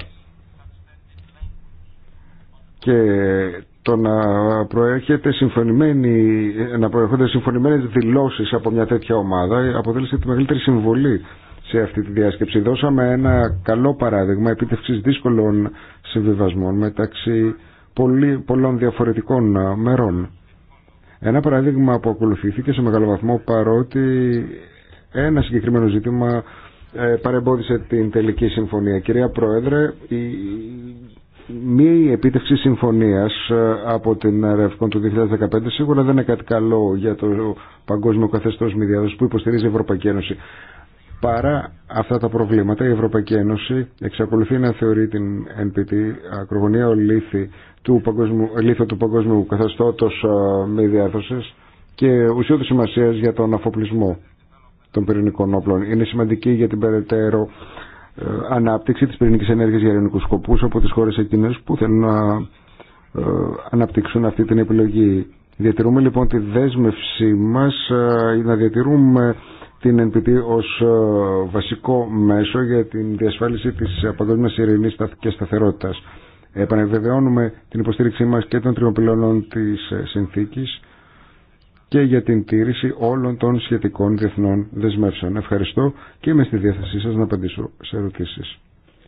Και το να, προέρχεται συμφωνημένη, να προέρχονται συμφωνημένες δηλώσεις από μια τέτοια ομάδα αποτέλεσε τη μεγαλύτερη συμβολή σε αυτή τη διάσκεψη. Δώσαμε ένα καλό παράδειγμα επίτευξης δύσκολων συμβιβασμών μεταξύ πολλών διαφορετικών μερών. Ένα παράδειγμα που ακολουθήθηκε σε μεγάλο βαθμό παρότι ένα συγκεκριμένο ζήτημα ε, παρεμπόδισε την τελική συμφωνία. Κυρία Πρόεδρε, η μη επίτευξη συμφωνίας ε, από την Ρευκόν του 2015 σίγουρα δεν είναι κάτι καλό για το παγκόσμιο καθεστώς μη που υποστηρίζει η Ευρωπαϊκή Ένωση. Παρά αυτά τα προβλήματα, η Ευρωπαϊκή Ένωση εξακολουθεί να θεωρεί την NPT ακρογωνία λύθη του παγκοσμίου, λίθο του παγκοσμίου και ουσιώδη σημασία για τον αφοπλισμό των πυρηνικών όπλων. Είναι σημαντική για την περαιτέρω ε, ανάπτυξη της πυρηνικής ενέργειας για ελληνικούς σκοπούς από τις χώρες εκείνες που θέλουν να ε, αναπτύξουν αυτή την επιλογή. Διατηρούμε λοιπόν τη δέσμευσή μας ε, να διατηρούμε την NPT ως ε, βασικό μέσο για την διασφάλιση της ε, παγκόσμια ειρηνής και σταθερότητας. Επανεβεβαιώνουμε την υποστήριξή μας και των τριοπυλώνων της ε, συνθήκης και για την τήρηση όλων των σχετικών διεθνών δεσμεύσεων. Ευχαριστώ και είμαι στη διάθεσή σας να απαντήσω σε ερωτήσεις.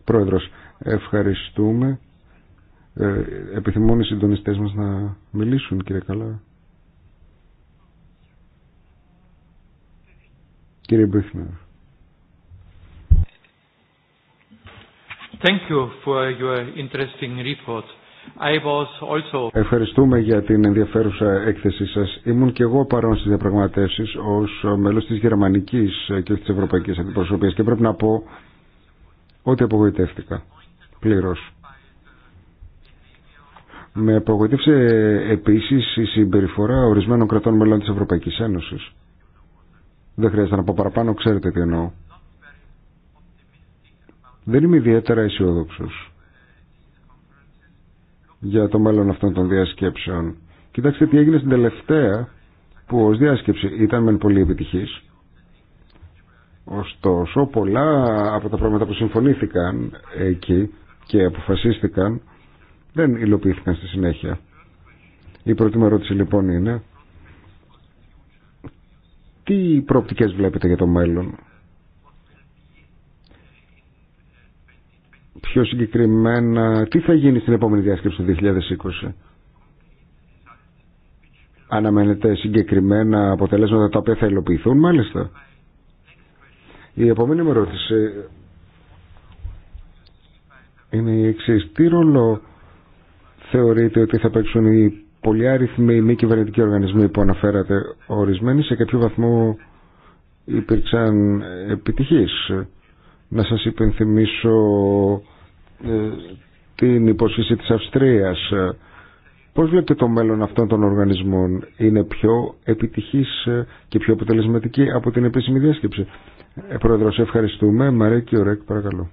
Πρόεδρος, ευχαριστούμε. Ε, επιθυμούν οι συντονιστές μας να μιλήσουν κύριε Καλά. Κύριε Ευχαριστούμε για την ενδιαφέρουσα έκθεσή σας. Ήμουν και εγώ παρόν στις διαπραγματεύσεις ως μέλος της Γερμανικής και της Ευρωπαϊκής Αντιπροσωπείας και πρέπει να πω ότι απογοητεύτηκα πλήρως. Με απογοητεύσε επίσης η συμπεριφορά ορισμένων κρατών μελών της Ευρωπαϊκής Ένωσης. Δεν χρειάζεται να πω παραπάνω, ξέρετε τι εννοώ. Δεν είμαι ιδιαίτερα αισιόδοξο για το μέλλον αυτών των διασκέψεων. Κοιτάξτε τι έγινε στην τελευταία που ως διάσκεψη ήταν μεν πολύ επιτυχής. Ωστόσο πολλά από τα πράγματα που συμφωνήθηκαν εκεί και αποφασίστηκαν δεν υλοποιήθηκαν στη συνέχεια. Η πρώτη μου ερώτηση λοιπόν είναι τι προοπτικές βλέπετε για το μέλλον. Πιο συγκεκριμένα, τι θα γίνει στην επόμενη διάσκεψη του 2020. Αναμένεται συγκεκριμένα αποτελέσματα τα οποία θα υλοποιηθούν, μάλιστα. Η επόμενη μου ερώτηση είναι η εξή. Τι ρόλο θεωρείτε ότι θα παίξουν οι πολλοί αριθμοί μη κυβερνητικοί οργανισμοί που αναφέρατε ορισμένοι σε κάποιο βαθμό υπήρξαν επιτυχείς. Να σας υπενθυμίσω ε, την υπόσχεση της Αυστρίας. Πώς βλέπετε το μέλλον αυτών των οργανισμών είναι πιο επιτυχής ε, και πιο αποτελεσματική από την επίσημη διάσκεψη. Ε, Πρόεδρο, σε ευχαριστούμε. Μαρέκ ωραία, παρακαλώ.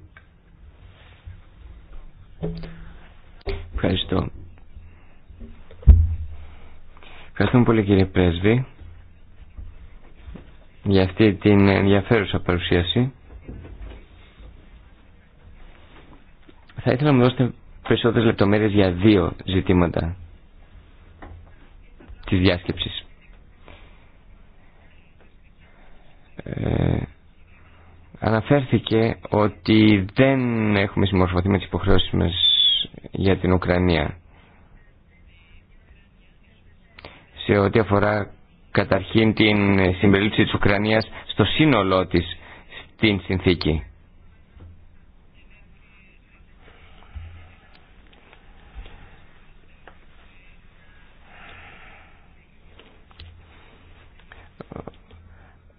Ευχαριστώ. Ευχαριστούμε πολύ κύριε Πρέσβη για αυτή την ενδιαφέρουσα παρουσίαση. Θα ήθελα να μου δώσετε περισσότερες λεπτομέρειες για δύο ζητήματα της διάσκεψης. Ε, αναφέρθηκε ότι δεν έχουμε συμμορφωθεί με τις υποχρεώσεις μας για την Ουκρανία. σε ό,τι αφορά καταρχήν την συμπερίληψη της Ουκρανίας στο σύνολό της στην συνθήκη.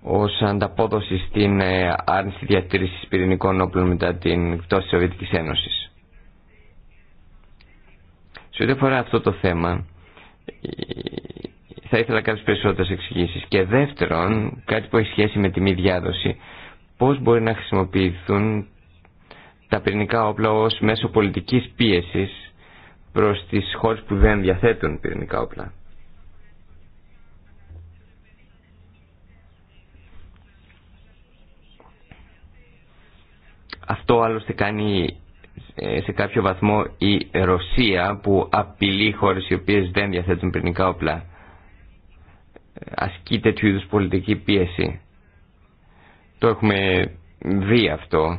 ως ανταπόδοση στην ε, άρνηση διατήρησης πυρηνικών όπλων μετά την πτώση της Σοβιετική Ένωσης. Σε ό,τι αφορά αυτό το θέμα, θα ήθελα κάποιες περισσότερες εξηγήσεις. Και δεύτερον, κάτι που έχει σχέση με τη μη διάδοση. Πώς μπορεί να χρησιμοποιηθούν τα πυρηνικά όπλα ως μέσο πολιτικής πίεσης προς τις χώρες που δεν διαθέτουν πυρηνικά όπλα. Αυτό άλλωστε κάνει ε, σε κάποιο βαθμό η Ρωσία που απειλεί χώρες οι οποίες δεν διαθέτουν πυρηνικά όπλα ε, ασκεί τέτοιου είδους πολιτική πίεση το έχουμε δει αυτό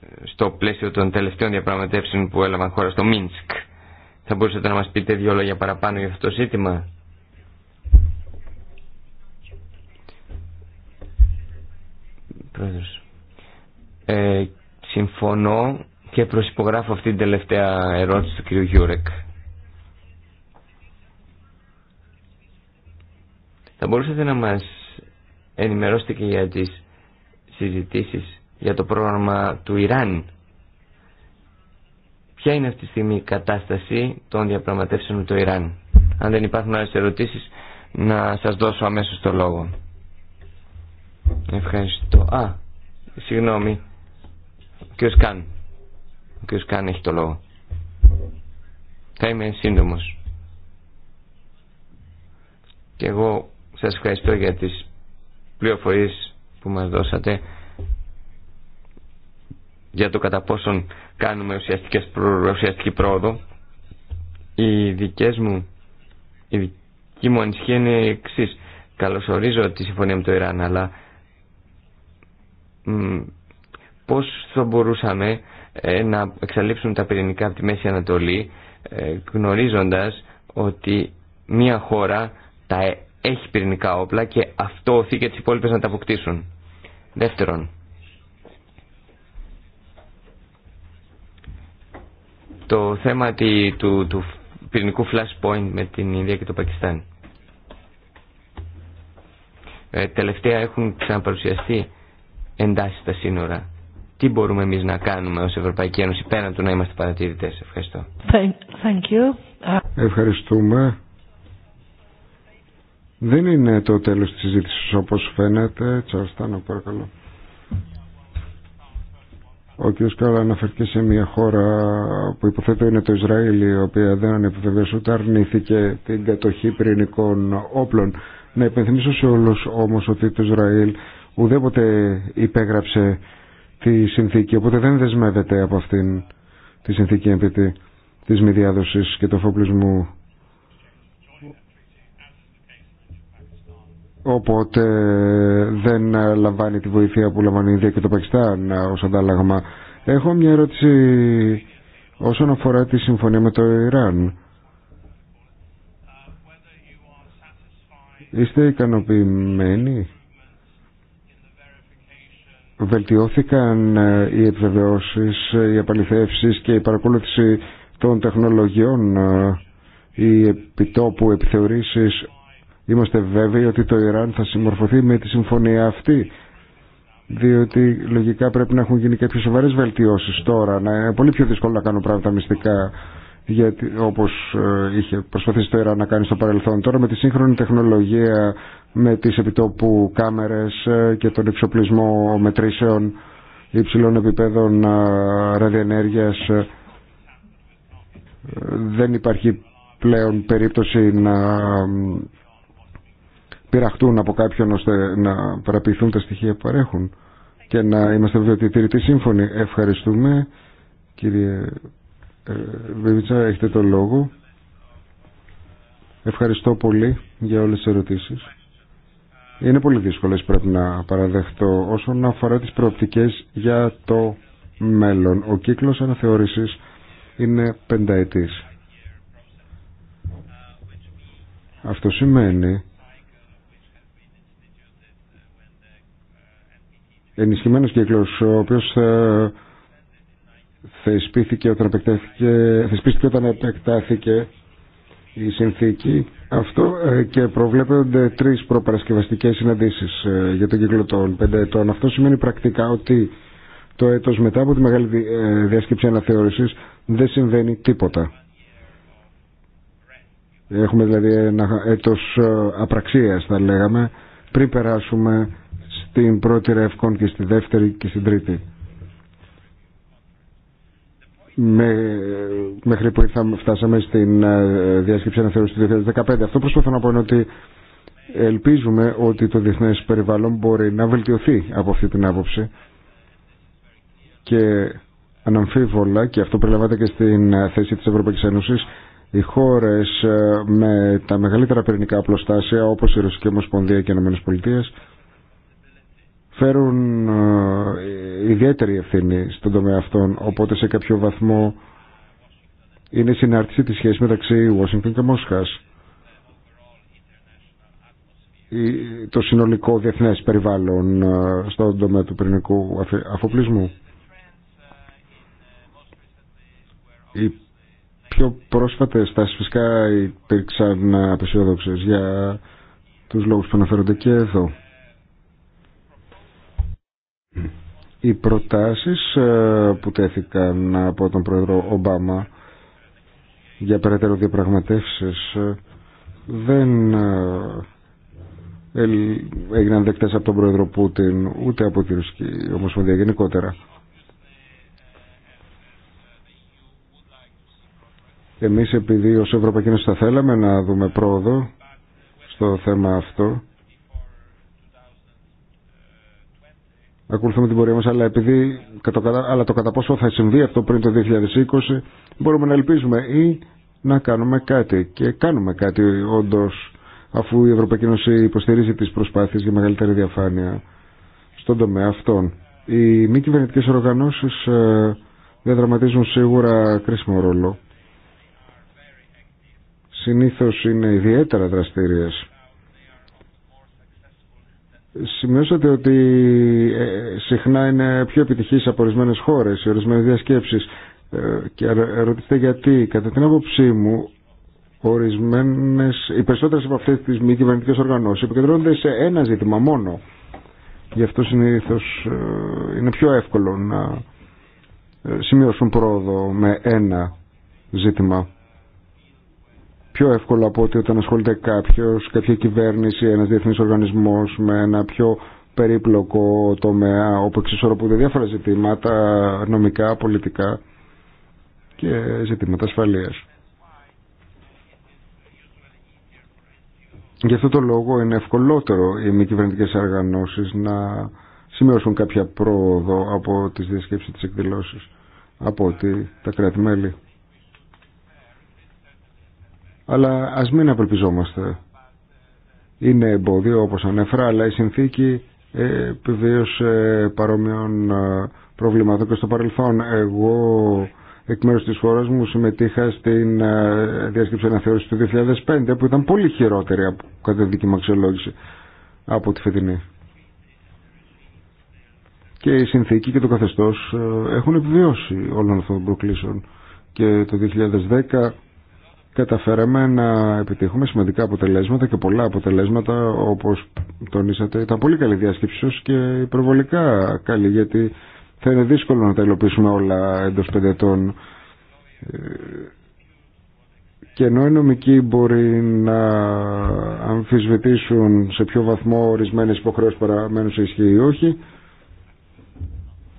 ε, στο πλαίσιο των τελευταίων διαπραγματεύσεων που έλαβαν χώρα στο Μίνσκ θα μπορούσατε να μας πείτε δύο λόγια παραπάνω για αυτό το ζήτημα Πρόεδρος ε, Συμφωνώ και προσυπογράφω αυτή την τελευταία ερώτηση του κύριου Γιούρεκ. Θα μπορούσατε να μας ενημερώσετε και για τις συζητήσεις για το πρόγραμμα του Ιράν. Ποια είναι αυτή τη στιγμή η κατάσταση των διαπραγματεύσεων με το Ιράν. Αν δεν υπάρχουν άλλες ερωτήσεις, να σας δώσω αμέσως το λόγο. Ευχαριστώ. Α, συγγνώμη κύριος Καν. Ο κύριος Καν έχει το λόγο. Θα είμαι σύντομος. Και εγώ σας ευχαριστώ για τις πληροφορίες που μας δώσατε για το κατά πόσον κάνουμε ουσιαστικές ουσιαστική πρόοδο. Οι δικές μου, η δική μου ανησυχία είναι η εξής. Καλωσορίζω τη συμφωνία με το Ιράν, αλλά πώς θα μπορούσαμε ε, να εξαλείψουμε τα πυρηνικά από τη Μέση Ανατολή ε, γνωρίζοντας ότι μια χώρα τα ε, έχει πυρηνικά όπλα και αυτό οθεί και τις υπόλοιπες να τα αποκτήσουν. Δεύτερον, το θέμα του, του πυρηνικού flashpoint με την Ινδία και το Πακιστάν. Ε, τελευταία έχουν ξαναπαρουσιαστεί εντάσεις στα σύνορα τι μπορούμε εμείς να κάνουμε ως Ευρωπαϊκή Ένωση πέραν του να είμαστε παρατηρητές. Ευχαριστώ. Thank you. Uh, Ευχαριστούμε. Δεν είναι το τέλος της συζήτησης όπως φαίνεται. Τσαρστάνο παρακαλώ. Ο κ. Καλά αναφέρθηκε σε μια χώρα που υποθέτω είναι το Ισραήλ η οποία δεν ανεπιβεβαίωσε ούτε αρνήθηκε την κατοχή πυρηνικών όπλων. Να υπενθυμίσω σε όλους όμως ότι το Ισραήλ ουδέποτε υπέγραψε τη συνθήκη, οπότε δεν δεσμεύεται από αυτήν τη συνθήκη τη, της μη διάδοσης και του φοπλισμού. Οπότε δεν λαμβάνει τη βοήθεια που λαμβάνει η Ινδία και το Πακιστάν ως αντάλλαγμα. Έχω μια ερώτηση όσον αφορά τη συμφωνία με το Ιράν. Είστε ικανοποιημένοι βελτιώθηκαν ε, οι επιβεβαιώσεις, ε, οι απαλληθεύσεις και η παρακολούθηση των τεχνολογιών, ή ε, επιτόπου επιθεωρήσεις. Είμαστε βέβαιοι ότι το Ιράν θα συμμορφωθεί με τη συμφωνία αυτή, διότι λογικά πρέπει να έχουν γίνει κάποιες σοβαρές βελτιώσεις τώρα, να είναι πολύ πιο δύσκολο να κάνουν πράγματα μυστικά γιατί, όπως ε, είχε προσπαθήσει το να κάνει στο παρελθόν. Τώρα με τη σύγχρονη τεχνολογία, με τις επιτόπου κάμερες ε, και τον εξοπλισμό μετρήσεων υψηλών επιπέδων ε, ραδιενέργειας δεν υπάρχει πλέον περίπτωση να πειραχτούν από κάποιον ώστε να παραποιηθούν τα στοιχεία που παρέχουν και να είμαστε βέβαια τη σύμφωνοι. Ευχαριστούμε κύριε Βεβίτσα, έχετε το λόγο. Ευχαριστώ πολύ για όλες τις ερωτήσεις. Είναι πολύ δύσκολες πρέπει να παραδεχτώ όσον αφορά τις προοπτικές για το μέλλον. Ο κύκλος αναθεώρησης είναι πενταετής. Αυτό σημαίνει ενισχυμένος κύκλος ο οποίος θα θεσπίστηκε όταν επεκτάθηκε, όταν η συνθήκη αυτό ε, και προβλέπονται τρεις προπαρασκευαστικές συναντήσεις ε, για τον κύκλο των πέντε ετών. Αυτό σημαίνει πρακτικά ότι το έτος μετά από τη μεγάλη ε, διάσκεψη αναθεώρησης δεν συμβαίνει τίποτα. Έχουμε δηλαδή ένα έτος απραξίας θα λέγαμε πριν περάσουμε στην πρώτη ρεύκον και στη δεύτερη και στην τρίτη με, μέχρι που φτάσαμε στην ε, διάσκεψη αναθεώρηση του 2015. Αυτό που προσπαθώ να πω είναι ότι ελπίζουμε ότι το διεθνές περιβάλλον μπορεί να βελτιωθεί από αυτή την άποψη και αναμφίβολα και αυτό περιλαμβάνεται και στην ε, θέση της Ευρωπαϊκής Ένωσης οι χώρες ε, με τα μεγαλύτερα πυρηνικά απλοστάσια όπως η Ρωσική Ομοσπονδία και οι ΗΠΑ, φέρουν ε, ιδιαίτερη ευθύνη στον τομέα αυτών, οπότε σε κάποιο βαθμό είναι συνάρτηση της σχέσης μεταξύ Ουάσιγκτον και Μόσχας. Το συνολικό διεθνές περιβάλλον ε, στον τομέα του πυρηνικού αφοπλισμού. Οι πιο πρόσφατες τάσεις φυσικά υπήρξαν απεσιόδοξες για τους λόγους που αναφέρονται και εδώ. οι προτάσεις ε, που τέθηκαν από τον Πρόεδρο Ομπάμα για περαιτέρω διαπραγματεύσεις ε, δεν ε, έγιναν δεκτές από τον Πρόεδρο Πούτιν ούτε από τη Ρωσική Ομοσπονδία γενικότερα. Εμείς επειδή ως Ευρωπαϊκή Ένωση θα θέλαμε να δούμε πρόοδο στο θέμα αυτό ακολουθούμε την πορεία μας, αλλά, επειδή, αλλά το κατά πόσο θα συμβεί αυτό πριν το 2020, μπορούμε να ελπίζουμε ή να κάνουμε κάτι. Και κάνουμε κάτι όντως, αφού η Ευρωπαϊκή Ένωση υποστηρίζει τις προσπάθειες για μεγαλύτερη διαφάνεια στον τομέα αυτών. Οι μη κυβερνητικέ οργανώσεις ε, διαδραματίζουν σίγουρα κρίσιμο ρόλο. Συνήθως είναι ιδιαίτερα δραστήριες Σημειώσατε ότι ε, συχνά είναι πιο επιτυχής από ορισμένε χώρες, οι ορισμένες διασκέψεις ε, και ρωτήστε γιατί. Κατά την άποψή μου, ορισμένες, οι περισσότερες από αυτές τις μη κυβερνητικέ οργανώσεις επικεντρώνονται σε ένα ζήτημα μόνο. Γι' αυτό συνήθω ε, είναι πιο εύκολο να σημειώσουν πρόοδο με ένα ζήτημα πιο εύκολο από ότι όταν ασχολείται κάποιο, κάποια κυβέρνηση, ένα διεθνή οργανισμό με ένα πιο περίπλοκο τομέα όπου εξισορροπούνται διάφορα ζητήματα νομικά, πολιτικά και ζητήματα ασφαλεία. Γι' αυτό το λόγο είναι ευκολότερο οι μη κυβερνητικέ οργανώσει να σημειώσουν κάποια πρόοδο από τι διασκέψει τη εκδηλώσει από ότι τα κράτη-μέλη αλλά ας μην απελπιζόμαστε. Είναι εμπόδιο όπως ανέφερα, αλλά η συνθήκη επιβίωσε παρόμοιων ε, προβλημάτων και στο παρελθόν. Εγώ εκ μέρους της χώρας μου συμμετείχα στην ε, διάσκεψη αναθεώρηση του 2005 που ήταν πολύ χειρότερη από, κατά δική μου αξιολόγηση από τη φετινή. Και η συνθήκη και το καθεστώς ε, έχουν επιβιώσει όλων αυτών των προκλήσεων και το 2010 καταφέραμε να επιτύχουμε σημαντικά αποτελέσματα και πολλά αποτελέσματα όπως τονίσατε ήταν πολύ καλή διάσκεψη και υπερβολικά καλή γιατί θα είναι δύσκολο να τα υλοποιήσουμε όλα εντός πέντε ε, και ενώ οι νομικοί μπορεί να αμφισβητήσουν σε ποιο βαθμό ορισμένε υποχρεώσεις παραμένουν σε ισχύ ή όχι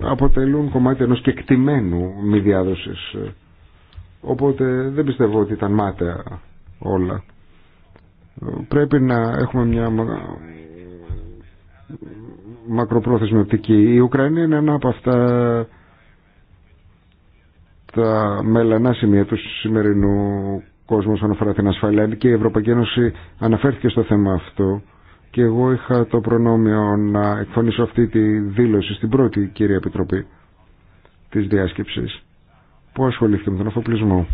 αποτελούν κομμάτι ενός κεκτημένου μη διάδοσης Οπότε δεν πιστεύω ότι ήταν μάταια όλα. Πρέπει να έχουμε μια μακροπρόθεσμη οπτική. Η Ουκρανία είναι ένα από αυτά τα μελανά σημεία του σημερινού κόσμου όσον αφορά την ασφαλεία και η Ευρωπαϊκή Ένωση αναφέρθηκε στο θέμα αυτό και εγώ είχα το προνόμιο να εκφωνήσω αυτή τη δήλωση στην πρώτη κυρία Επιτροπή της διάσκεψης που ασχολήθηκε με τον αφοπλισμό.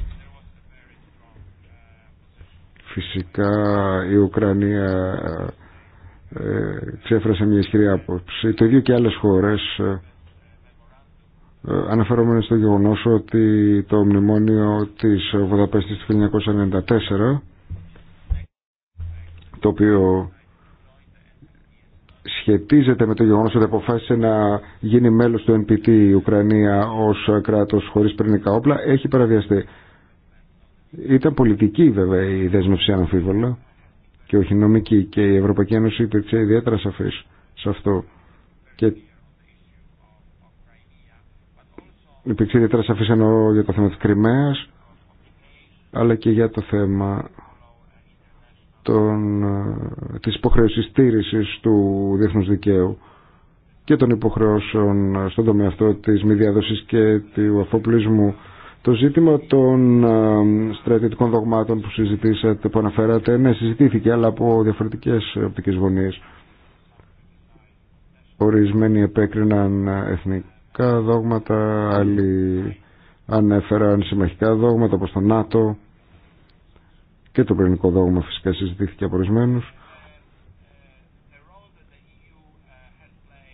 Φυσικά η Ουκρανία ε, ξέφρασε μια ισχυρή άποψη. Το ίδιο και άλλες χώρες ε, ε, αναφερόμενοι στο γεγονός ότι το μνημόνιο της Βουδαπέστης του 1994 το οποίο σχετίζεται με το γεγονός ότι αποφάσισε να γίνει μέλος του NPT η Ουκρανία ως κράτος χωρίς πυρηνικά όπλα έχει παραβιαστεί. Ήταν πολιτική βέβαια η δέσμευση αναμφίβολα και όχι νομική και η Ευρωπαϊκή Ένωση υπήρξε ιδιαίτερα σαφής σε αυτό και υπήρξε ιδιαίτερα σαφής εννοώ για το θέμα της Κρυμαίας αλλά και για το θέμα των, ε, της υποχρέωσης του διεθνούς δικαίου και των υποχρεώσεων στον τομέα αυτό της μη διάδοσης και του αφοπλισμού. Το ζήτημα των ε, στρατιωτικών δογμάτων που συζητήσατε, που αναφέρατε, ναι, συζητήθηκε, αλλά από διαφορετικές οπτικές γωνίες. Ορισμένοι επέκριναν εθνικά δόγματα, άλλοι ανέφεραν συμμαχικά δόγματα όπως το ΝΑΤΟ και το πυρηνικό δόγμα φυσικά συζητήθηκε από ορισμένου.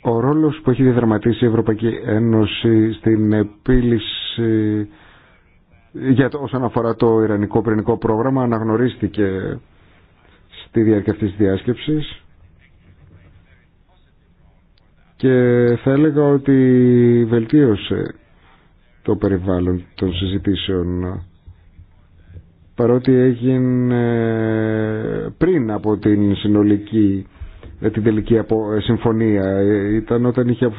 Ο ρόλος που έχει διαδραματίσει η Ευρωπαϊκή Ένωση στην επίλυση για το, όσον αφορά το Ιρανικό πυρηνικό πρόγραμμα αναγνωρίστηκε στη διάρκεια αυτής της διάσκεψης και θα έλεγα ότι βελτίωσε το περιβάλλον των συζητήσεων παρότι έγινε πριν από την συνολική ε, την τελική ε, συμφωνία ε, ήταν όταν είχε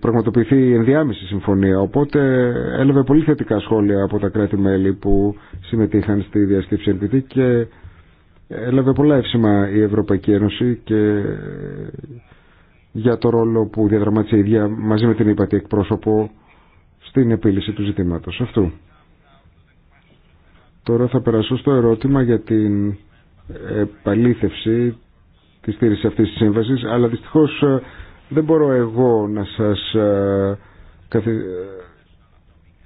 πραγματοποιηθεί η ενδιάμεση συμφωνία οπότε έλαβε πολύ θετικά σχόλια από τα κράτη-μέλη που συμμετείχαν στη διασκέψη και έλαβε πολλά εύσημα η Ευρωπαϊκή Ένωση και για το ρόλο που διαδραμάτισε η ίδια μαζί με την υπατή εκπρόσωπο στην επίλυση του ζητήματος αυτού. Τώρα θα περάσω στο ερώτημα για την επαλήθευση τη στήριξη αυτής της σύμβασης, αλλά δυστυχώς ε, δεν μπορώ εγώ να σας ε,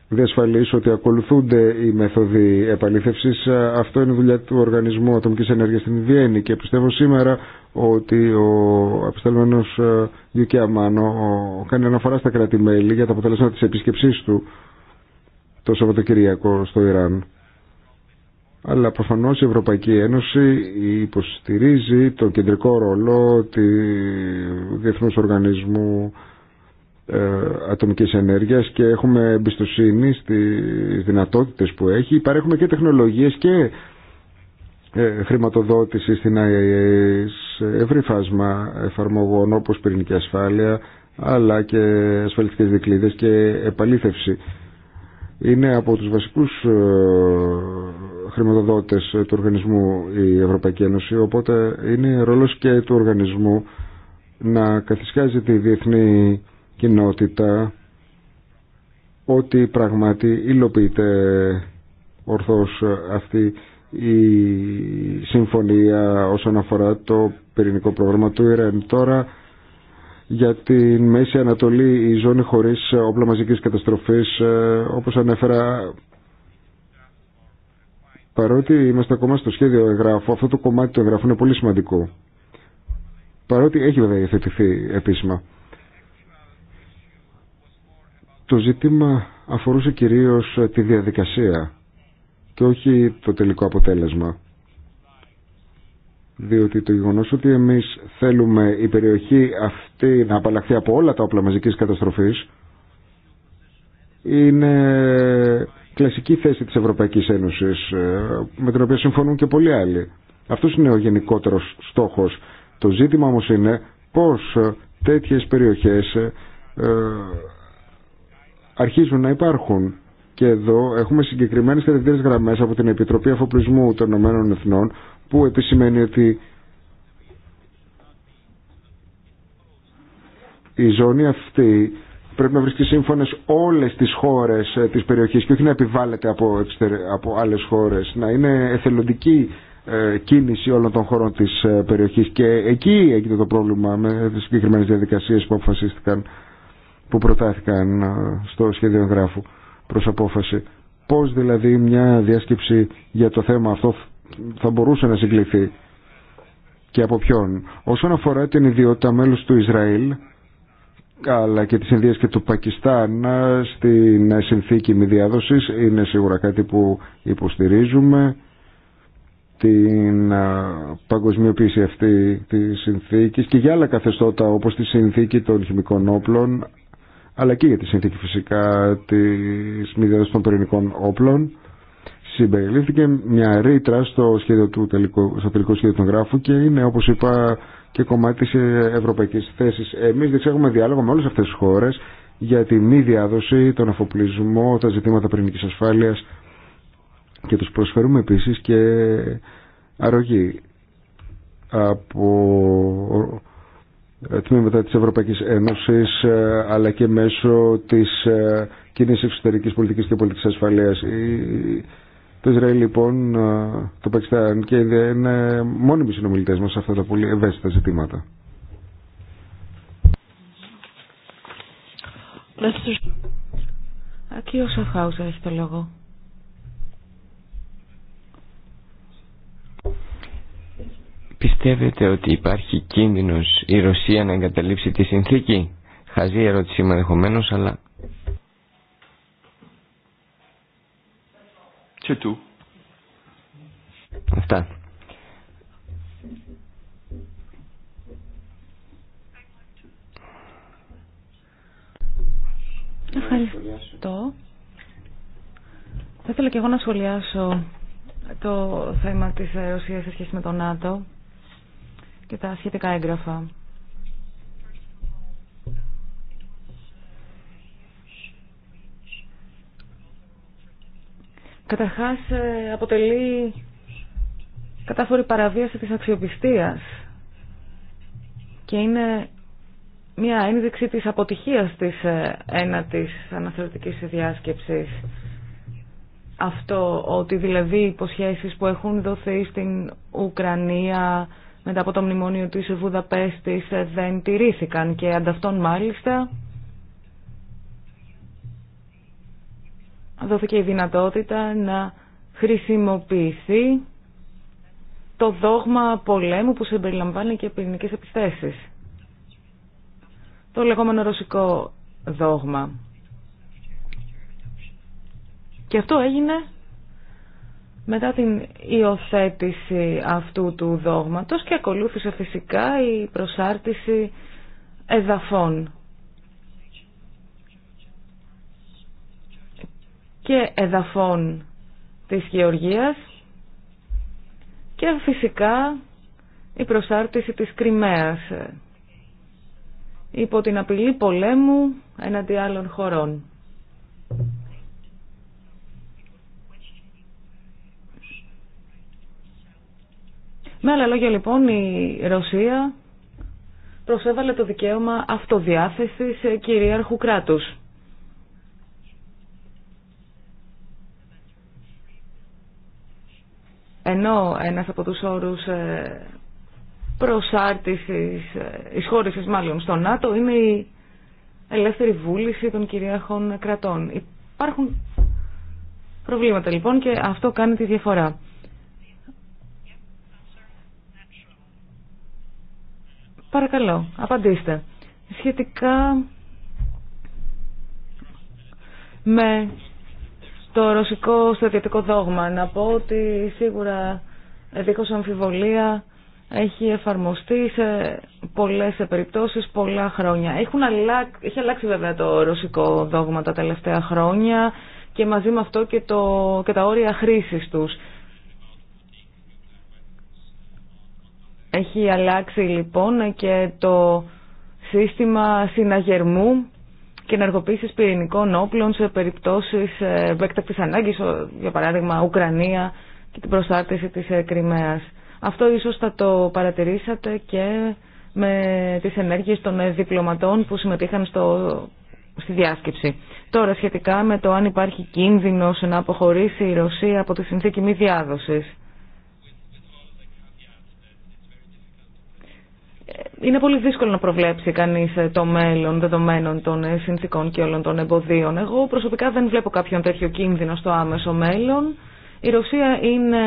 διασφαλίσω ότι ακολουθούνται οι μέθοδοι επαλήθευση. Ε, αυτό είναι δουλειά του Οργανισμού ατομική ενέργεια στην Βιέννη και πιστεύω σήμερα ότι ο απεσταλμένο Γιουκέ Αμάνο κάνει αναφορά στα κράτη-μέλη για τα αποτελέσματα τη επισκεψή του το Σαββατοκυριακό στο Ιράν αλλά προφανώς η Ευρωπαϊκή Ένωση υποστηρίζει το κεντρικό ρόλο του Διεθνούς Οργανισμού ε, Ατομικής Ενέργειας και έχουμε εμπιστοσύνη στις δυνατότητες που έχει. Παρέχουμε και τεχνολογίες και ε, χρηματοδότηση στην ΑΕΕ σε ευρύ φάσμα εφαρμογών όπως πυρηνική ασφάλεια αλλά και ασφαλιστικές δικλείδες και επαλήθευση. Είναι από τους βασικούς ε, χρηματοδότες ε, του οργανισμού η Ευρωπαϊκή Ένωση, οπότε είναι ρόλος και του οργανισμού να καθισκάζει τη διεθνή κοινότητα ότι πραγματι υλοποιείται ορθώς αυτή η συμφωνία όσον αφορά το πυρηνικό πρόγραμμα του ΙΡΕΝ. Τώρα για τη Μέση Ανατολή η ζώνη χωρίς όπλα μαζικής καταστροφής ε, όπως ανέφερα Παρότι είμαστε ακόμα στο σχέδιο εγγράφου, αυτό το κομμάτι του εγγράφου είναι πολύ σημαντικό. Παρότι έχει βέβαια υιοθετηθεί επίσημα. Το ζήτημα αφορούσε κυρίως ε, τη διαδικασία και όχι το τελικό αποτέλεσμα. Διότι το γεγονό ότι εμείς θέλουμε η περιοχή αυτή να απαλλαχθεί από όλα τα όπλα μαζικής καταστροφής είναι κλασική θέση της Ευρωπαϊκής Ένωσης ε, με την οποία συμφωνούν και πολλοί άλλοι. Αυτός είναι ο γενικότερος στόχος. Το ζήτημα όμως είναι πώς ε, τέτοιες περιοχές ε, αρχίζουν να υπάρχουν. Και εδώ έχουμε συγκεκριμένες τελευταίες γραμμές από την Επιτροπή Αφοπλισμού των Ηνωμένων Εθνών που επισημαίνει ότι η ζώνη αυτή πρέπει να βρίσκει σύμφωνε όλε τι χώρε ε, τη περιοχή και όχι να επιβάλλεται από, από άλλε χώρε. Να είναι εθελοντική ε, κίνηση όλων των χωρών τη ε, περιοχή. Και εκεί έγινε το πρόβλημα με τι συγκεκριμένε διαδικασίε που αποφασίστηκαν, που προτάθηκαν στο σχέδιο γράφου προ απόφαση. Πώ δηλαδή μια διάσκεψη για το θέμα αυτό θα μπορούσε να συγκληθεί και από ποιον. Όσον αφορά την ιδιότητα μέλους του Ισραήλ, αλλά και της Ινδίας και του Πακιστάν ε, στην συνθήκη μη διάδοσης είναι σίγουρα κάτι που υποστηρίζουμε την ε, παγκοσμιοποίηση αυτή της συνθήκης και για άλλα καθεστώτα όπως τη συνθήκη των χημικών όπλων αλλά και για τη συνθήκη φυσικά της μη διάδοσης των πυρηνικών όπλων συμπεριλήφθηκε μια ρήτρα στο, σχέδιο του τελικό, στο τελικό σχέδιο του γράφου και είναι όπως είπα και κομμάτι τη ε, ευρωπαϊκής θέσης. Εμείς διεξάγουμε διάλογο με όλες αυτές τις χώρες για τη μη διάδοση, τον αφοπλισμό, τα ζητήματα πυρηνικής ασφάλειας και τους προσφέρουμε επίσης και αρρωγή από ε, τμήματα της Ευρωπαϊκής Ένωσης ε, αλλά και μέσω της κοινή εξωτερικής πολιτικής και πολιτικής ασφαλείας. Το Ισραήλ λοιπόν, ε, το Πακιστάν και η είναι μόνιμοι συνομιλητέ μα σε αυτά τα πολύ ευαίσθητα ζητήματα. Κύριο έχει το λόγο. Πιστεύετε ότι υπάρχει κίνδυνος η Ρωσία να εγκαταλείψει τη συνθήκη. Χαζή ερώτηση είμαι αλλά Σε Αυτά. Ευχαριστώ. Θα ήθελα και εγώ να σχολιάσω το θέμα της Ρωσίας σε σχέση με τον ΝΑΤΟ και τα σχετικά έγγραφα. καταρχάς ε, αποτελεί κατάφορη παραβίαση της αξιοπιστίας και είναι μια ένδειξη της αποτυχίας της ε, ένατης αναθεωρητικής διάσκεψης αυτό ότι δηλαδή οι υποσχέσεις που έχουν δοθεί στην Ουκρανία μετά από το μνημόνιο της Βουδαπέστης ε, δεν τηρήθηκαν και ανταυτόν μάλιστα δόθηκε η δυνατότητα να χρησιμοποιηθεί το δόγμα πολέμου που συμπεριλαμβάνει και πυρηνικές επιθέσεις. Το λεγόμενο ρωσικό δόγμα. Και αυτό έγινε μετά την υιοθέτηση αυτού του δόγματος και ακολούθησε φυσικά η προσάρτηση εδαφών. και εδαφών της Γεωργίας και φυσικά η προσάρτηση της Κρυμαίας υπό την απειλή πολέμου εναντί άλλων χωρών. Με άλλα λόγια λοιπόν η Ρωσία προσέβαλε το δικαίωμα αυτοδιάθεσης κυρίαρχου κράτους. ενώ ένας από τους όρους ε, προσάρτησης, ε, εισχώρησης μάλλον στο ΝΑΤΟ είναι η ελεύθερη βούληση των κυριαρχών κρατών. Υπάρχουν προβλήματα λοιπόν και αυτό κάνει τη διαφορά. Παρακαλώ, απαντήστε. Σχετικά με το ρωσικό στρατιωτικό δόγμα. Να πω ότι σίγουρα δίχως αμφιβολία έχει εφαρμοστεί σε πολλές περιπτώσεις πολλά χρόνια. Έχουν αλλάξει, έχει αλλάξει βέβαια το ρωσικό δόγμα τα τελευταία χρόνια και μαζί με αυτό και, το, και τα όρια χρήσης τους. Έχει αλλάξει λοιπόν και το σύστημα συναγερμού και ενεργοποίηση πυρηνικών όπλων σε περιπτώσεις ε, έκτακτη ανάγκης, για παράδειγμα Ουκρανία και την προσάρτηση της ε, Κρυμαία. Αυτό ίσως θα το παρατηρήσατε και με τις ενέργειε των ε, διπλωματών που συμμετείχαν στο, στη διάσκεψη. Τώρα σχετικά με το αν υπάρχει κίνδυνο να αποχωρήσει η Ρωσία από τη συνθήκη μη διάδοση. είναι πολύ δύσκολο να προβλέψει κανείς ε, το μέλλον δεδομένων των ε, συνθήκων και όλων των εμποδίων. Εγώ προσωπικά δεν βλέπω κάποιον τέτοιο κίνδυνο στο άμεσο μέλλον. Η Ρωσία είναι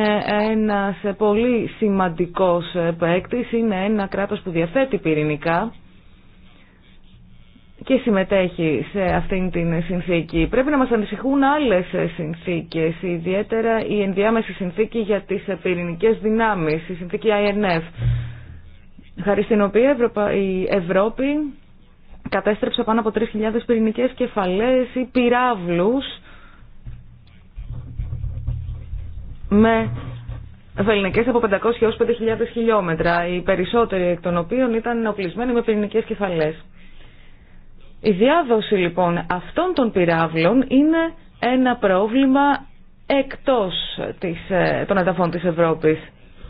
ένας ε, πολύ σημαντικός παίκτη, είναι ένα κράτος που διαθέτει πυρηνικά και συμμετέχει σε αυτήν την συνθήκη. Πρέπει να μας ανησυχούν άλλες συνθήκες, ιδιαίτερα η ενδιάμεση συνθήκη για τις πυρηνικές δυνάμεις, η συνθήκη INF χάρη στην οποία η Ευρώπη κατέστρεψε πάνω από 3.000 πυρηνικές κεφαλές ή πυράβλους με βεληνικές από 500 έως 5.000 χιλιόμετρα, οι περισσότεροι εκ των οποίων ήταν οπλισμένοι με πυρηνικές κεφαλές. Η διάδοση λοιπόν αυτών των πυράβλων είναι ένα πρόβλημα εκτός ε, των ανταφών της Ευρώπης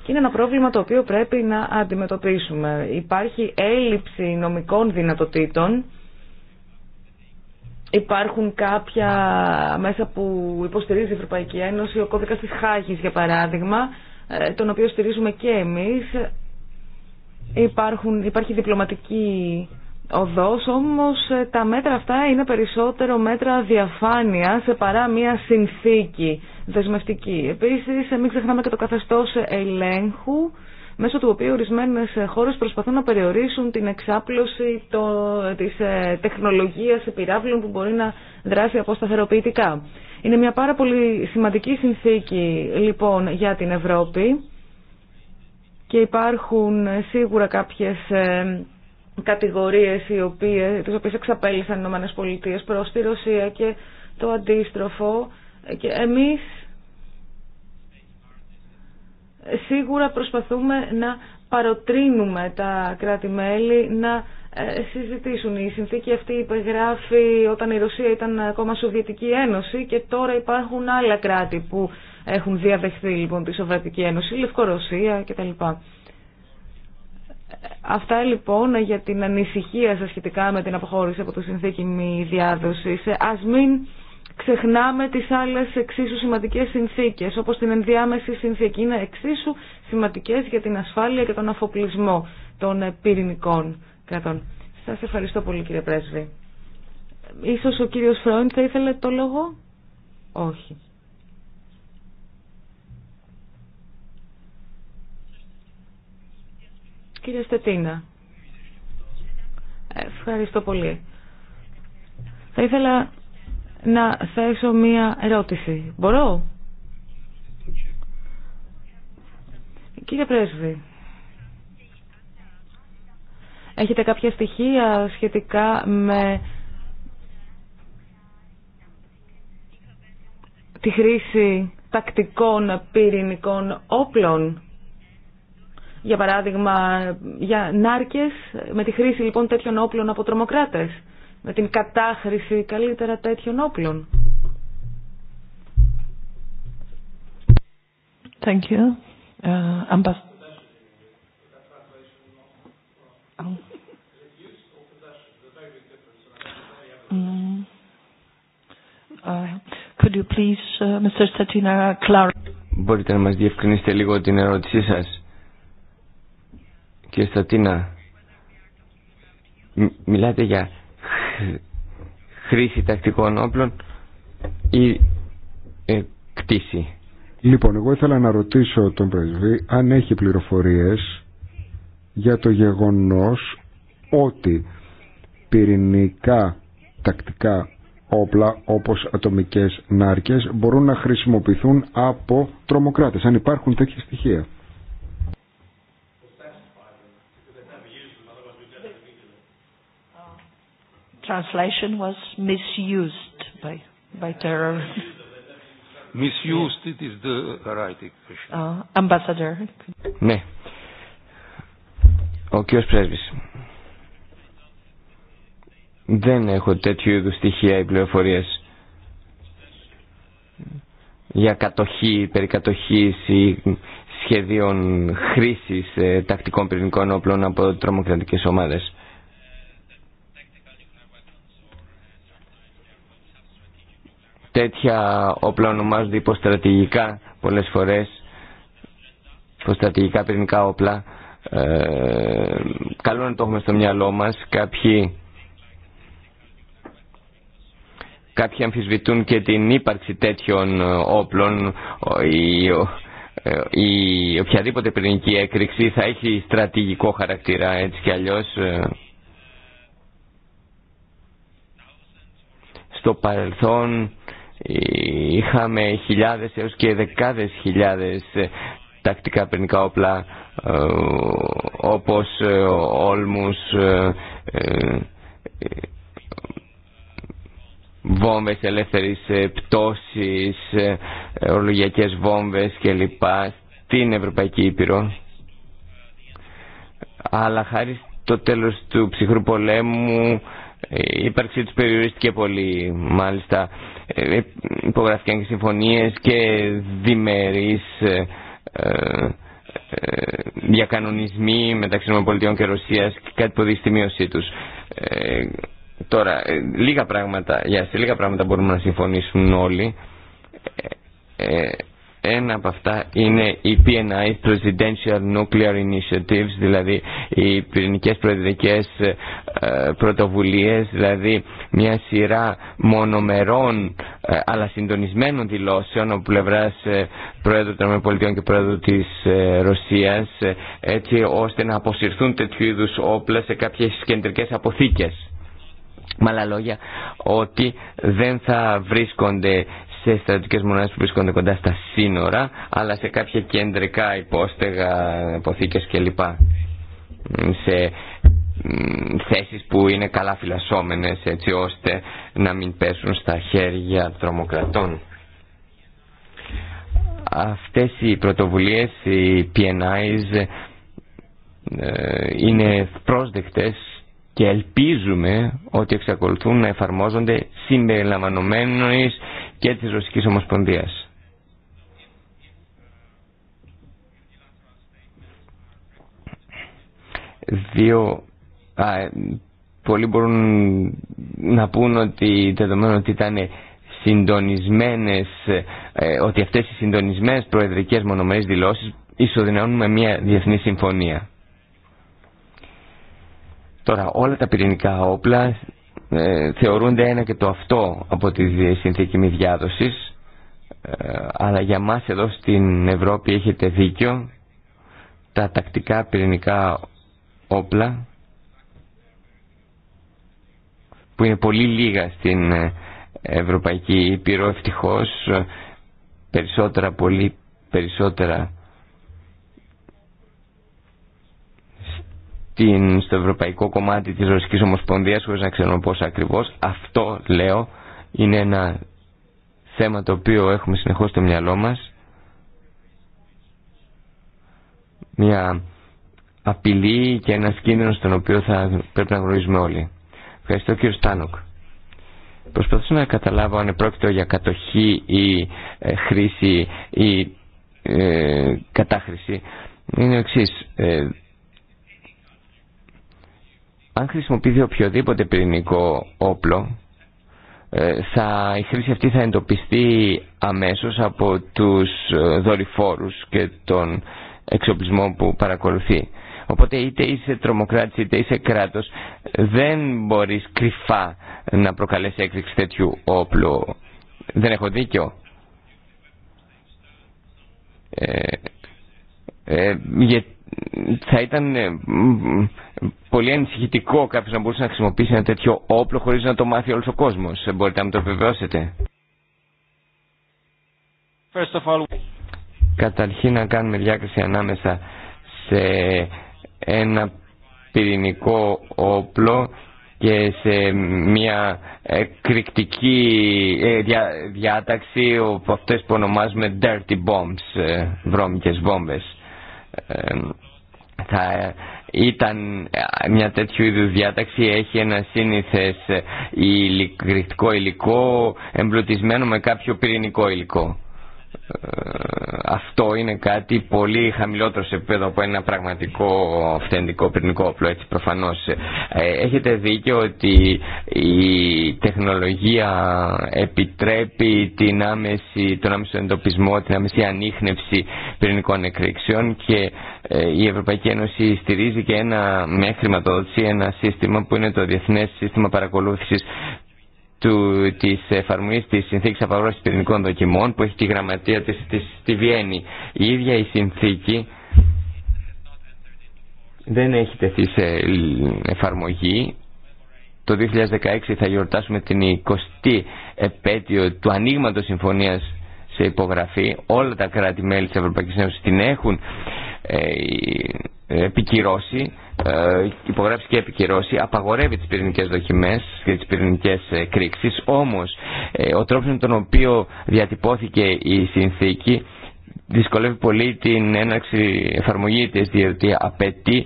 είναι ένα πρόβλημα το οποίο πρέπει να αντιμετωπίσουμε. Υπάρχει έλλειψη νομικών δυνατοτήτων, υπάρχουν κάποια μέσα που υποστηρίζει η Ευρωπαϊκή Ένωση, ο κώδικας της Χάγης για παράδειγμα, ε, τον οποίο στηρίζουμε και εμείς. Υπάρχουν, υπάρχει διπλωματική οδός, όμως ε, τα μέτρα αυτά είναι περισσότερο μέτρα διαφάνειας ε, παρά μια συνθήκη δεσμευτική. Επίσης, ε, μην ξεχνάμε και το καθεστώ ελέγχου, μέσω του οποίου ορισμένε χώρε προσπαθούν να περιορίσουν την εξάπλωση τη της ε, τεχνολογίας πυράβλων που μπορεί να δράσει αποσταθεροποιητικά. Είναι μια πάρα πολύ σημαντική συνθήκη λοιπόν για την Ευρώπη και υπάρχουν ε, σίγουρα κάποιες κατηγορίες οι οποίες, τις οποίες εξαπέλυσαν οι ΗΠΑ προς τη Ρωσία και το αντίστροφο και εμείς σίγουρα προσπαθούμε να παροτρύνουμε τα κράτη-μέλη να ε, συζητήσουν. Η συνθήκη αυτή υπεγράφει όταν η Ρωσία ήταν ακόμα Σοβιετική Ένωση και τώρα υπάρχουν άλλα κράτη που έχουν διαδεχθεί λοιπόν τη Σοβιετική Ένωση, Λευκορωσία κτλ. Αυτά λοιπόν για την ανησυχία σας σχετικά με την αποχώρηση από το συνθήκη μη διάδοση. Ε, μην ξεχνάμε τις άλλες εξίσου σημαντικές συνθήκες, όπως την ενδιάμεση συνθήκη. Είναι εξίσου σημαντικές για την ασφάλεια και τον αφοπλισμό των πυρηνικών κρατών. Σας ευχαριστώ πολύ κύριε Πρέσβη. Ίσως ο κύριος Φρόιντ θα ήθελε το λόγο. Όχι. Κύριε Στετίνα. Ε, ευχαριστώ πολύ. Θα ήθελα να θέσω μία ερώτηση. Μπορώ? Κύριε Πρέσβη, έχετε κάποια στοιχεία σχετικά με τη χρήση τακτικών πυρηνικών όπλων. Για παράδειγμα, για νάρκες, με τη χρήση λοιπόν τέτοιων όπλων από τρομοκράτες με την κατάχρηση καλύτερα τέτοιων όπλων. Thank you. Uh, Μπορείτε να μας διευκρινίσετε λίγο την ερώτησή σας. Κύριε Στατίνα, μιλάτε για χρήση τακτικών όπλων ή ε, Λοιπόν, εγώ ήθελα να ρωτήσω τον πρεσβή αν έχει πληροφορίες για το γεγονός ότι πυρηνικά τακτικά όπλα όπως ατομικές νάρκες μπορούν να χρησιμοποιηθούν από τρομοκράτες, αν υπάρχουν τέτοια στοιχεία. translation was misused by by terror. Misused it is the right expression. Uh, ambassador. Ναι. Ο κύριος Πρέσβης. Δεν έχω τέτοιου είδους στοιχεία ή πληροφορίες για κατοχή, περικατοχής ή σχεδίων χρήσης ε, τακτικών πυρηνικών όπλων από τρομοκρατικές ομάδες. τέτοια όπλα ονομάζονται υποστρατηγικά πολλές φορές, υποστρατηγικά πυρηνικά όπλα. Ε, καλό να το έχουμε στο μυαλό μας. Κάποιοι, κάποιοι αμφισβητούν και την ύπαρξη τέτοιων ε, όπλων. Η, ε, η οποιαδήποτε πυρηνική έκρηξη θα έχει στρατηγικό χαρακτήρα έτσι κι αλλιώς ε. στο παρελθόν Είχαμε χιλιάδες έως και δεκάδες χιλιάδες ε, τακτικά πυρηνικά όπλα ε, όπως ε, όλμους, βόμβες ελεύθερης πτώσης, ορολογιακές βόμβες κλπ. στην Ευρωπαϊκή Ήπειρο. Αλλά χάρη στο τέλος του ψυχρού πολέμου η ύπαρξή τους περιορίστηκε πολύ μάλιστα υπογραφικές και συμφωνίες και διμερείς ε, ε, ε, διακανονισμοί μεταξύ ΗΠΑ και Ρωσίας και κάτι που δείχνει τη μείωσή τους. τώρα, λίγα πράγματα, για σε λίγα πράγματα μπορούμε να συμφωνήσουν όλοι. Ένα από αυτά είναι η PNI, Presidential Nuclear Initiatives, δηλαδή οι πυρηνικές προεδρικές ε, πρωτοβουλίες, δηλαδή μια σειρά μονομερών ε, αλλά συντονισμένων δηλώσεων από πλευράς ε, Πρόεδρου των ΗΠΑ και Πρόεδρου της Ρωσίας, έτσι ώστε να αποσυρθούν τέτοιου είδους όπλα σε κάποιες κεντρικές αποθήκες. Με άλλα λόγια, ότι δεν θα βρίσκονται σε στρατιωτικές μονάδες που βρίσκονται κοντά στα σύνορα, αλλά σε κάποια κεντρικά υπόστεγα, αποθήκες κλπ. Σε θέσεις που είναι καλά φυλασσόμενες έτσι ώστε να μην πέσουν στα χέρια τρομοκρατών. Αυτές οι πρωτοβουλίες, οι PNIs, ε, είναι πρόσδεκτες και ελπίζουμε ότι εξακολουθούν να εφαρμόζονται συμπεριλαμβανομένες και της Ρωσικής Ομοσπονδίας. Δύο... Α, πολλοί μπορούν να πούν ότι δεδομένου ότι ήταν συντονισμένες, ε, ότι αυτές οι συντονισμένες προεδρικές μονομερείς δηλώσεις ισοδυναμούν με μια διεθνή συμφωνία. Τώρα, όλα τα πυρηνικά όπλα ε, θεωρούνται ένα και το αυτό από τη συνθήκη μη διάδοσης, ε, αλλά για μας εδώ στην Ευρώπη έχετε δίκιο, τα τακτικά πυρηνικά όπλα, που είναι πολύ λίγα στην ε, Ευρωπαϊκή Ήπειρο, ευτυχώς, περισσότερα, πολύ περισσότερα στην, στο ευρωπαϊκό κομμάτι της Ρωσικής Ομοσπονδίας χωρίς να ξέρουμε πώς ακριβώς. Αυτό λέω είναι ένα θέμα το οποίο έχουμε συνεχώς στο μυαλό μας. Μια απειλή και ένα κίνδυνο τον οποίο θα πρέπει να γνωρίζουμε όλοι. Ευχαριστώ κύριο Στάνοκ. Προσπαθούσα να καταλάβω αν πρόκειται για κατοχή ή ε, χρήση ή ε, κατάχρηση. Είναι ο εξής. Ε, αν χρησιμοποιείται οποιοδήποτε πυρηνικό όπλο, ε, θα, η χρήση αυτή θα εντοπιστεί αμέσως από τους ε, δορυφόρους και τον εξοπλισμό που παρακολουθεί. Οπότε είτε είσαι τρομοκράτης είτε είσαι κράτος δεν μπορείς κρυφά να προκαλέσει έκρηξη τέτοιου όπλου. Δεν έχω δίκιο. γιατί ε, θα ήταν ε, πολύ ανησυχητικό κάποιο να μπορούσε να χρησιμοποιήσει ένα τέτοιο όπλο χωρίς να το μάθει όλος ο κόσμος. Ε, μπορείτε να μου το επιβεβαιώσετε. all... Καταρχήν να κάνουμε διάκριση ανάμεσα σε ένα πυρηνικό όπλο και σε μια εκρηκτική ε, διάταξη από αυτές που ονομάζουμε dirty bombs, βρώμικες βόμβες θα ήταν ε, μια τέτοιου είδου διάταξη έχει ένα σύνηθες γρηκτικό ε, υλικό εμπλουτισμένο με κάποιο πυρηνικό υλικό. Ε, αυτό είναι κάτι πολύ χαμηλότερο σε επίπεδο από ένα πραγματικό αυθεντικό πυρηνικό όπλο, έτσι προφανώς. Ε, έχετε δίκιο ότι η τεχνολογία επιτρέπει την άμεση, τον άμεσο εντοπισμό, την άμεση ανείχνευση πυρηνικών εκρήξεων και ε, η Ευρωπαϊκή Ένωση στηρίζει και ένα, με χρηματοδότηση ένα σύστημα που είναι το Διεθνές Σύστημα Παρακολούθησης του, της εφαρμογής της συνθήκης απαγόρευσης πυρηνικών δοκιμών που έχει τη γραμματεία της, της στη Βιέννη. Η ίδια η συνθήκη δεν έχει τεθεί σε εφαρμογή. Το 2016 θα γιορτάσουμε την 20η επέτειο του ανοίγματος συμφωνίας σε υπογραφή. Όλα τα κράτη-μέλη της Ευρωπαϊκής Ένωσης την έχουν ε, επικυρώσει. Ε, υπογράψει και επικυρώσει, απαγορεύει τις πυρηνικές δοκιμές και τις πυρηνικές ε, κρίξεις, όμως ε, ο τρόπος με τον οποίο διατυπώθηκε η συνθήκη δυσκολεύει πολύ την έναρξη εφαρμογή της, διότι απαιτεί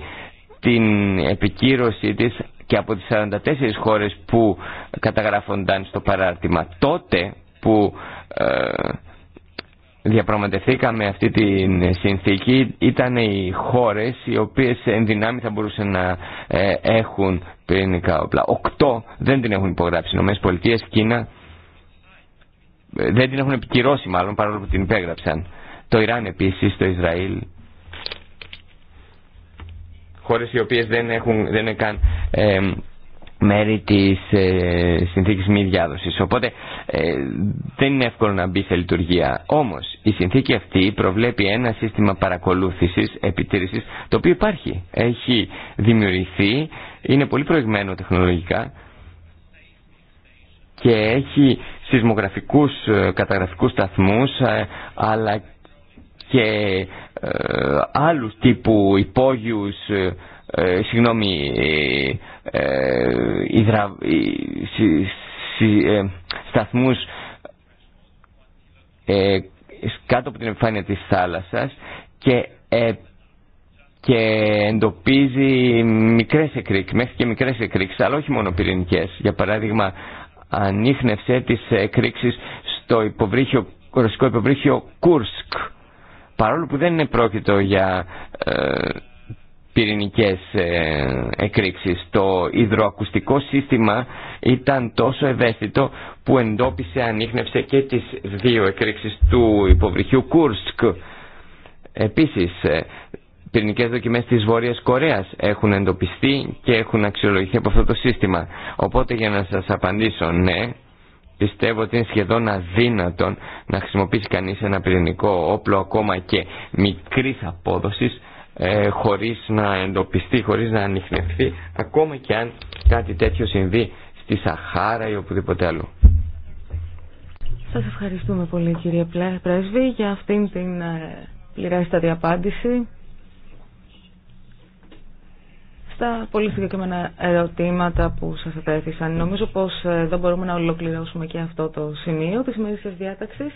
την επικύρωση της και από τις 44 χώρες που καταγράφονταν στο παράρτημα. Τότε που διαπραγματευθήκαμε αυτή τη συνθήκη ήταν οι χώρες οι οποίες εν δυνάμει θα μπορούσαν να ε, έχουν πυρηνικά όπλα. Οκτώ δεν την έχουν υπογράψει. Νομές Πολιτείες, Κίνα ε, δεν την έχουν επικυρώσει μάλλον παρόλο που την υπέγραψαν. Το Ιράν επίσης, το Ισραήλ. Χώρες οι οποίες δεν έχουν, δεν καν ε, μέρη της ε, συνθήκης μη διάδοσης. Οπότε ε, δεν είναι εύκολο να μπει σε λειτουργία. Όμως η συνθήκη αυτή προβλέπει ένα σύστημα παρακολούθησης, επιτήρησης, το οποίο υπάρχει. Έχει δημιουργηθεί, είναι πολύ προηγμένο τεχνολογικά και έχει σεισμογραφικούς ε, καταγραφικούς σταθμούς ε, αλλά και ε, άλλους τύπου υπόγειους, συγγνώμη, υδρα, ε, συ, ε, σταθμούς ε, κάτω από την επιφάνεια της θάλασσας και, ε, και εντοπίζει μικρές εκρήξεις, μέχρι και μικρές εκρήξεις, αλλά όχι μόνο πυρηνικές. Για παράδειγμα, ανείχνευσε τις εκρήξεις στο υποβρύχιο, ρωσικό υποβρύχιο Κούρσκ, παρόλο που δεν είναι πρόκειτο για πυρηνικές ε, εκρήξεις. Το υδροακουστικό σύστημα ήταν τόσο ευαίσθητο που εντόπισε, ανείχνευσε και τις δύο εκρήξεις του υποβρυχίου Κούρσκ. Επίσης, ε, πυρηνικές δοκιμές της Βόρειας Κορέας έχουν εντοπιστεί και έχουν αξιολογηθεί από αυτό το σύστημα. Οπότε για να σας απαντήσω ναι, πιστεύω ότι είναι σχεδόν αδύνατον να χρησιμοποιήσει κανείς ένα πυρηνικό όπλο ακόμα και μικρής απόδοσης ε, χωρίς να εντοπιστεί, χωρίς να ανοιχνευθεί, ακόμα και αν κάτι τέτοιο συμβεί στη Σαχάρα ή οπουδήποτε άλλο. Σας ευχαριστούμε πολύ κύριε Πρέσβη για αυτήν την ε, πληρέστατη απάντηση στα πολύ συγκεκριμένα ερωτήματα που σας ετέθησαν. Νομίζω πως εδώ μπορούμε να ολοκληρώσουμε και αυτό το σημείο της της διάταξης.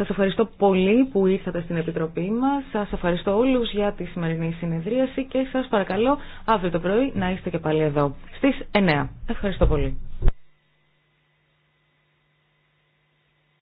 Σας ευχαριστώ πολύ που ήρθατε στην Επιτροπή μας. Σας ευχαριστώ όλους για τη σημερινή συνεδρίαση και σας παρακαλώ αύριο το πρωί να είστε και πάλι εδώ στις 9. Ευχαριστώ πολύ.